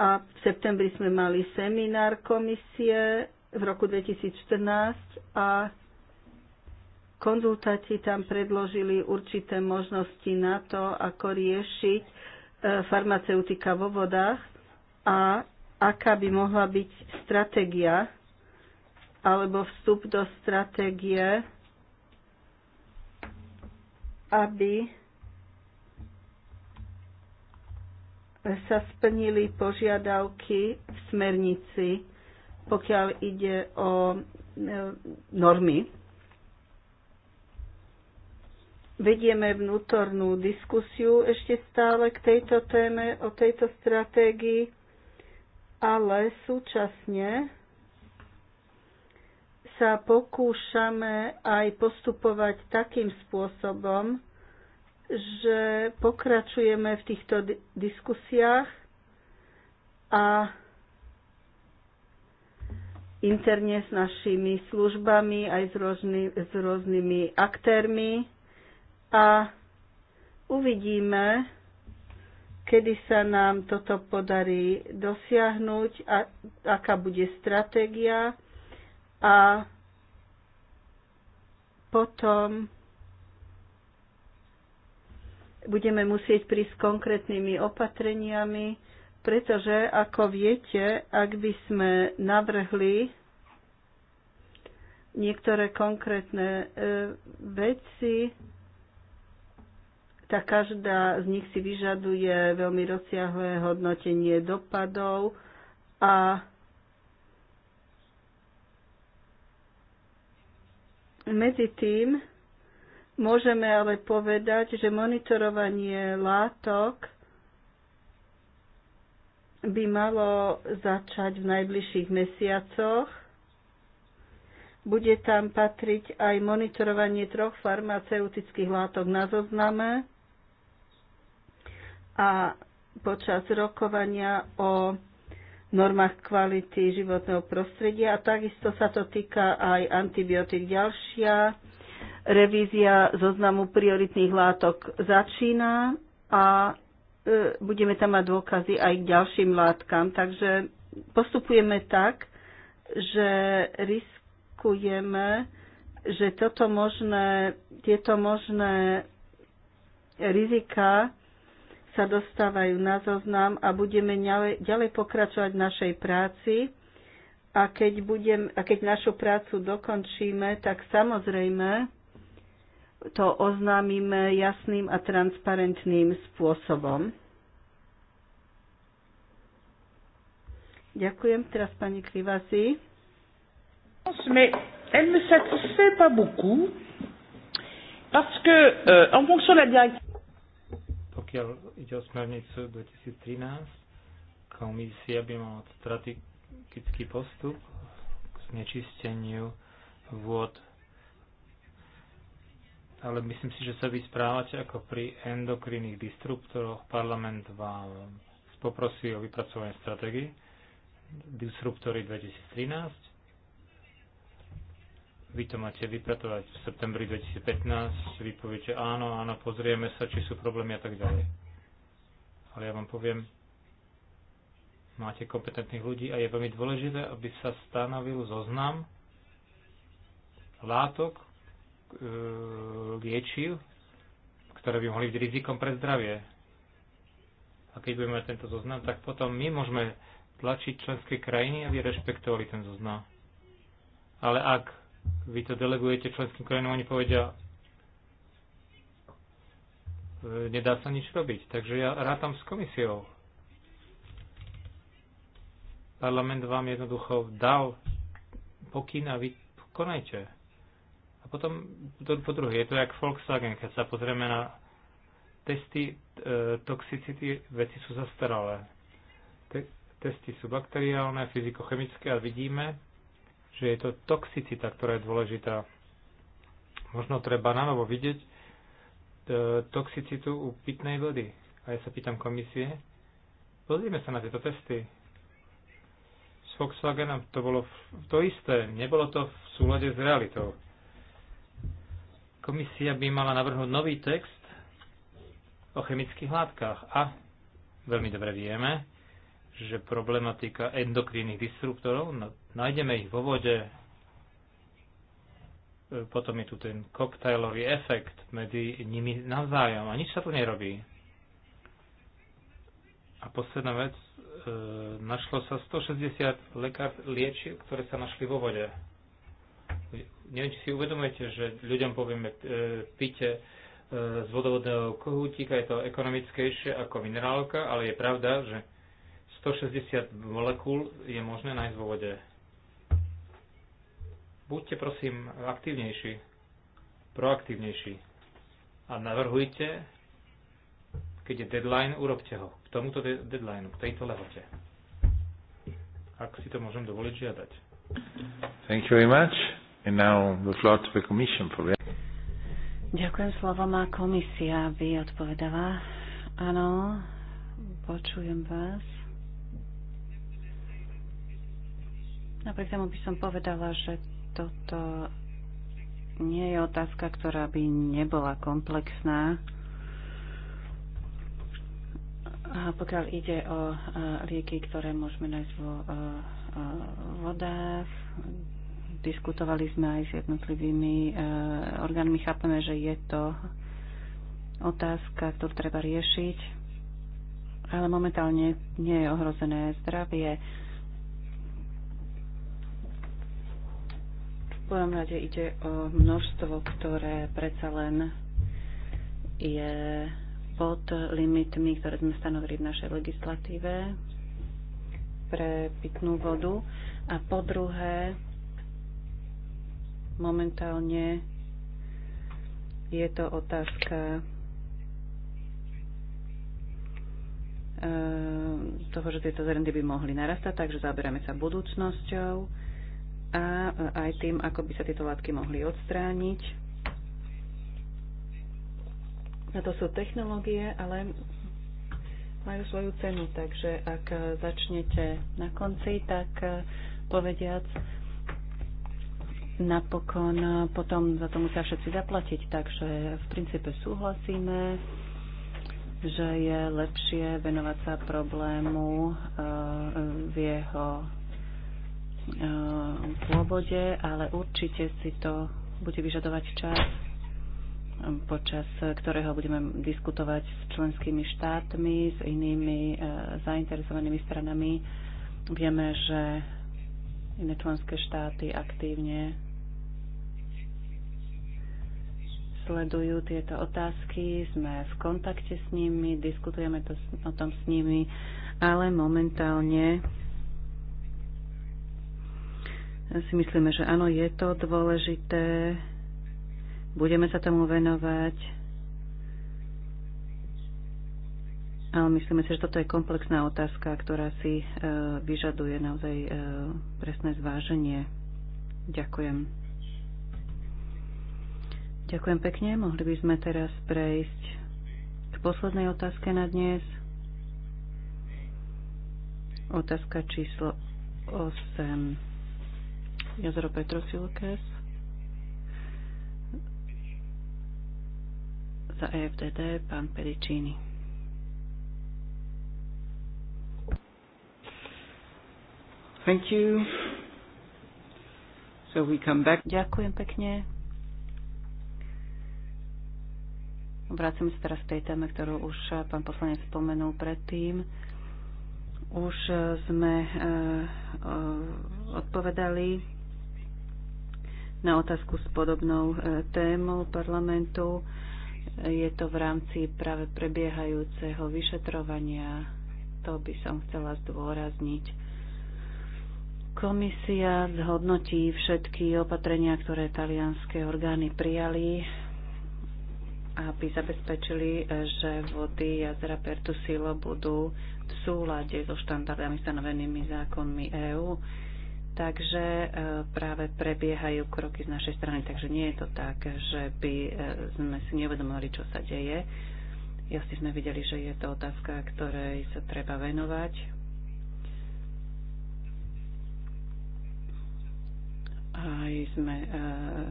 S3: a v septembri sme mali seminár komisie v roku 2014 a konzultáti tam predložili určité možnosti na to, ako riešiť e, farmaceutika vo vodách a aká by mohla byť stratégia alebo vstup do stratégie, aby sa splnili požiadavky v smernici, pokiaľ ide o e, normy. Vedieme vnútornú diskusiu ešte stále k tejto téme, o tejto stratégii ale súčasne sa pokúšame aj postupovať takým spôsobom, že pokračujeme v týchto diskusiách a interne s našimi službami, aj s, rôzny, s rôznymi aktérmi a uvidíme, kedy sa nám toto podarí dosiahnuť, a, aká bude stratégia a potom budeme musieť prísť s konkrétnymi opatreniami, pretože, ako viete, ak by sme navrhli niektoré konkrétne e, veci, tak každá z nich si vyžaduje veľmi rozsiahle hodnotenie dopadov a medzi tým môžeme ale povedať, že monitorovanie látok by malo začať v najbližších mesiacoch. Bude tam patriť aj monitorovanie troch farmaceutických látok na zozname, a počas rokovania o normách kvality životného prostredia a takisto sa to týka aj antibiotík. Ďalšia revízia zoznamu prioritných látok začína a e, budeme tam mať dôkazy aj k ďalším látkam. Takže postupujeme tak, že riskujeme, že toto možné, tieto možné rizika sa dostávajú na zoznam a budeme ďalej, ďalej pokračovať v našej práci. A keď, budem, a keď našu prácu dokončíme, tak samozrejme to oznámime jasným a transparentným spôsobom. Ďakujem teraz pani Krivasi. elle ne satisfait pas beaucoup
S2: parce que euh, en fonction de la directive
S1: pokiaľ ide o smernicu 2013, komisia by mala strategický postup k znečisteniu vôd ale myslím si, že sa vy správate ako pri endokrinných disruptoroch. Parlament vám poprosí o vypracovanie stratégie disruptory 2013 vy to máte vypratovať v septembri 2015, vy poviete áno, áno, pozrieme sa, či sú problémy a tak ďalej. Ale ja vám poviem, máte kompetentných ľudí a je veľmi dôležité, aby sa stanovil zoznam látok, e, liečiv, ktoré by mohli byť rizikom pre zdravie. A keď budeme mať tento zoznam, tak potom my môžeme tlačiť členské krajiny, aby rešpektovali ten zoznam. Ale ak vy to delegujete členským krajinám, oni povedia, e, nedá sa nič robiť. Takže ja rátam s komisiou. Parlament vám jednoducho dal pokyn a vy konajte. A potom, po druhé, je to jak Volkswagen, keď sa pozrieme na testy e, toxicity, veci sú zastaralé. Te, testy sú bakteriálne, fyzikochemické a vidíme, že je to toxicita, ktorá je dôležitá. Možno treba na novo vidieť e, toxicitu u pitnej vody. A ja sa pýtam komisie, pozrieme sa na tieto testy. S Volkswagenom to bolo v to isté, nebolo to v súlade s realitou. Komisia by mala navrhnúť nový text o chemických látkach a veľmi dobre vieme, že problematika endokrinných disruptorov, no, Nájdeme ich vo vode. E, potom je tu ten koktajlový efekt medzi nimi navzájom a nič sa tu nerobí. A posledná vec, e, našlo sa 160 lekár liečiv, ktoré sa našli vo vode. Neviem, či si uvedomujete, že ľuďom povieme, e, pite e, z vodovodného kohútika, je to ekonomickejšie ako minerálka, ale je pravda, že 160 molekúl je možné nájsť vo vode. Buďte prosím aktívnejší, proaktívnejší a navrhujte, keď je deadline, urobte ho. K tomuto de- deadlineu, k tejto lehote. Ak si to môžem dovoliť žiadať. Thank you very much. And now the floor to the commission for
S2: Ďakujem, slovo má komisia, by odpovedala. Áno, počujem vás. Napriek tomu by som povedala, že toto nie je otázka, ktorá by nebola komplexná. A pokiaľ ide o e, lieky, ktoré môžeme nájsť vo e, e, vodách, diskutovali sme aj s jednotlivými orgánmi. Chápeme, že je to otázka, ktorú treba riešiť, ale momentálne nie je ohrozené zdravie prvom rade ide o množstvo, ktoré predsa len je pod limitmi, ktoré sme stanovili v našej legislatíve pre pitnú vodu. A po druhé, momentálne je to otázka eh, toho, že tieto zrendy by mohli narastať, takže zaberáme sa budúcnosťou a aj tým, ako by sa tieto látky mohli odstrániť. A to sú technológie, ale majú svoju cenu, takže ak začnete na konci, tak e, povediac, napokon e, potom za to musia všetci zaplatiť. Takže v princípe súhlasíme, že je lepšie venovať sa problému e, v jeho pôvode, ale určite si to bude vyžadovať čas, počas ktorého budeme diskutovať s členskými štátmi, s inými e, zainteresovanými stranami. Vieme, že iné členské štáty aktívne sledujú tieto otázky, sme v kontakte s nimi, diskutujeme to, o tom s nimi, ale momentálne si myslíme, že áno, je to dôležité, budeme sa tomu venovať, ale myslíme si, že toto je komplexná otázka, ktorá si e, vyžaduje naozaj e, presné zváženie. Ďakujem. Ďakujem pekne. Mohli by sme teraz prejsť k poslednej otázke na dnes. Otázka číslo 8 jazero Petrosilkes za EFDD pán Pericini. Thank you. So we come back. Ďakujem pekne. Vracam sa teraz k tej téme, ktorú už pán poslanec spomenul predtým už sme uh, uh, odpovedali na otázku s podobnou e, témou parlamentu. Je to v rámci práve prebiehajúceho vyšetrovania. To by som chcela zdôrazniť. Komisia zhodnotí všetky opatrenia, ktoré talianské orgány prijali, aby zabezpečili, e, že vody jazera Pertusilo budú v súlade so štandardami stanovenými zákonmi EÚ Takže e, práve prebiehajú kroky z našej strany. Takže nie je to tak, že by e, sme si neuvedomili, čo sa deje. Jasne sme videli, že je to otázka, ktorej sa treba venovať. Aj sme e,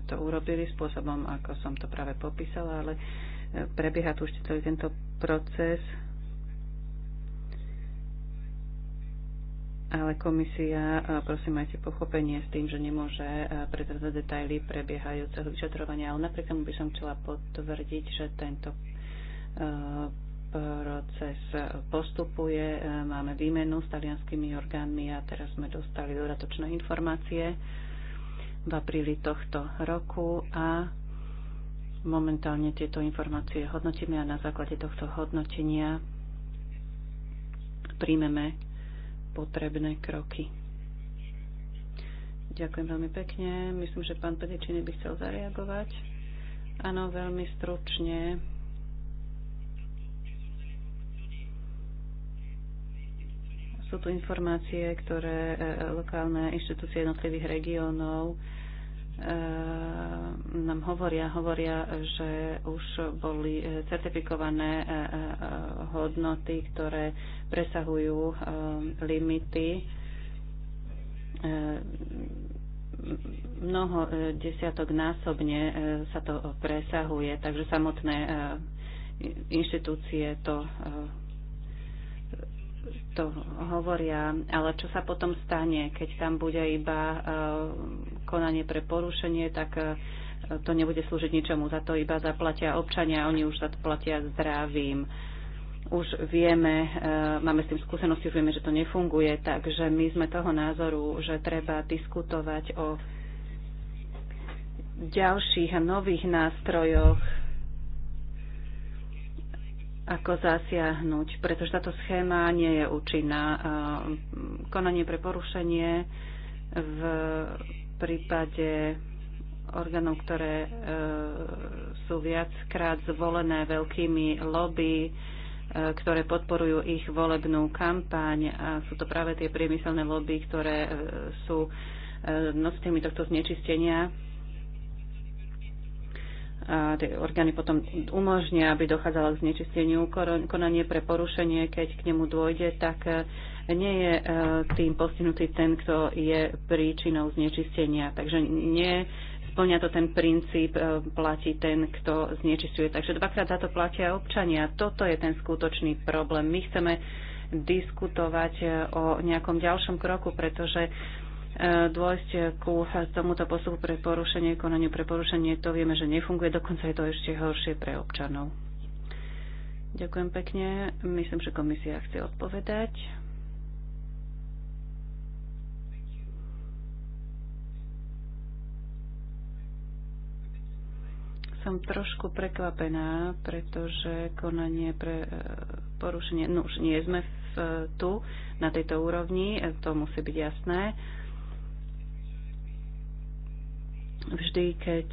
S2: to urobili spôsobom, ako som to práve popísala, ale prebieha tu už celý tento proces Ale komisia, prosím, majte pochopenie s tým, že nemôže predrzať detaily prebiehajúceho vyšetrovania, ale napriek tomu by som chcela potvrdiť, že tento proces postupuje. Máme výmenu s talianskými orgánmi a teraz sme dostali dodatočné informácie v apríli tohto roku a momentálne tieto informácie hodnotíme a na základe tohto hodnotenia príjmeme potrebné kroky. Ďakujem veľmi pekne. Myslím, že pán Pedečiny by chcel zareagovať. Áno, veľmi stručne. Sú tu informácie, ktoré e, e, lokálne inštitúcie jednotlivých regiónov Ehm, nám hovoria, hovoria, že už boli eh, certifikované eh, eh, hodnoty, ktoré presahujú ehm, limity ehm, mnoho desiatok násobne sa to presahuje, takže samotné inštitúcie to, to hovoria. Ale čo sa potom stane, keď tam bude iba konanie pre porušenie, tak e, to nebude slúžiť ničomu. Za to iba zaplatia občania, oni už zaplatia zdravím. Už vieme, e, máme s tým skúsenosti, už vieme, že to nefunguje, takže my sme toho názoru, že treba diskutovať o ďalších a nových nástrojoch, ako zasiahnuť, pretože táto schéma nie je účinná. E, konanie pre porušenie v prípade orgánov, ktoré e, sú viackrát zvolené veľkými lobby, e, ktoré podporujú ich volebnú kampaň. A sú to práve tie priemyselné lobby, ktoré e, sú e, nositeľmi tohto znečistenia. A tie orgány potom umožnia, aby dochádzalo k znečisteniu konanie pre porušenie, keď k nemu dôjde, tak e, nie je e, tým postihnutý ten, kto je príčinou znečistenia. Takže nie splňa to ten princíp, e, platí ten, kto znečistuje. Takže dvakrát za to platia občania. Toto je ten skutočný problém. My chceme diskutovať e, o nejakom ďalšom kroku, pretože dôjsť ku tomuto postupu pre porušenie, konaniu pre porušenie, to vieme, že nefunguje, dokonca je to ešte horšie pre občanov. Ďakujem pekne. Myslím, že komisia chce odpovedať. som trošku prekvapená, pretože konanie pre e, porušenie, no už nie sme v, e, tu na tejto úrovni, e, to musí byť jasné. Vždy, keď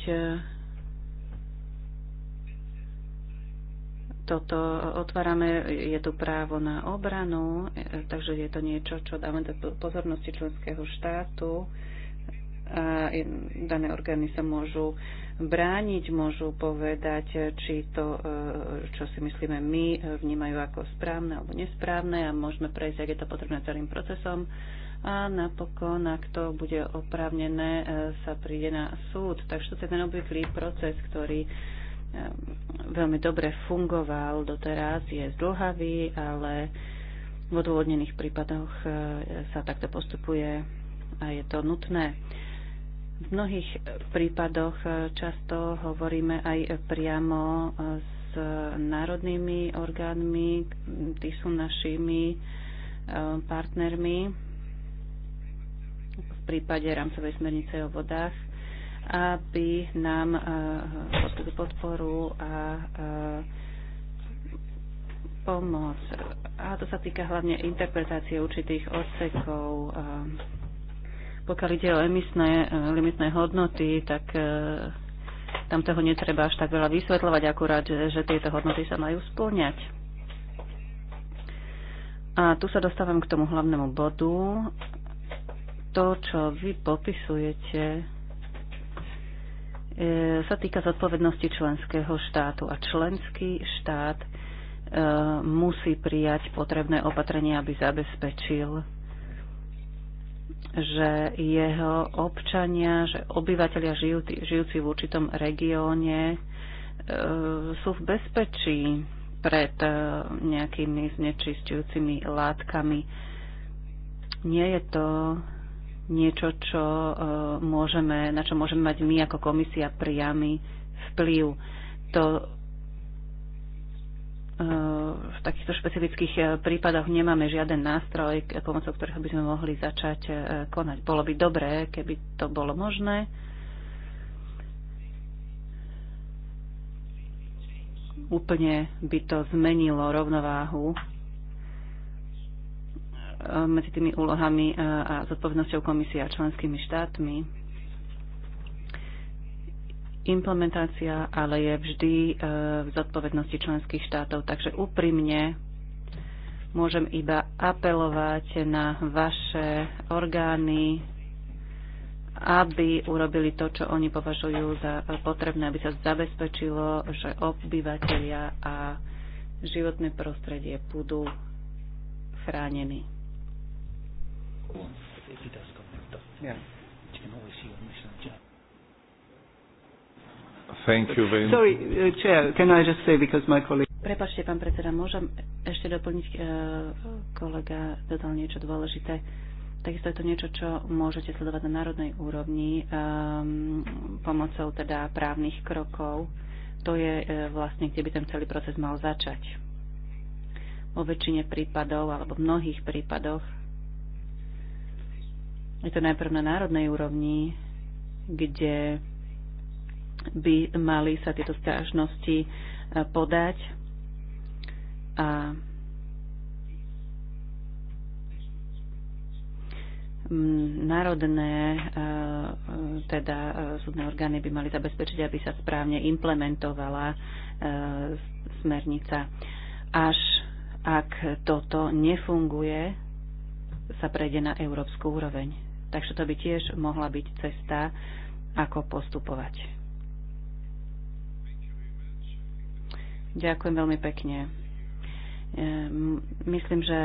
S2: toto otvárame, je tu právo na obranu, takže je to niečo, čo dáme do pozornosti členského štátu. A dané orgány sa môžu brániť, môžu povedať, či to, e, čo si myslíme my, e, vnímajú ako správne alebo nesprávne a môžeme prejsť, ak je to potrebné, celým procesom. A napokon, ak to bude oprávnené, e, sa príde na súd. Takže to je ten obvyklý proces, ktorý veľmi dobre fungoval doteraz, je zdlhavý, ale v odôvodnených prípadoch sa takto postupuje a je to nutné. V mnohých e, prípadoch e, často hovoríme aj priamo e, s národnými orgánmi, tí sú našimi partnermi v prípade rámcovej smernice o vodách, aby nám poskytli podporu a pomoc. A to sa týka hlavne interpretácie určitých odsekov pokiaľ ide o emisné, e, limitné hodnoty, tak e, tam toho netreba až tak veľa vysvetľovať, akurát, že, že tieto hodnoty sa majú splňať. A tu sa dostávam k tomu hlavnému bodu. To, čo vy popisujete, e, sa týka zodpovednosti členského štátu. A členský štát musí prijať potrebné opatrenia, aby zabezpečil že jeho občania, že obyvateľia žijúci, žijúci v určitom regióne e, sú v bezpečí pred e, nejakými znečistujúcimi látkami. Nie je to niečo, čo e, môžeme, na čo môžeme mať my ako komisia priamy vplyv. To v takýchto špecifických e, prípadoch nemáme žiaden nástroj, pomocou ktorého by sme mohli začať e, konať. Bolo by dobré, keby to bolo možné. Úplne by to zmenilo rovnováhu e, medzi tými úlohami a zodpovednosťou komisie a členskými štátmi implementácia ale je vždy e, v zodpovednosti členských štátov. Takže úprimne môžem iba apelovať na vaše orgány, aby urobili to, čo oni považujú za potrebné, aby sa zabezpečilo, že obyvateľia a životné prostredie budú chránení. Yeah.
S1: Thank you very much. Sorry,
S3: uh, Chair, can I just say, because my colleague...
S2: Prepačte, pán predseda, môžem ešte doplniť, uh, kolega dodal niečo dôležité. Takisto je to niečo, čo môžete sledovať na národnej úrovni um, pomocou teda právnych krokov. To je uh, vlastne, kde by ten celý proces mal začať. Vo väčšine prípadov, alebo v mnohých prípadoch, je to najprv na národnej úrovni, kde by mali sa tieto stiažnosti e, podať a národné e, e, teda súdne orgány by mali zabezpečiť, aby sa správne implementovala smernica. Až ak toto nefunguje, sa prejde na európsku úroveň. Takže to by tiež mohla byť cesta, ako postupovať. Ďakujem veľmi pekne. Ehm, myslím, že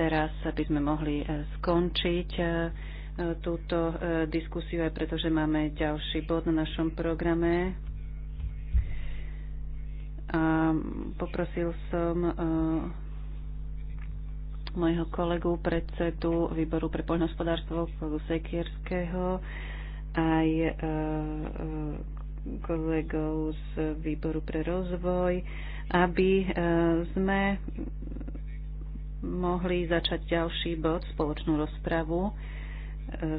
S2: teraz by sme mohli e, skončiť e, túto e, diskusiu, aj pretože máme ďalší bod na našom programe. A poprosil som mojho kolegu, predsedu výboru pre poľnohospodárstvo, kolegu Sekierského, aj kolegov z výboru pre rozvoj, aby e, sme mohli začať ďalší bod, spoločnú rozpravu e,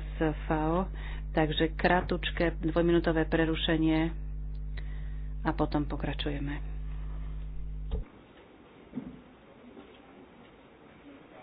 S2: s FAO. Takže kratučké dvojminútové prerušenie a potom pokračujeme.